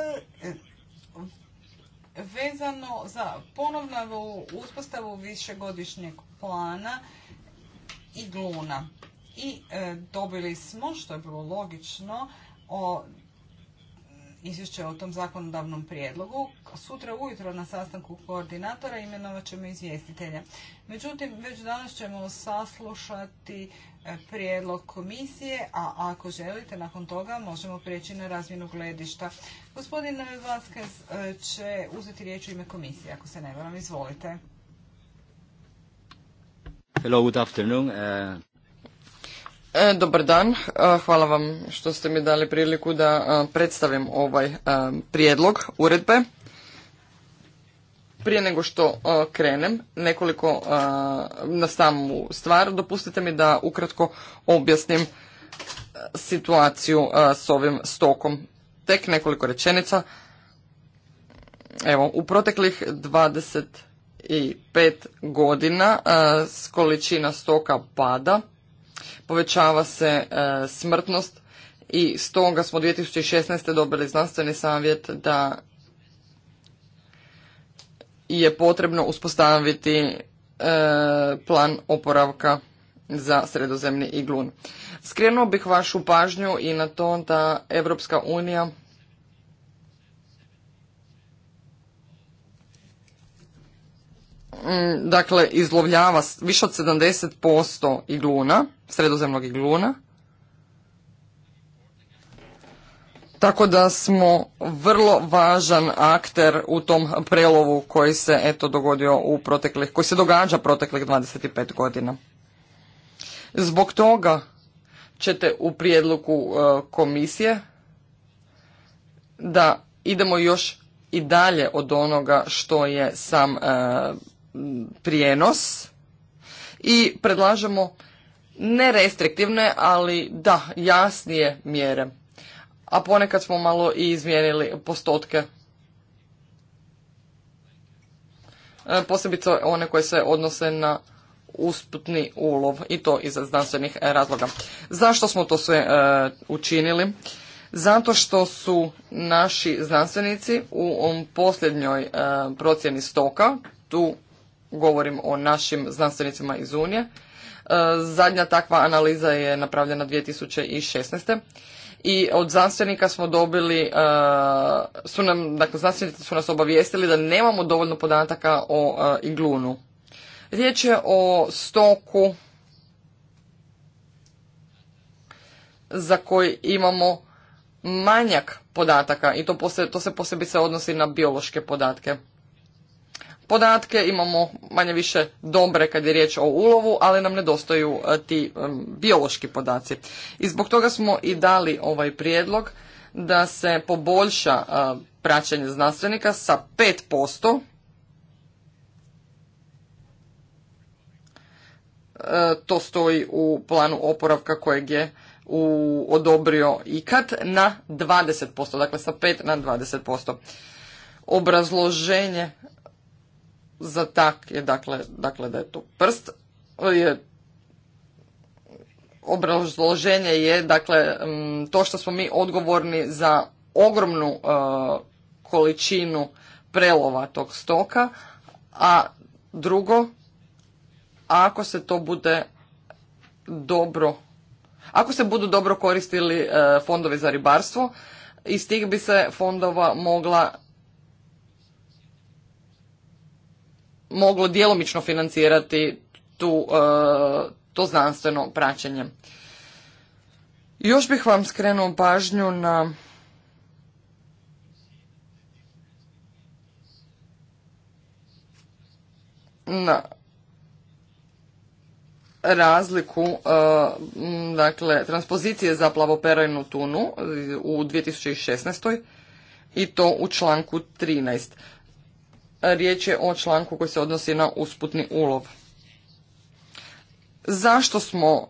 vezano za ponovnu uspostavu višegodišnjeg plana i gluna. I dobili smo, što je bilo logično, o izvješće o tom zakonodavnom prijedlogu. Sutra ujutro na sastanku koordinatora imenovat ćemo izvjestitelja. Međutim, već danas ćemo saslušati e, prijedlog komisije, a ako želite, nakon toga možemo prijeći na razmjenu gledišta. Gospodin Vaskes e, će uzeti riječ u ime komisije, ako se ne varam. Izvolite. Hello, good e, E, dobar dan, e, hvala vam što ste mi dali priliku da e, predstavim ovaj prijedlog uredbe. Prije nego što krenem nekoliko na samu stvar, dopustite mi da ukratko objasnim situaciju s ovim stokom. Tek nekoliko rečenica. Evo, u proteklih 25 godina količina stoka pada povećava se e, smrtnost i stoga smo 2016. dobili znanstveni savjet da je potrebno uspostaviti e, plan oporavka za sredozemni iglun. Skrenuo bih vašu pažnju i na to da Evropska unija dakle izlovljava više od 70% igluna sredozemnog igluna. Tako da smo vrlo važan akter u tom prelovu koji se eto dogodio u proteklih, koji se događa proteklih 25 godina. Zbog toga ćete u prijedlogu e, komisije da idemo još i dalje od onoga što je sam e, prijenos i predlažemo ne ali da, jasnije mjere. A ponekad smo malo i izmijenili postotke. E, posebice one koje se odnose na usputni ulov i to iz znanstvenih e, razloga. Zašto smo to sve e, učinili? Zato što su naši znanstvenici u posljednjoj procjeni stoka, tu govorim o našim znanstvenicima iz Unije, E, zadnja takva analiza je napravljena 2016. I od znanstvenika smo dobili, e, su nam, dakle znanstvenici su nas obavijestili da nemamo dovoljno podataka o e, iglunu. Riječ je o stoku za koji imamo manjak podataka i to, to se posebice odnosi na biološke podatke podatke, imamo manje više dobre kad je riječ o ulovu, ali nam nedostaju e, ti e, biološki podaci. I zbog toga smo i dali ovaj prijedlog da se poboljša e, praćenje znanstvenika sa 5%, to stoji u planu oporavka kojeg je u, odobrio ikad na 20%, dakle sa 5 na 20%. Obrazloženje za tak je dakle, dakle da je to prst je obrazloženje je dakle mm, to što smo mi odgovorni za ogromnu e, količinu prelova tog stoka, a drugo ako se to bude dobro ako se budu dobro koristili fondove fondovi za ribarstvo iz tih bi se fondova mogla moglo djelomično financirati tu, e, to znanstveno praćenje. Još bih vam skrenuo pažnju na na razliku e, dakle transpozicije za plavoperajnu tunu u 2016. i to u članku 13 riječ je o članku koji se odnosi na usputni ulov. Zašto smo e,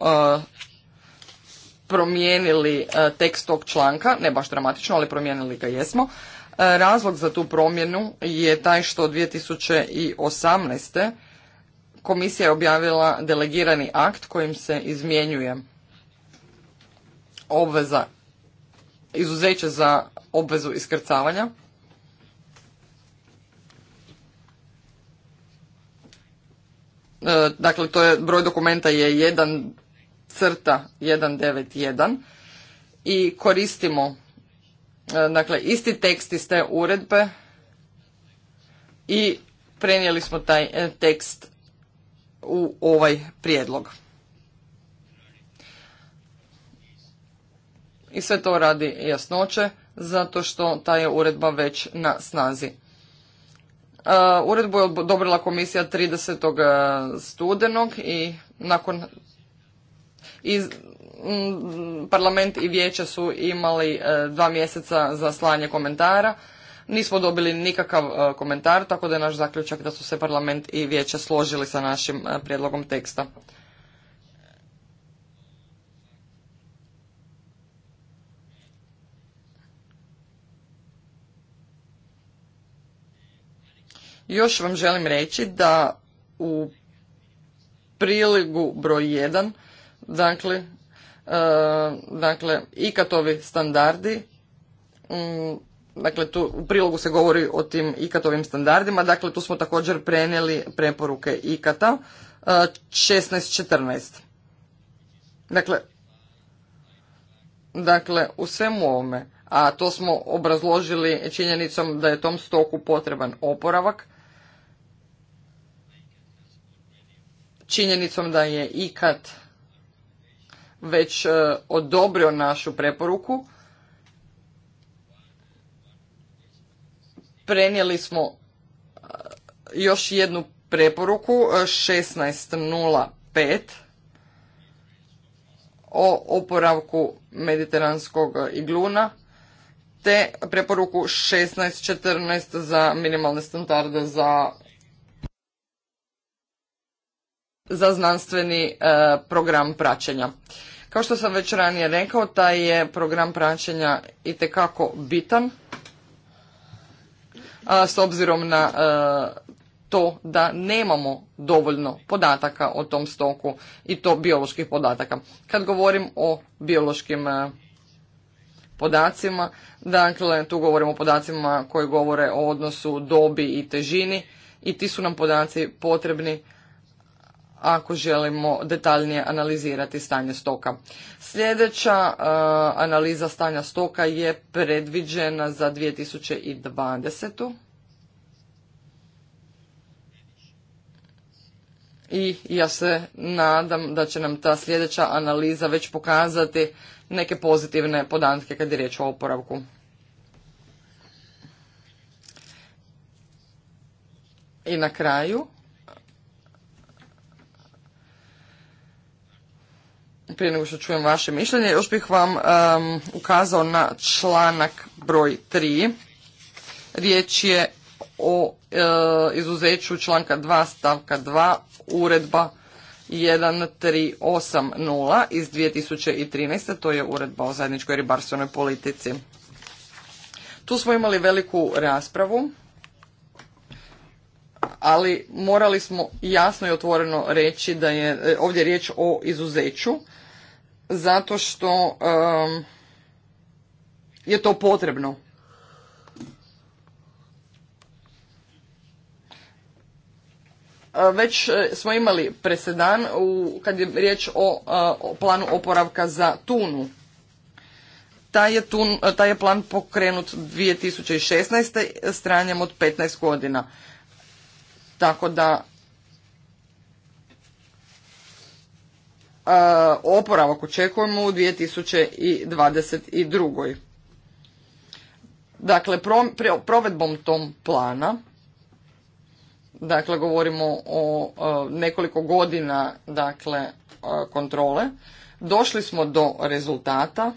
promijenili e, tekst tog članka, ne baš dramatično, ali promijenili ga jesmo. E, razlog za tu promjenu je taj što 2018. komisija je objavila delegirani akt kojim se izmjenjuje obveza, izuzeće za obvezu iskrcavanja E, dakle to je broj dokumenta je 1 crta 191 i koristimo e, dakle isti tekst iz te uredbe i prenijeli smo taj e, tekst u ovaj prijedlog. I sve to radi jasnoće zato što ta je uredba već na snazi. Uh, uredbu je odobrila komisija 30. Uh, studenog i nakon iz, mm, parlament i vijeća su imali uh, dva mjeseca za slanje komentara. Nismo dobili nikakav komentar, tako da je naš zaključak da su se parlament i vijeće složili sa našim prijedlogom teksta. Još vam želim reći da u priligu broj 1, dakle, e, dakle ikatovi standardi, mm, dakle tu u prilogu se govori o tim ikatovim standardima, dakle tu smo također prenijeli preporuke ikata e, šesnaestčetrnaest 16-14. Dakle, dakle, u svemu ovome, a to smo obrazložili činjenicom da je tom stoku potreban oporavak, činjenicom da je ikad već e, odobrio našu preporuku. Prenijeli smo e, još jednu preporuku 16.05 e, o oporavku mediteranskog igluna te preporuku 16.14 za minimalne standarde za za znanstveni e, program praćenja. Kao što sam već ranije rekao, taj je program praćenja itekako bitan s obzirom na e, to da nemamo dovoljno podataka o tom stoku i to bioloških podataka. Kad govorim o biološkim e, podacima, dakle tu govorimo o podacima koji govore o odnosu dobi i težini i ti su nam podaci potrebni ako želimo detaljnije analizirati stanje stoka. Sljedeća e, analiza stanja stoka je predviđena za 2020. i ja se nadam da će nam ta sljedeća analiza već pokazati neke pozitivne podatke kad je riječ o oporavku. I na kraju prije nego što čujem vaše mišljenje, još bih vam um, ukazao na članak broj 3. Riječ je o e, izuzeću članka 2 stavka 2 uredba 1380 iz 2013. To je uredba o zajedničkoj ribarstvenoj politici. Tu smo imali veliku raspravu ali morali smo jasno i otvoreno reći da je e, ovdje riječ o izuzeću zato što je to potrebno. E, već e, smo imali presedan u, kad je riječ o, planu oporavka za tunu. Taj je, tun, taj je plan pokrenut 2016. stranjem od 15 godina. Tako da e, oporavak očekujemo u 2022. Dakle, provedbom tom plana, dakle, govorimo o e, nekoliko godina, dakle, e, kontrole, došli smo do rezultata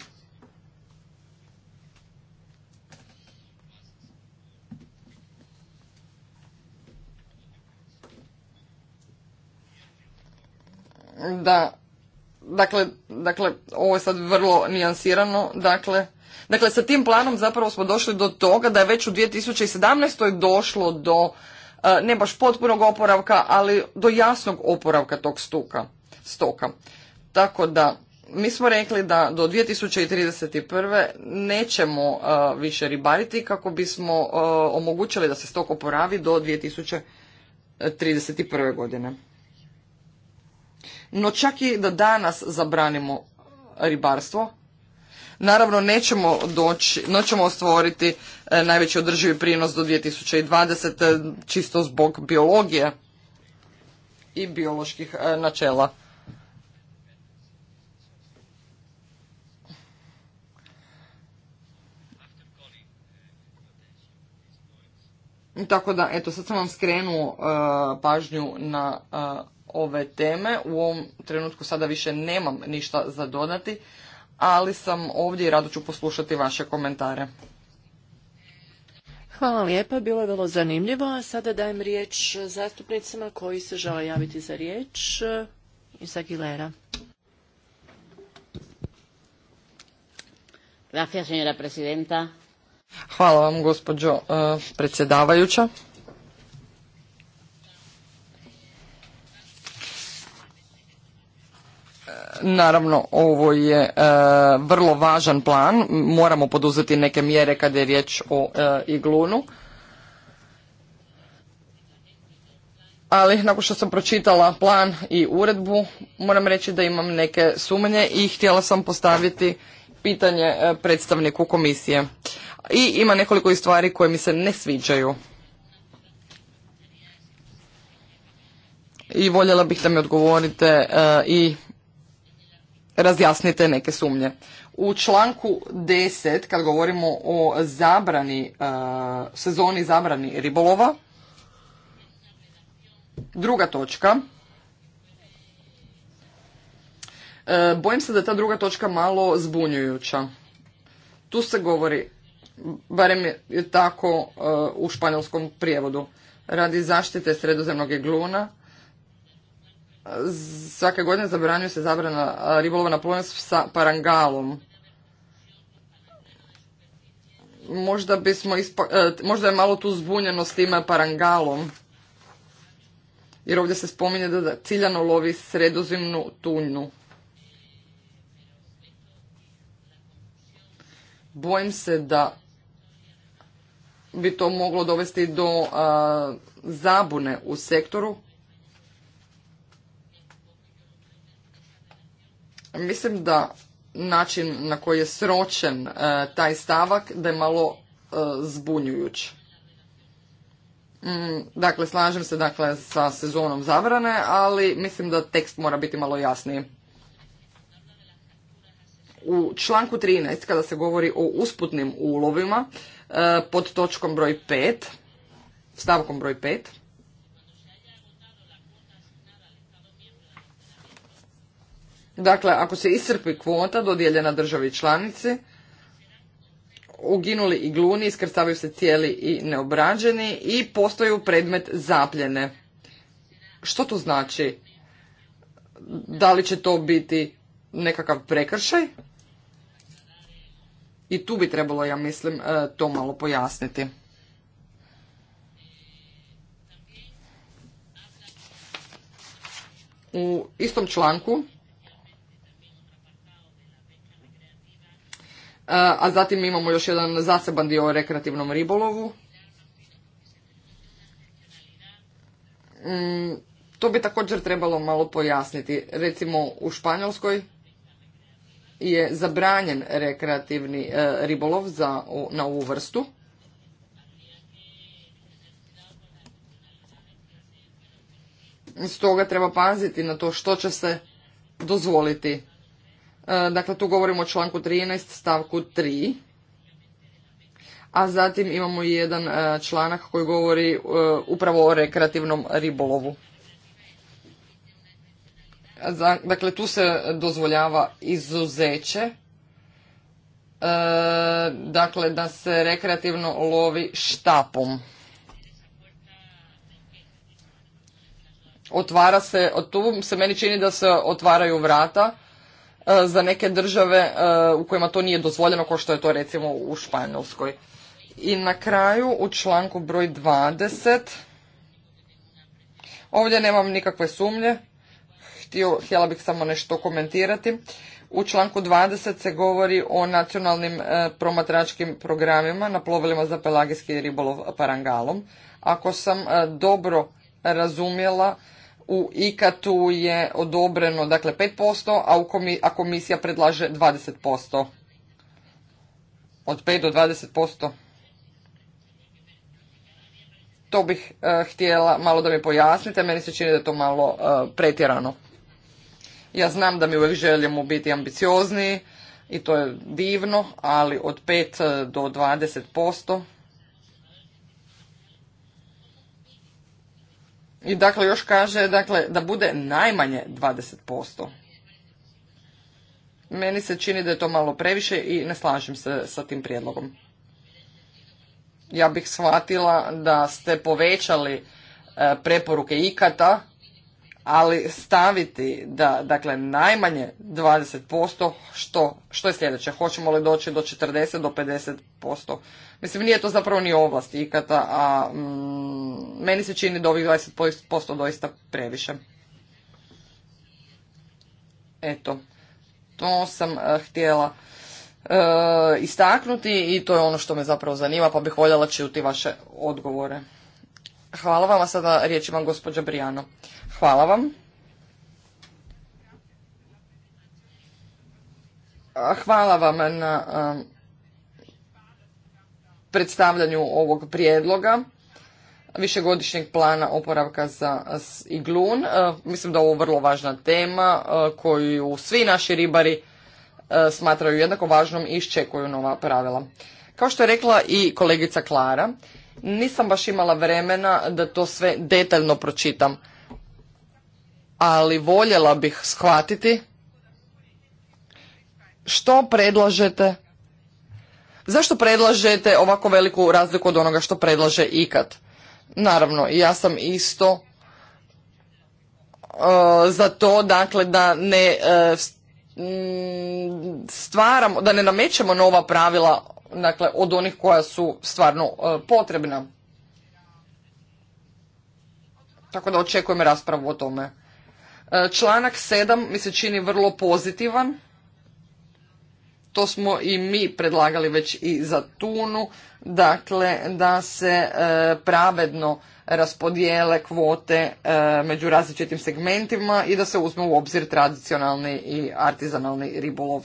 da dakle, dakle ovo je sad vrlo nijansirano, dakle Dakle, sa tim planom zapravo smo došli do toga da je već u 2017. došlo do, e, ne baš potpunog oporavka, ali do jasnog oporavka tog stuka, stoka. Tako da, mi smo rekli da do 2031. nećemo e, više ribariti kako bismo e, omogućili da se stok oporavi do 2031. godine. No čak i da danas zabranimo ribarstvo, naravno nećemo doći, nećemo ostvoriti e, najveći održivi prinos do 2020 e, čisto zbog biologije i bioloških e, načela. Tako da, eto, sad sam vam skrenuo pažnju na ove teme. U ovom trenutku sada više nemam ništa za dodati, ali sam ovdje i rado ću poslušati vaše komentare. Hvala lijepa, bilo je vrlo zanimljivo. A sada dajem riječ zastupnicima koji se žele javiti za riječ. Isa Aguilera. Hvala vam, gospođo eh, predsjedavajuća. Naravno, ovo je e, vrlo važan plan. Moramo poduzeti neke mjere kada je riječ o e, iglunu. Ali nakon što sam pročitala plan i uredbu, moram reći da imam neke sumnje i htjela sam postaviti pitanje e, predstavniku komisije. I ima nekoliko stvari koje mi se ne sviđaju. I voljela bih da mi odgovorite e, i razjasnite neke sumnje. U članku 10, kad govorimo o zabrani, e, sezoni zabrani ribolova, druga točka, e, bojim se da je ta druga točka malo zbunjujuća. Tu se govori, barem je tako e, u španjolskom prijevodu, radi zaštite sredozemnog igluna, svake godine zabranjuje se zabrana ribolova na sa parangalom. Možda, bismo e, možda je malo tu zbunjeno s tim parangalom. Jer ovdje se spominje da ciljano lovi sredozimnu tunju. Bojim se da bi to moglo dovesti do zabune u sektoru Mislim da način na koji je sročen e, taj stavak da je malo zbunjujući. E, zbunjujuć. Mm, dakle, slažem se dakle sa sezonom zabrane, ali mislim da tekst mora biti malo jasniji. U članku 13 kada se govori o usputnim ulovima e, pod točkom broj 5, stavkom broj 5 Dakle, ako se iscrpi kvota dodijeljena državi članici, uginuli i gluni, iskrstavaju se cijeli i neobrađeni i postaju predmet zapljene. Što to znači? Da li će to biti nekakav prekršaj? I tu bi trebalo, ja mislim, e, to malo pojasniti. U istom članku E, a zatim imamo još jedan zaseban dio o rekreativnom ribolovu. Mm, to bi također trebalo malo pojasniti. Recimo u Španjolskoj je zabranjen rekreativni e, ribolov za, na ovu vrstu. Stoga treba paziti na to što će se dozvoliti E, dakle, tu govorimo o članku 13 stavku 3. A zatim imamo i jedan e, članak koji govori e, upravo o rekreativnom ribolovu. Dakle, tu se dozvoljava izuzeće. Dakle, da se rekreativno lovi štapom. Otvara se, tu se meni čini da se otvaraju vrata E, za neke države e, u kojima to nije dozvoljeno kao što je to recimo u Španjolskoj. I na kraju u članku broj 20 ovdje nemam nikakve sumnje htjela bih samo nešto komentirati. U članku 20 se govori o nacionalnim e, promatračkim programima na plovilima za pelagijski ribolov parangalom. Ako sam dobro razumjela, u IKAT-u je odobreno dakle 5%, a, u komi, a komisija predlaže 20%. Od 5 do 20%. To bih e, htjela malo da mi pojasnite, meni se čini da je to malo e, pretjerano. Ja znam da mi uvijek želimo biti ambiciozniji i to je divno, ali od 5 e, do 20% I dakle još kaže dakle, da bude najmanje 20%. Meni se čini da je to malo previše i ne slažem se sa tim prijedlogom. Ja bih shvatila da ste povećali e, preporuke ikata ali staviti da dakle najmanje 20% što, što je sljedeće, hoćemo li doći do 40 do 50%. Mislim nije to zapravo ni ovlast ikada, a mm, meni se čini da ovih 20% doista previše. Eto, to sam e, htjela e, istaknuti i to je ono što me zapravo zanima pa bih voljela čuti vaše odgovore. Hvala vam, a sada riječ imam gospođa Brijano. Hvala vam. Hvala vam na predstavljanju ovog prijedloga višegodišnjeg plana oporavka za iglun. Mislim da je ovo vrlo važna tema koju svi naši ribari smatraju jednako važnom i iščekuju nova pravila. Kao što je rekla i kolegica Klara, nisam baš imala vremena da to sve detaljno pročitam, ali voljela bih shvatiti što predlažete, zašto predlažete ovako veliku razliku od onoga što predlaže ikad. Naravno, ja sam isto e, za to dakle da ne e, stvaramo, da ne namećemo nova pravila dakle od onih koja su stvarno e, potrebna. Tako da očekujem raspravu o tome. E, članak 7 mi se čini vrlo pozitivan. To smo i mi predlagali već i za tunu, dakle da se e, pravedno raspodijele kvote među različitim segmentima i da se uzme u obzir tradicionalni i artizanalni ribolov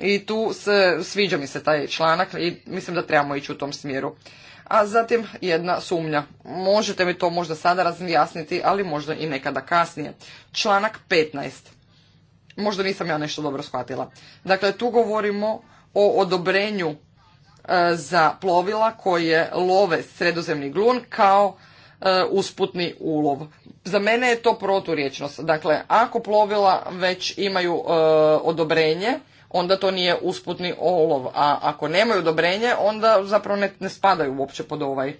i tu se, sviđa mi se taj članak i mislim da trebamo ići u tom smjeru. A zatim jedna sumnja. Možete mi to možda sada razjasniti, ali možda i nekada kasnije. Članak 15. Možda nisam ja nešto dobro shvatila. Dakle, tu govorimo o odobrenju e, za plovila koje love sredozemni glun kao e, usputni ulov. Za mene je to proturječnost. Dakle, ako plovila već imaju e, odobrenje, onda to nije usputni olov, a ako nemaju odobrenje, onda zapravo ne, ne spadaju uopće pod ovaj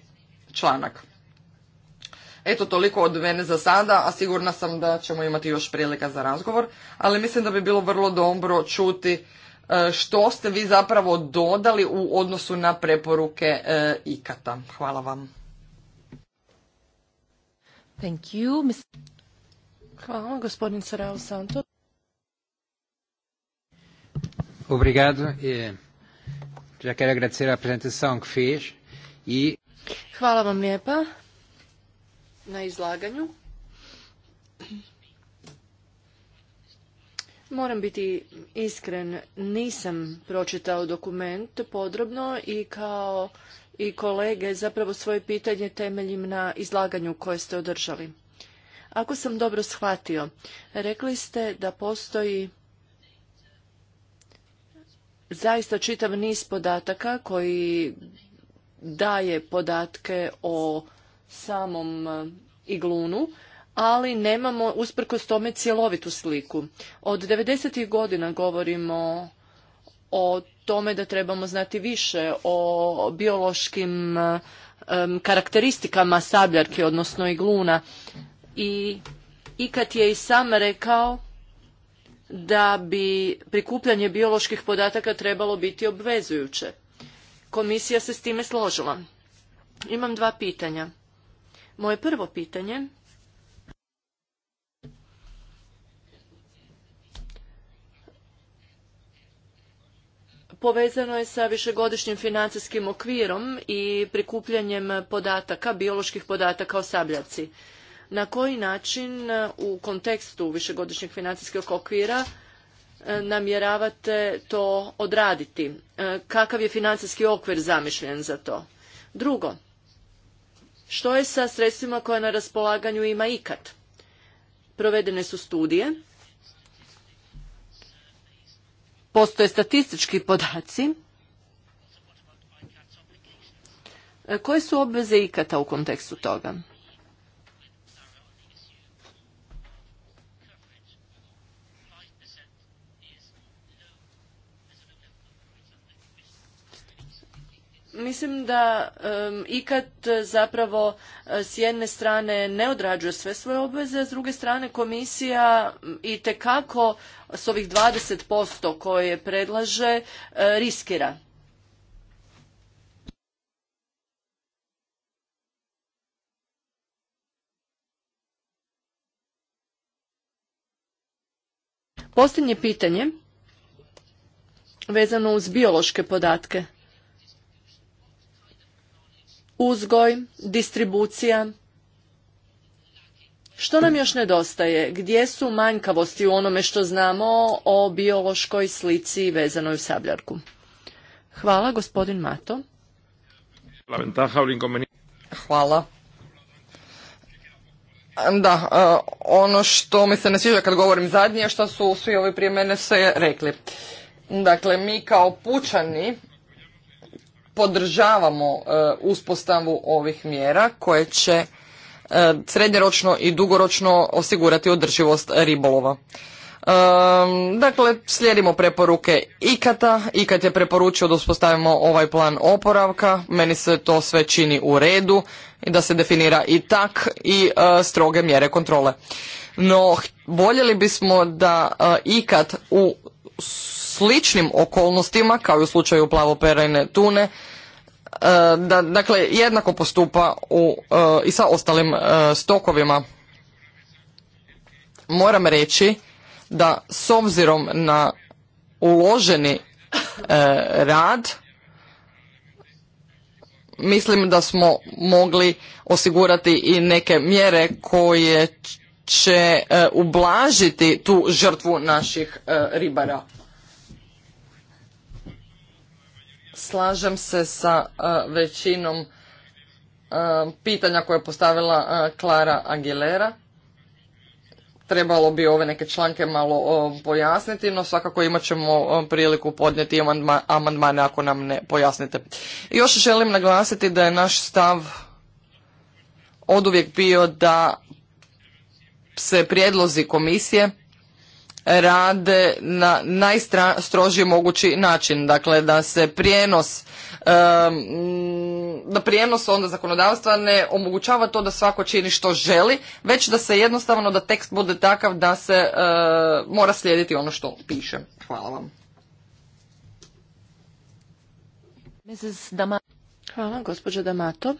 članak. Eto, toliko od mene za sada, a sigurna sam da ćemo imati još prilika za razgovor, ali mislim da bi bilo vrlo dobro čuti e, što ste vi zapravo dodali u odnosu na preporuke e, IKATA. Hvala vam. Thank you. Hvala, gospodin Sarao Santo. E e Hvala vam lijepa na izlaganju. Moram biti iskren, nisam pročitao dokument podrobno i kao i kolege zapravo svoje pitanje temeljim na izlaganju koje ste održali. Ako sam dobro shvatio, rekli ste da postoji zaista čitav niz podataka koji daje podatke o samom e, iglunu, ali nemamo usprkos tome cjelovitu sliku. Od 90. godina govorimo o tome da trebamo znati više o biološkim e, karakteristikama sabljarke odnosno igluna. I ikad je i sam rekao da bi prikupljanje bioloških podataka trebalo biti obvezujuće. Komisija se s time složila. Imam dva pitanja. Moje prvo pitanje povezano je sa višegodišnjim financijskim okvirom i prikupljanjem podataka, bioloških podataka o sabljaci na koji način e, u kontekstu višegodišnjeg financijskog okvira e, namjeravate to odraditi? E, kakav je financijski okvir zamišljen za to? Drugo, što je sa sredstvima koja na raspolaganju ima ikad? Provedene su studije, postoje statistički podaci. Koje su obveze ikata u kontekstu toga? mislim da ikad zapravo e, s jedne strane ne odrađuje sve svoje obveze, a s druge strane komisija i tekako s ovih 20% koje predlaže e, riskira. Posljednje pitanje vezano uz biološke podatke uzgoj, distribucija. Što nam još nedostaje? Gdje su manjkavosti u onome što znamo o biološkoj slici vezanoj u sabljarku? Hvala, gospodin Mato. Hvala. Da, e, ono što mi se ne sviđa kad govorim zadnje, što su svi ovi prije mene sve rekli. Dakle, mi kao pučani podržavamo e, uspostavu ovih mjera koje će e, srednjoročno i dugoročno osigurati održivost ribolova. E, dakle, slijedimo preporuke IKATA. IKAT je preporučio da uspostavimo ovaj plan oporavka. Meni se to sve čini u redu i da se definira i tak i stroge mjere kontrole. No, voljeli bismo da IKAT u sličnim okolnostima kao i u slučaju plavoperajne tune e, da dakle jednako postupa u, e, i sa ostalim e, stokovima. Moram reći da s obzirom na uloženi rad mislim da smo mogli osigurati i neke mjere koje će ublažiti tu žrtvu naših ribara. slažem se sa e, većinom e, pitanja koje je postavila Klara e, Aguilera. Trebalo bi ove neke članke malo pojasniti, no svakako imat ćemo priliku podnijeti amandmane ako nam ne pojasnite. Još želim naglasiti da je naš stav oduvijek bio da se prijedlozi komisije rade na najstrožiji mogući način. Dakle, da se prijenos da prijenos onda zakonodavstva ne omogućava to da svako čini što želi, već da se jednostavno da tekst bude takav da se eh, mora slijediti ono što piše. Hvala vam. Hvala, gospođa Damato.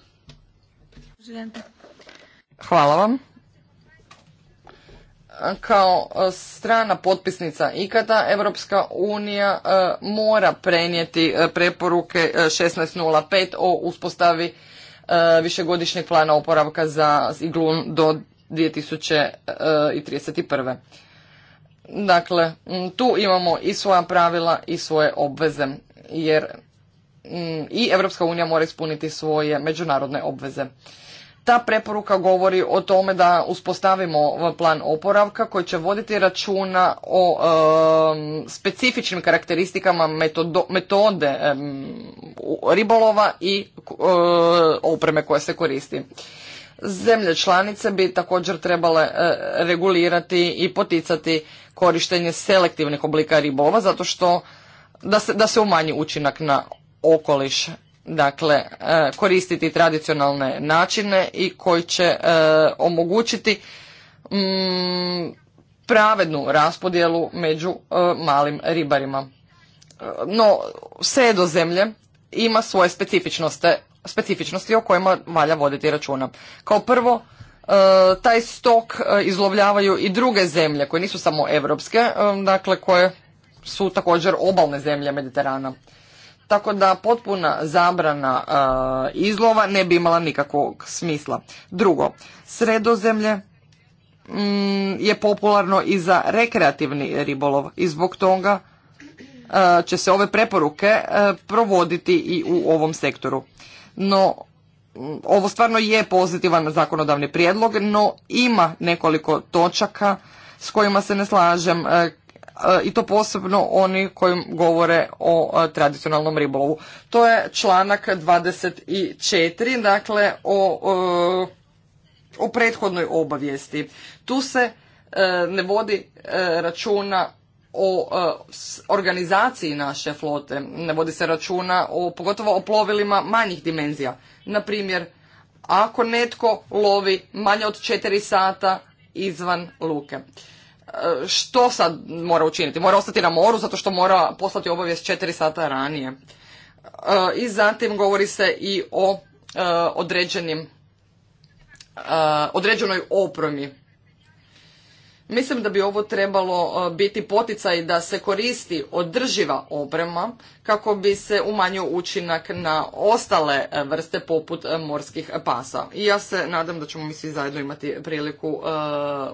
Hvala vam kao e, strana potpisnica ikada Europska unija e, mora prenijeti e, preporuke 1605 o uspostavi višegodišnjeg plana oporavka za iglun do 2031. Dakle, tu imamo i svoja pravila i svoje obveze, jer i Europska unija mora ispuniti svoje međunarodne obveze. Ta preporuka govori o tome da uspostavimo plan oporavka koji će voditi računa o specifičnim karakteristikama metodo, metode ribolova i e, opreme koje se koristi. Zemlje članice bi također trebale e, regulirati i poticati korištenje selektivnih oblika ribolova zato što da se, da se umanji učinak na okoliš dakle e, koristiti tradicionalne načine i koji će e, omogućiti mm, pravednu raspodjelu među e, malim ribarima. No, zemlje ima svoje specifičnosti, specifičnosti o kojima valja voditi računa. Kao prvo, taj stok izlovljavaju i druge zemlje koje nisu samo europske, dakle koje su također obalne zemlje Mediterana tako da potpuna zabrana e, izlova ne bi imala nikakvog smisla. Drugo, sredozemlje mm, je popularno i za rekreativni ribolov i zbog toga e, će se ove preporuke e, provoditi i u ovom sektoru. No, mm, ovo stvarno je pozitivan zakonodavni prijedlog, no ima nekoliko točaka s kojima se ne slažem E, i to posebno oni koji govore o e, tradicionalnom ribolovu. To je članak 24, dakle o, e, o prethodnoj obavijesti. Tu se ne vodi računa o organizaciji naše flote, ne vodi se računa o, pogotovo o plovilima manjih dimenzija. Na primjer, ako netko lovi manje od 4 sata izvan luke. E, što sad mora učiniti? Mora ostati na moru zato što mora poslati obavijest četiri sata ranije. E, I zatim govori se i o e, određenim, određenoj opromi. Mislim da bi ovo trebalo e, biti poticaj da se koristi održiva oprema kako bi se umanjio učinak na ostale e, vrste poput e, morskih pasa. I ja se nadam da ćemo mi svi zajedno imati priliku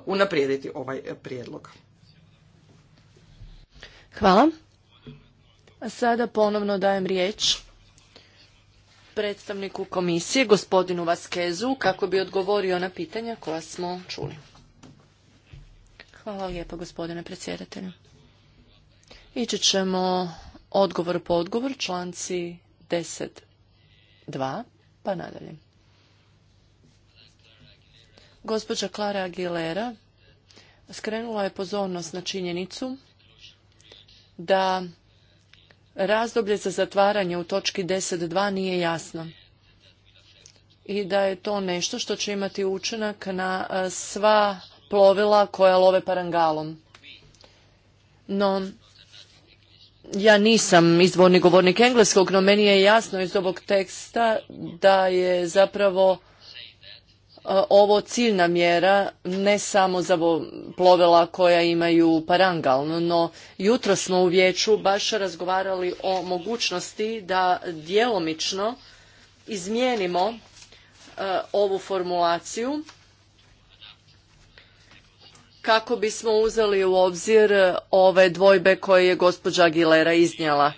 unaprijediti ovaj prijedlog. Hvala. sada ponovno dajem riječ predstavniku komisije, gospodinu Vaskezu, kako bi odgovorio na pitanja koja smo čuli. Hvala lijepo gospodine predsjedatelju. Ići ćemo odgovor po odgovor, članci 10.2 pa nadalje. Gospođa Klara Aguilera skrenula je pozornost na činjenicu da razdoblje za zatvaranje u točki 10.2 nije jasno i da je to nešto što će imati učinak na sva plovila koja love parangalom. No, ja nisam izvorni govornik engleskog, no meni je jasno iz ovog teksta da je zapravo e, ovo ciljna mjera ne samo za plovila koja imaju parangal, no jutro smo u vijeću baš razgovarali o mogućnosti da djelomično izmijenimo e, ovu formulaciju kako bismo uzeli u obzir e, ove dvojbe koje je gospođa Aguilera iznijela.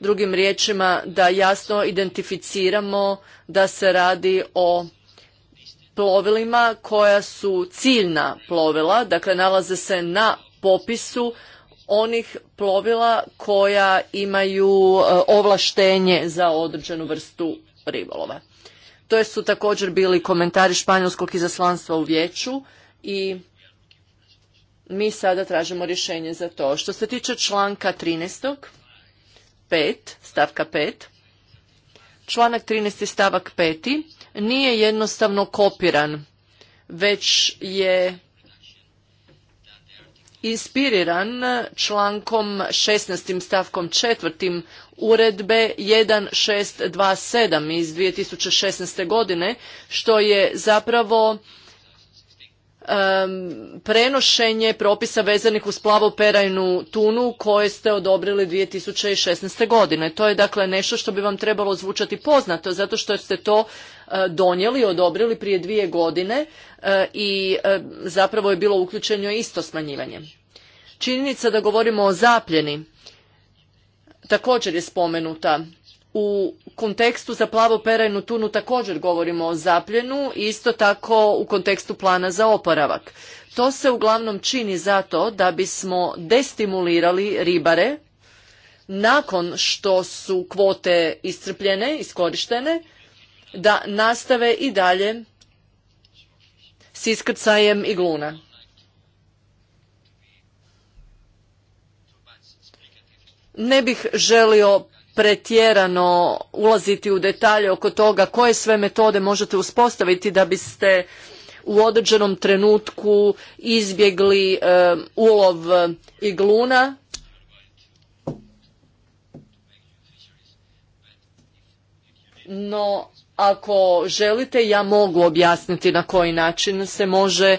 Drugim riječima da jasno identificiramo da se radi o plovilima koja su ciljna plovila, dakle nalaze se na popisu onih plovila koja imaju e, ovlaštenje za određenu vrstu ribolova. To su također bili komentari španjolskog izaslanstva u vijeću i mi sada tražimo rješenje za to. Što se tiče članka 13. 5, stavka 5, članak 13. stavak 5. nije jednostavno kopiran, već je inspiriran člankom 16. stavkom 4. uredbe 1627 iz 2016. godine, što je zapravo prenošenje propisa vezanih uz Perajnu tunu koje ste odobrili 2016. godine. To je dakle nešto što bi vam trebalo zvučati poznato zato što ste to donijeli donijeli, odobrili prije dvije godine e, i e, zapravo je bilo uključeno isto smanjivanje. Činjenica da govorimo o zapljeni također je spomenuta u kontekstu za plavo perajnu tunu također govorimo o zapljenu, isto tako u kontekstu plana za oporavak. To se uglavnom čini zato da bismo destimulirali ribare nakon što su kvote iscrpljene, iskorištene, da nastave i dalje s iskrcajem igluna. Ne bih želio pretjerano ulaziti u detalje oko toga koje sve metode možete uspostaviti da biste u određenom trenutku izbjegli ulov igluna no ako želite ja mogu objasniti na koji način se može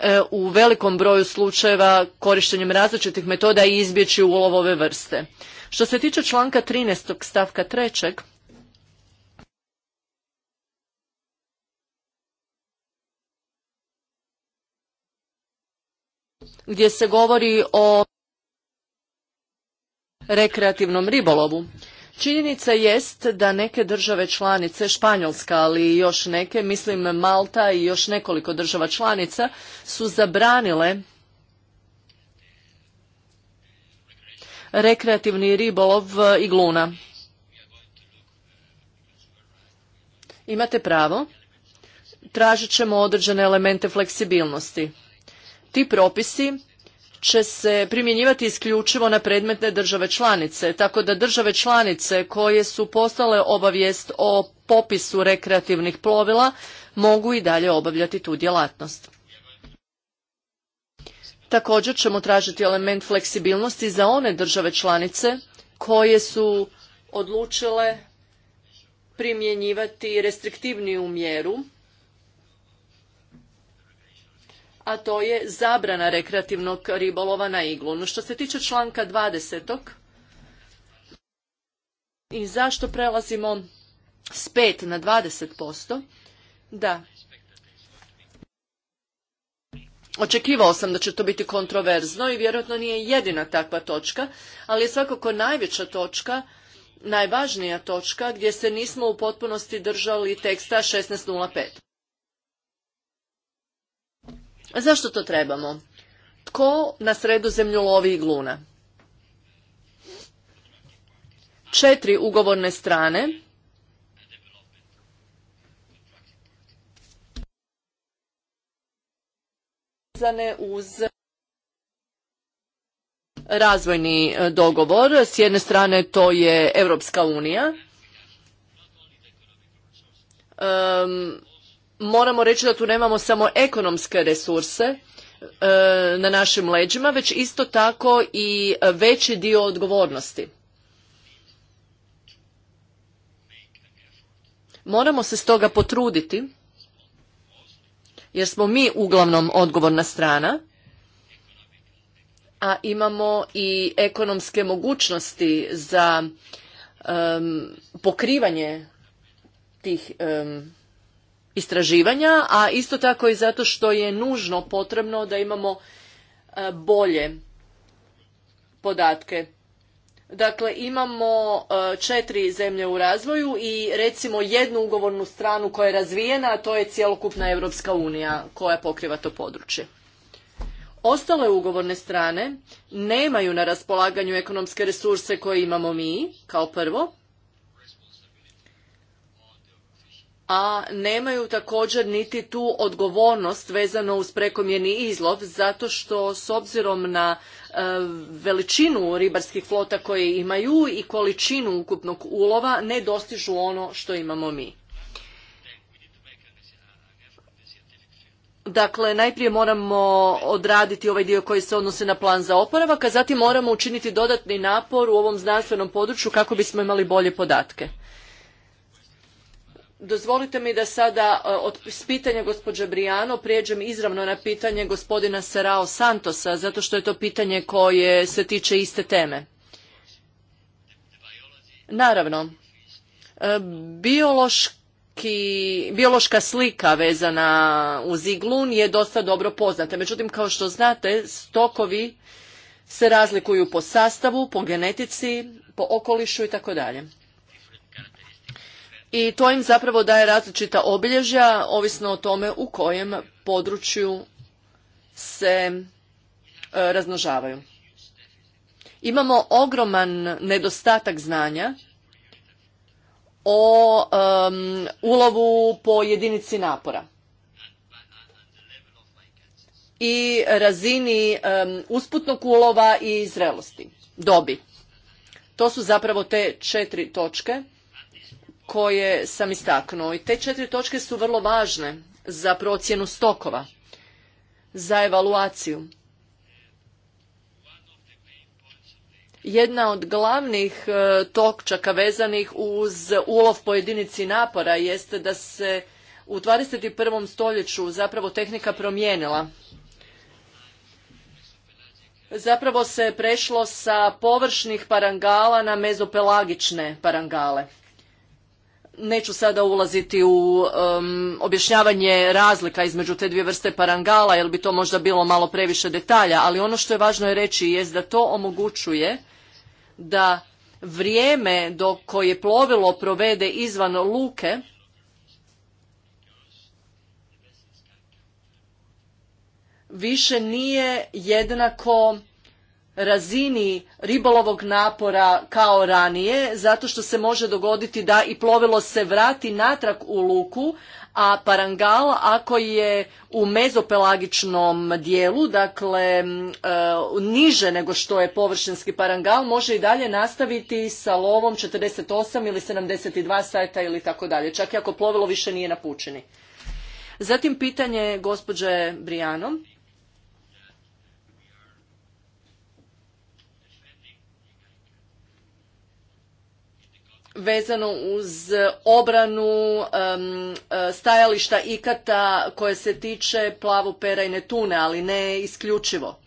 e, u velikom broju slučajeva korištenjem različitih metoda izbjeći ulov ove vrste što se tiče članka 13. stavka 3. gdje se govori o rekreativnom ribolovu. Činjenica jest da neke države članice, Španjolska ali i još neke, mislim Malta i još nekoliko država članica, su zabranile rekreativni ribolov eh, igluna. Imate pravo, tražit ćemo određene elemente fleksibilnosti. Ti propisi će se primjenjivati isključivo na predmetne države članice, tako da države članice koje su postale obavijest o popisu rekreativnih plovila mogu i dalje obavljati tu djelatnost. Također ćemo tražiti element fleksibilnosti za one države članice koje su odlučile primjenjivati restriktivniju mjeru, a to je zabrana rekreativnog ribolova na iglu. No što se tiče članka 20. i zašto prelazimo s 5 na 20%, da, Očekivao sam da će to biti kontroverzno i vjerojatno nije jedina takva točka, ali je svakako najveća točka, najvažnija točka gdje se nismo u potpunosti držali teksta 16.05. Zašto to trebamo? Tko na sredu zemlju lovi i gluna? Četiri ugovorne strane vezane uz razvojni e, dogovor. S jedne strane to je Europska unija. moramo reći da tu nemamo samo ekonomske resurse, e, na našim leđima, već isto tako i veći dio odgovornosti. Moramo se stoga potruditi jer smo mi uglavnom odgovorna strana, a imamo i ekonomske mogućnosti za pokrivanje tih istraživanja, a isto tako i zato što je nužno potrebno da imamo e, bolje podatke. Dakle, imamo e, četiri zemlje u razvoju i recimo jednu ugovornu stranu koja je razvijena, a to je cjelokupna Europska unija koja pokriva to područje. Ostale ugovorne strane nemaju na raspolaganju ekonomske resurse koje imamo mi, kao prvo, a nemaju također niti tu odgovornost vezano uz prekomjerni izlov, zato što s obzirom na E, veličinu ribarskih flota koje imaju i količinu ukupnog ulova ne dostižu ono što imamo mi. Dakle, najprije moramo odraditi ovaj dio koji se odnosi na plan za oporavak, a zatim moramo učiniti dodatni napor u ovom znanstvenom području kako bismo imali bolje podatke. Dozvolite mi da sada e, od pitanja gospođe Briano prijeđem izravno na pitanje gospodina Serao Santosa, zato što je to pitanje koje se tiče iste teme. Naravno, e, biološki, biološka slika vezana uz iglun je dosta dobro poznata. Međutim, kao što znate, stokovi se razlikuju po sastavu, po genetici, po okolišu i tako dalje i to im zapravo daje različita obilježja ovisno o tome u kojem području se e, raznožavaju. Imamo ogroman nedostatak znanja o ulovu po jedinici napora i razini usputnog ulova i zrelosti, dobi. To su zapravo te četiri točke koje sam istaknuo. I te četiri točke su vrlo važne za procjenu stokova, za evaluaciju. Jedna od glavnih e, točaka vezanih uz ulov po jedinici napora jeste da se u 21. stoljeću zapravo tehnika promijenila. Zapravo se prešlo sa površnih parangala na mezopelagične parangale. Neću sada ulaziti u objašnjavanje razlika između te dvije vrste parangala, jer bi to možda bilo malo previše detalja, ali ono što je važno je reći je da to omogućuje da vrijeme do koje plovilo provede izvan luke, više nije jednako razini ribolovog napora kao ranije, zato što se može dogoditi da i plovilo se vrati natrag u luku, a parangal ako je u mezopelagičnom dijelu, dakle e, niže nego što je površinski parangal, može i dalje nastaviti sa lovom 48 ili 72 sajta ili tako dalje, čak i ako plovilo više nije na Zatim pitanje gospođe Brijanom vezano uz obranu eh, stajališta ikata koje se tiče plavu pera i netune, ali ne isključivo.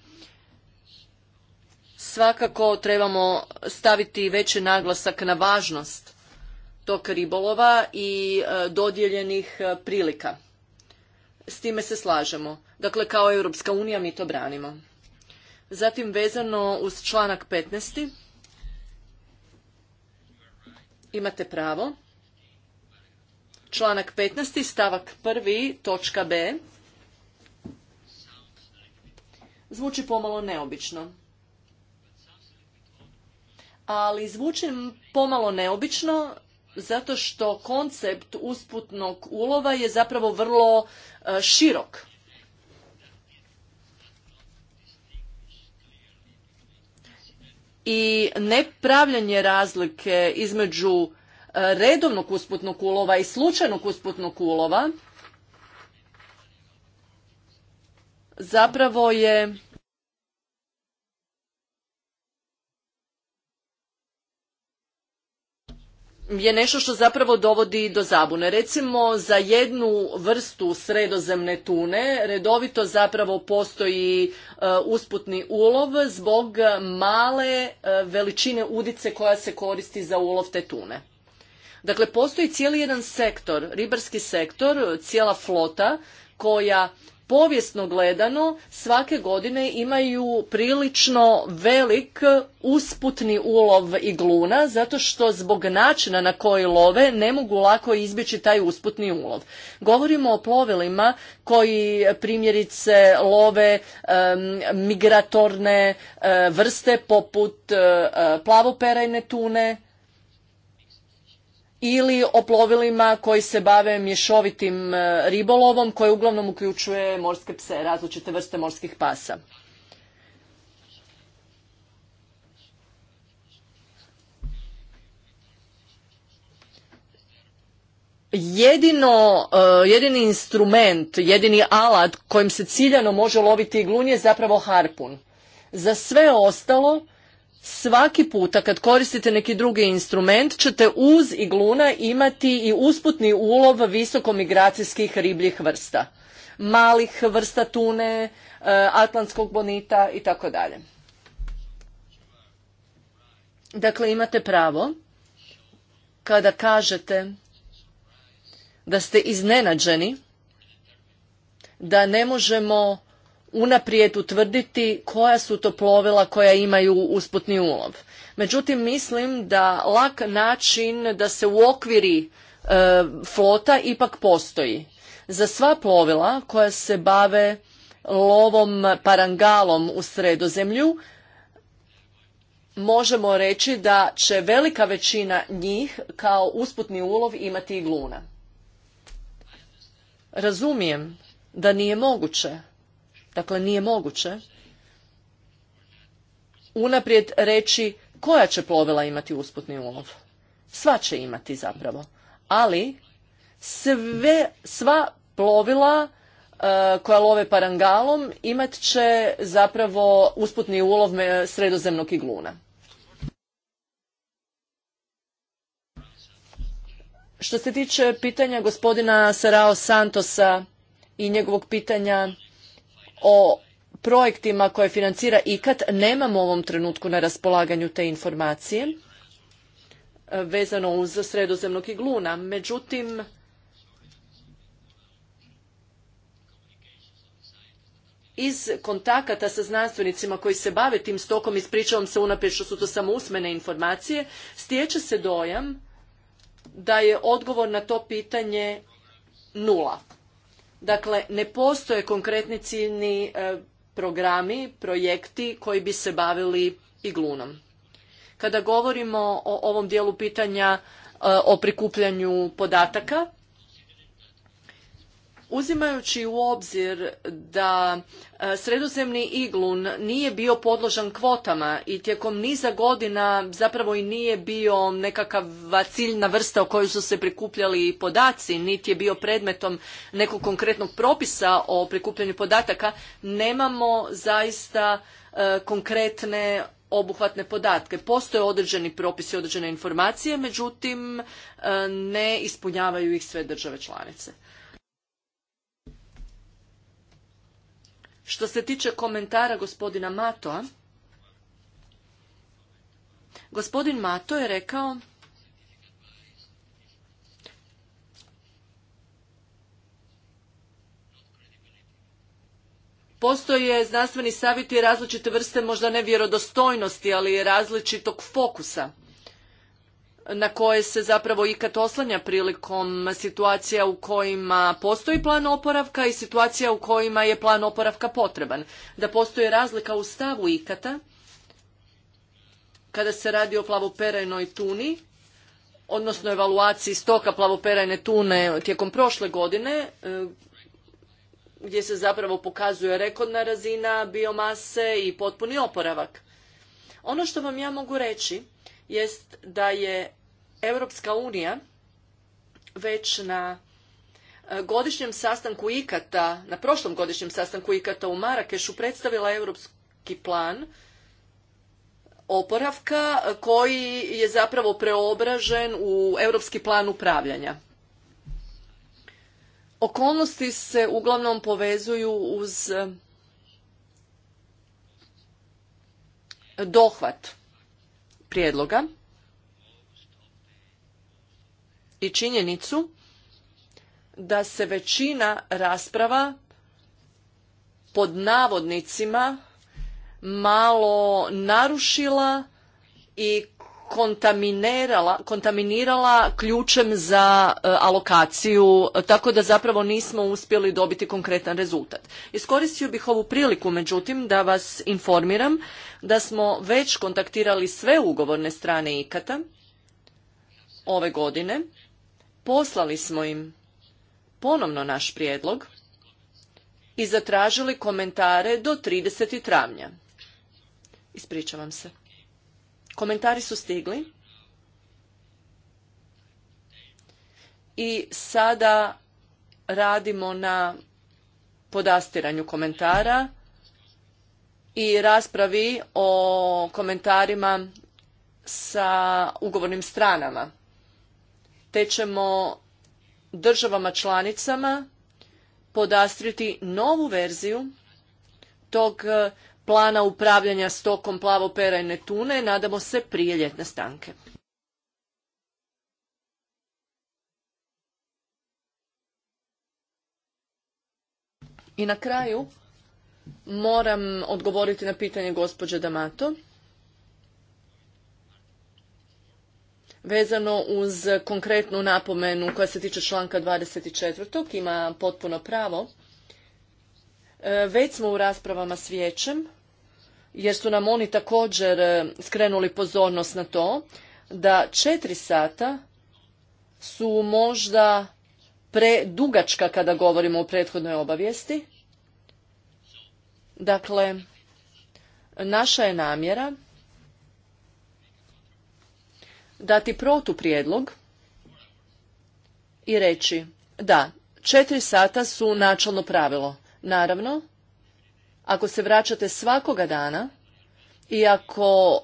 Svakako trebamo staviti veći naglasak na važnost tog ribolova i eh, dodijeljenih eh, prilika. S time se slažemo. Dakle, kao Europska unija mi to branimo. Zatim vezano uz članak 15 imate pravo. Članak 15. stavak 1. točka B. Zvuči pomalo neobično. Ali zvuči pomalo neobično zato što koncept usputnog ulova je zapravo vrlo e, širok. i nepravljanje razlike između e, redovnog usputnog ulova i slučajnog usputnog ulova zapravo je je nešto što zapravo dovodi do zabune. Recimo za jednu vrstu sredozemne tune redovito zapravo postoji e, usputni ulov zbog male e, veličine udice koja se koristi za ulov te tune. Dakle, postoji cijeli jedan sektor, ribarski sektor, cijela flota koja povijesno gledano svake godine imaju prilično velik usputni ulov igluna zato što zbog načina na koji love ne mogu lako izbjeći taj usputni ulov. Govorimo o plovilima koji primjerice love migratorne eh, vrste poput eh, eh, plavoperajne tune, ili o plovilima koji se bave mješovitim e, ribolovom koji uglavnom uključuje morske pse, različite vrste morskih pasa. Jedino, e, jedini instrument, jedini alat kojim se ciljano može loviti glun je zapravo harpun. Za sve ostalo svaki puta kad koristite neki drugi instrument ćete uz igluna imati i usputni ulov visokomigracijskih ribljih vrsta. Malih vrsta tune, e, atlantskog bonita i tako dalje. Dakle, imate pravo kada kažete da ste iznenađeni da ne možemo unaprijed utvrditi koja su to plovila koja imaju usputni ulov. Međutim, mislim da lak način da se u okviri e, flota ipak postoji. Za sva plovila koja se bave lovom parangalom u sredozemlju, možemo reći da će velika većina njih kao usputni ulov imati gluna. Razumijem da nije moguće Dakle, nije moguće unaprijed reći koja će plovila imati usputni ulov. Sva će imati zapravo. Ali sve, sva plovila e, koja love parangalom imat će zapravo usputni ulov sredozemnog igluna. Što se tiče pitanja gospodina Sarao Santosa i njegovog pitanja o projektima koje financira ikad nemamo u ovom trenutku na raspolaganju te informacije e, vezano uz sredozemnog igluna. Međutim, iz kontakata sa znanstvenicima koji se bave tim stokom, ispričavam se unaprijed što su to samo usmene informacije, stječe se dojam da je odgovor na to pitanje nula. Dakle, ne postoje konkretni ciljni e, programi, projekti koji bi se bavili iglunom. Kada govorimo o ovom dijelu pitanja e, o prikupljanju podataka, Uzimajući u obzir da e, sredozemni iglun nije bio podložan kvotama i tijekom niza godina zapravo i nije bio nekakva ciljna vrsta o kojoj su se prikupljali podaci, niti je bio predmetom nekog konkretnog propisa o prikupljanju podataka, nemamo zaista e, konkretne obuhvatne podatke. Postoje određeni propisi, određene informacije, međutim e, ne ispunjavaju ih sve države članice. Što se tiče komentara gospodina Matoa, gospodin Mato je rekao Postoje znanstveni savjeti različite vrste, možda ne vjerodostojnosti, ali različitog fokusa na koje se zapravo ikad oslanja prilikom situacija u kojima postoji plan oporavka i situacija u kojima je plan oporavka potreban. Da postoji razlika u stavu ikata kada se radi o plavoperajnoj tuni, odnosno evaluaciji stoka plavoperajne tune tijekom prošle godine, e, gdje se zapravo pokazuje rekordna razina biomase i potpuni oporavak. Ono što vam ja mogu reći jest da je Europska unija već na e, godišnjem sastanku ikata, na prošlom godišnjem sastanku ikata u Marakešu predstavila europski plan oporavka e, koji je zapravo preobražen u europski plan upravljanja. Okolnosti se uglavnom povezuju uz e, dohvat prijedloga i činjenicu da se većina rasprava pod navodnicima malo narušila i kontaminirala ključem za e, alokaciju, tako da zapravo nismo uspjeli dobiti konkretan rezultat. Iskoristio bih ovu priliku, međutim, da vas informiram da smo već kontaktirali sve ugovorne strane ikata ove godine Poslali smo im ponovno naš prijedlog i zatražili komentare do 30. travnja. Ispričavam se. Komentari su stigli i sada radimo na podastiranju komentara i raspravi o komentarima sa ugovornim stranama te ćemo državama članicama podastriti novu verziju tog e, plana upravljanja stokom plavoperajne tune, nadamo se prije ljetne stanke. I na kraju moram odgovoriti na pitanje gospođe Damato. vezano uz konkretnu napomenu koja se tiče članka 24. ima potpuno pravo. E, već smo u raspravama s vijećem, jer su nam oni također e, skrenuli pozornost na to, da četiri sata su možda predugačka kada govorimo o prethodnoj obavijesti. Dakle, naša je namjera dati protuprijedlog i reći da, četiri sata su načalno pravilo. Naravno, ako se vraćate svakoga dana i ako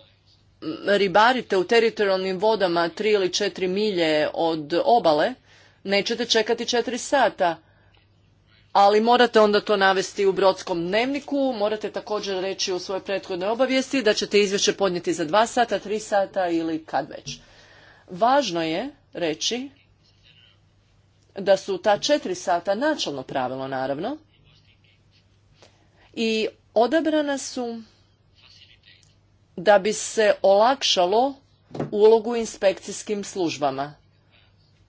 ribarite u teritorijalnim vodama tri ili četiri milje od obale, nećete čekati četiri sata ali morate onda to navesti u brodskom dnevniku, morate također reći u svojoj prethodnoj obavijesti da ćete izvješće podnijeti za dva sata, tri sata ili kad već. Važno je reći da su ta četiri sata načelno pravilo naravno i odabrana su da bi se olakšalo ulogu inspekcijskim službama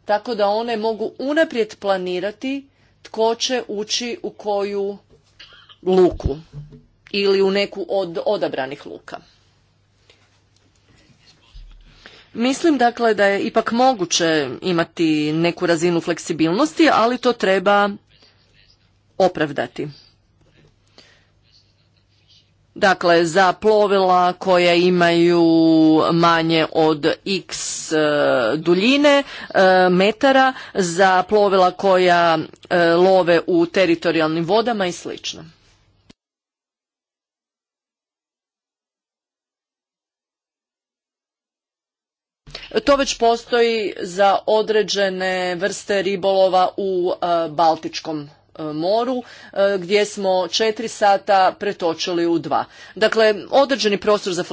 tako da one mogu unaprijed planirati tko će ući u koju luku ili u neku od odabranih luka. Mislim dakle da je ipak moguće imati neku razinu fleksibilnosti, ali to treba opravdati. Dakle, za plovila koja imaju manje od x e, duljine e, metara, za plovila koja e, love u teritorijalnim vodama i sl. To već postoji za određene vrste ribolova u Baltičkom E, moru e, gdje smo četiri sata pretočili u dva. Dakle, određeni prostor za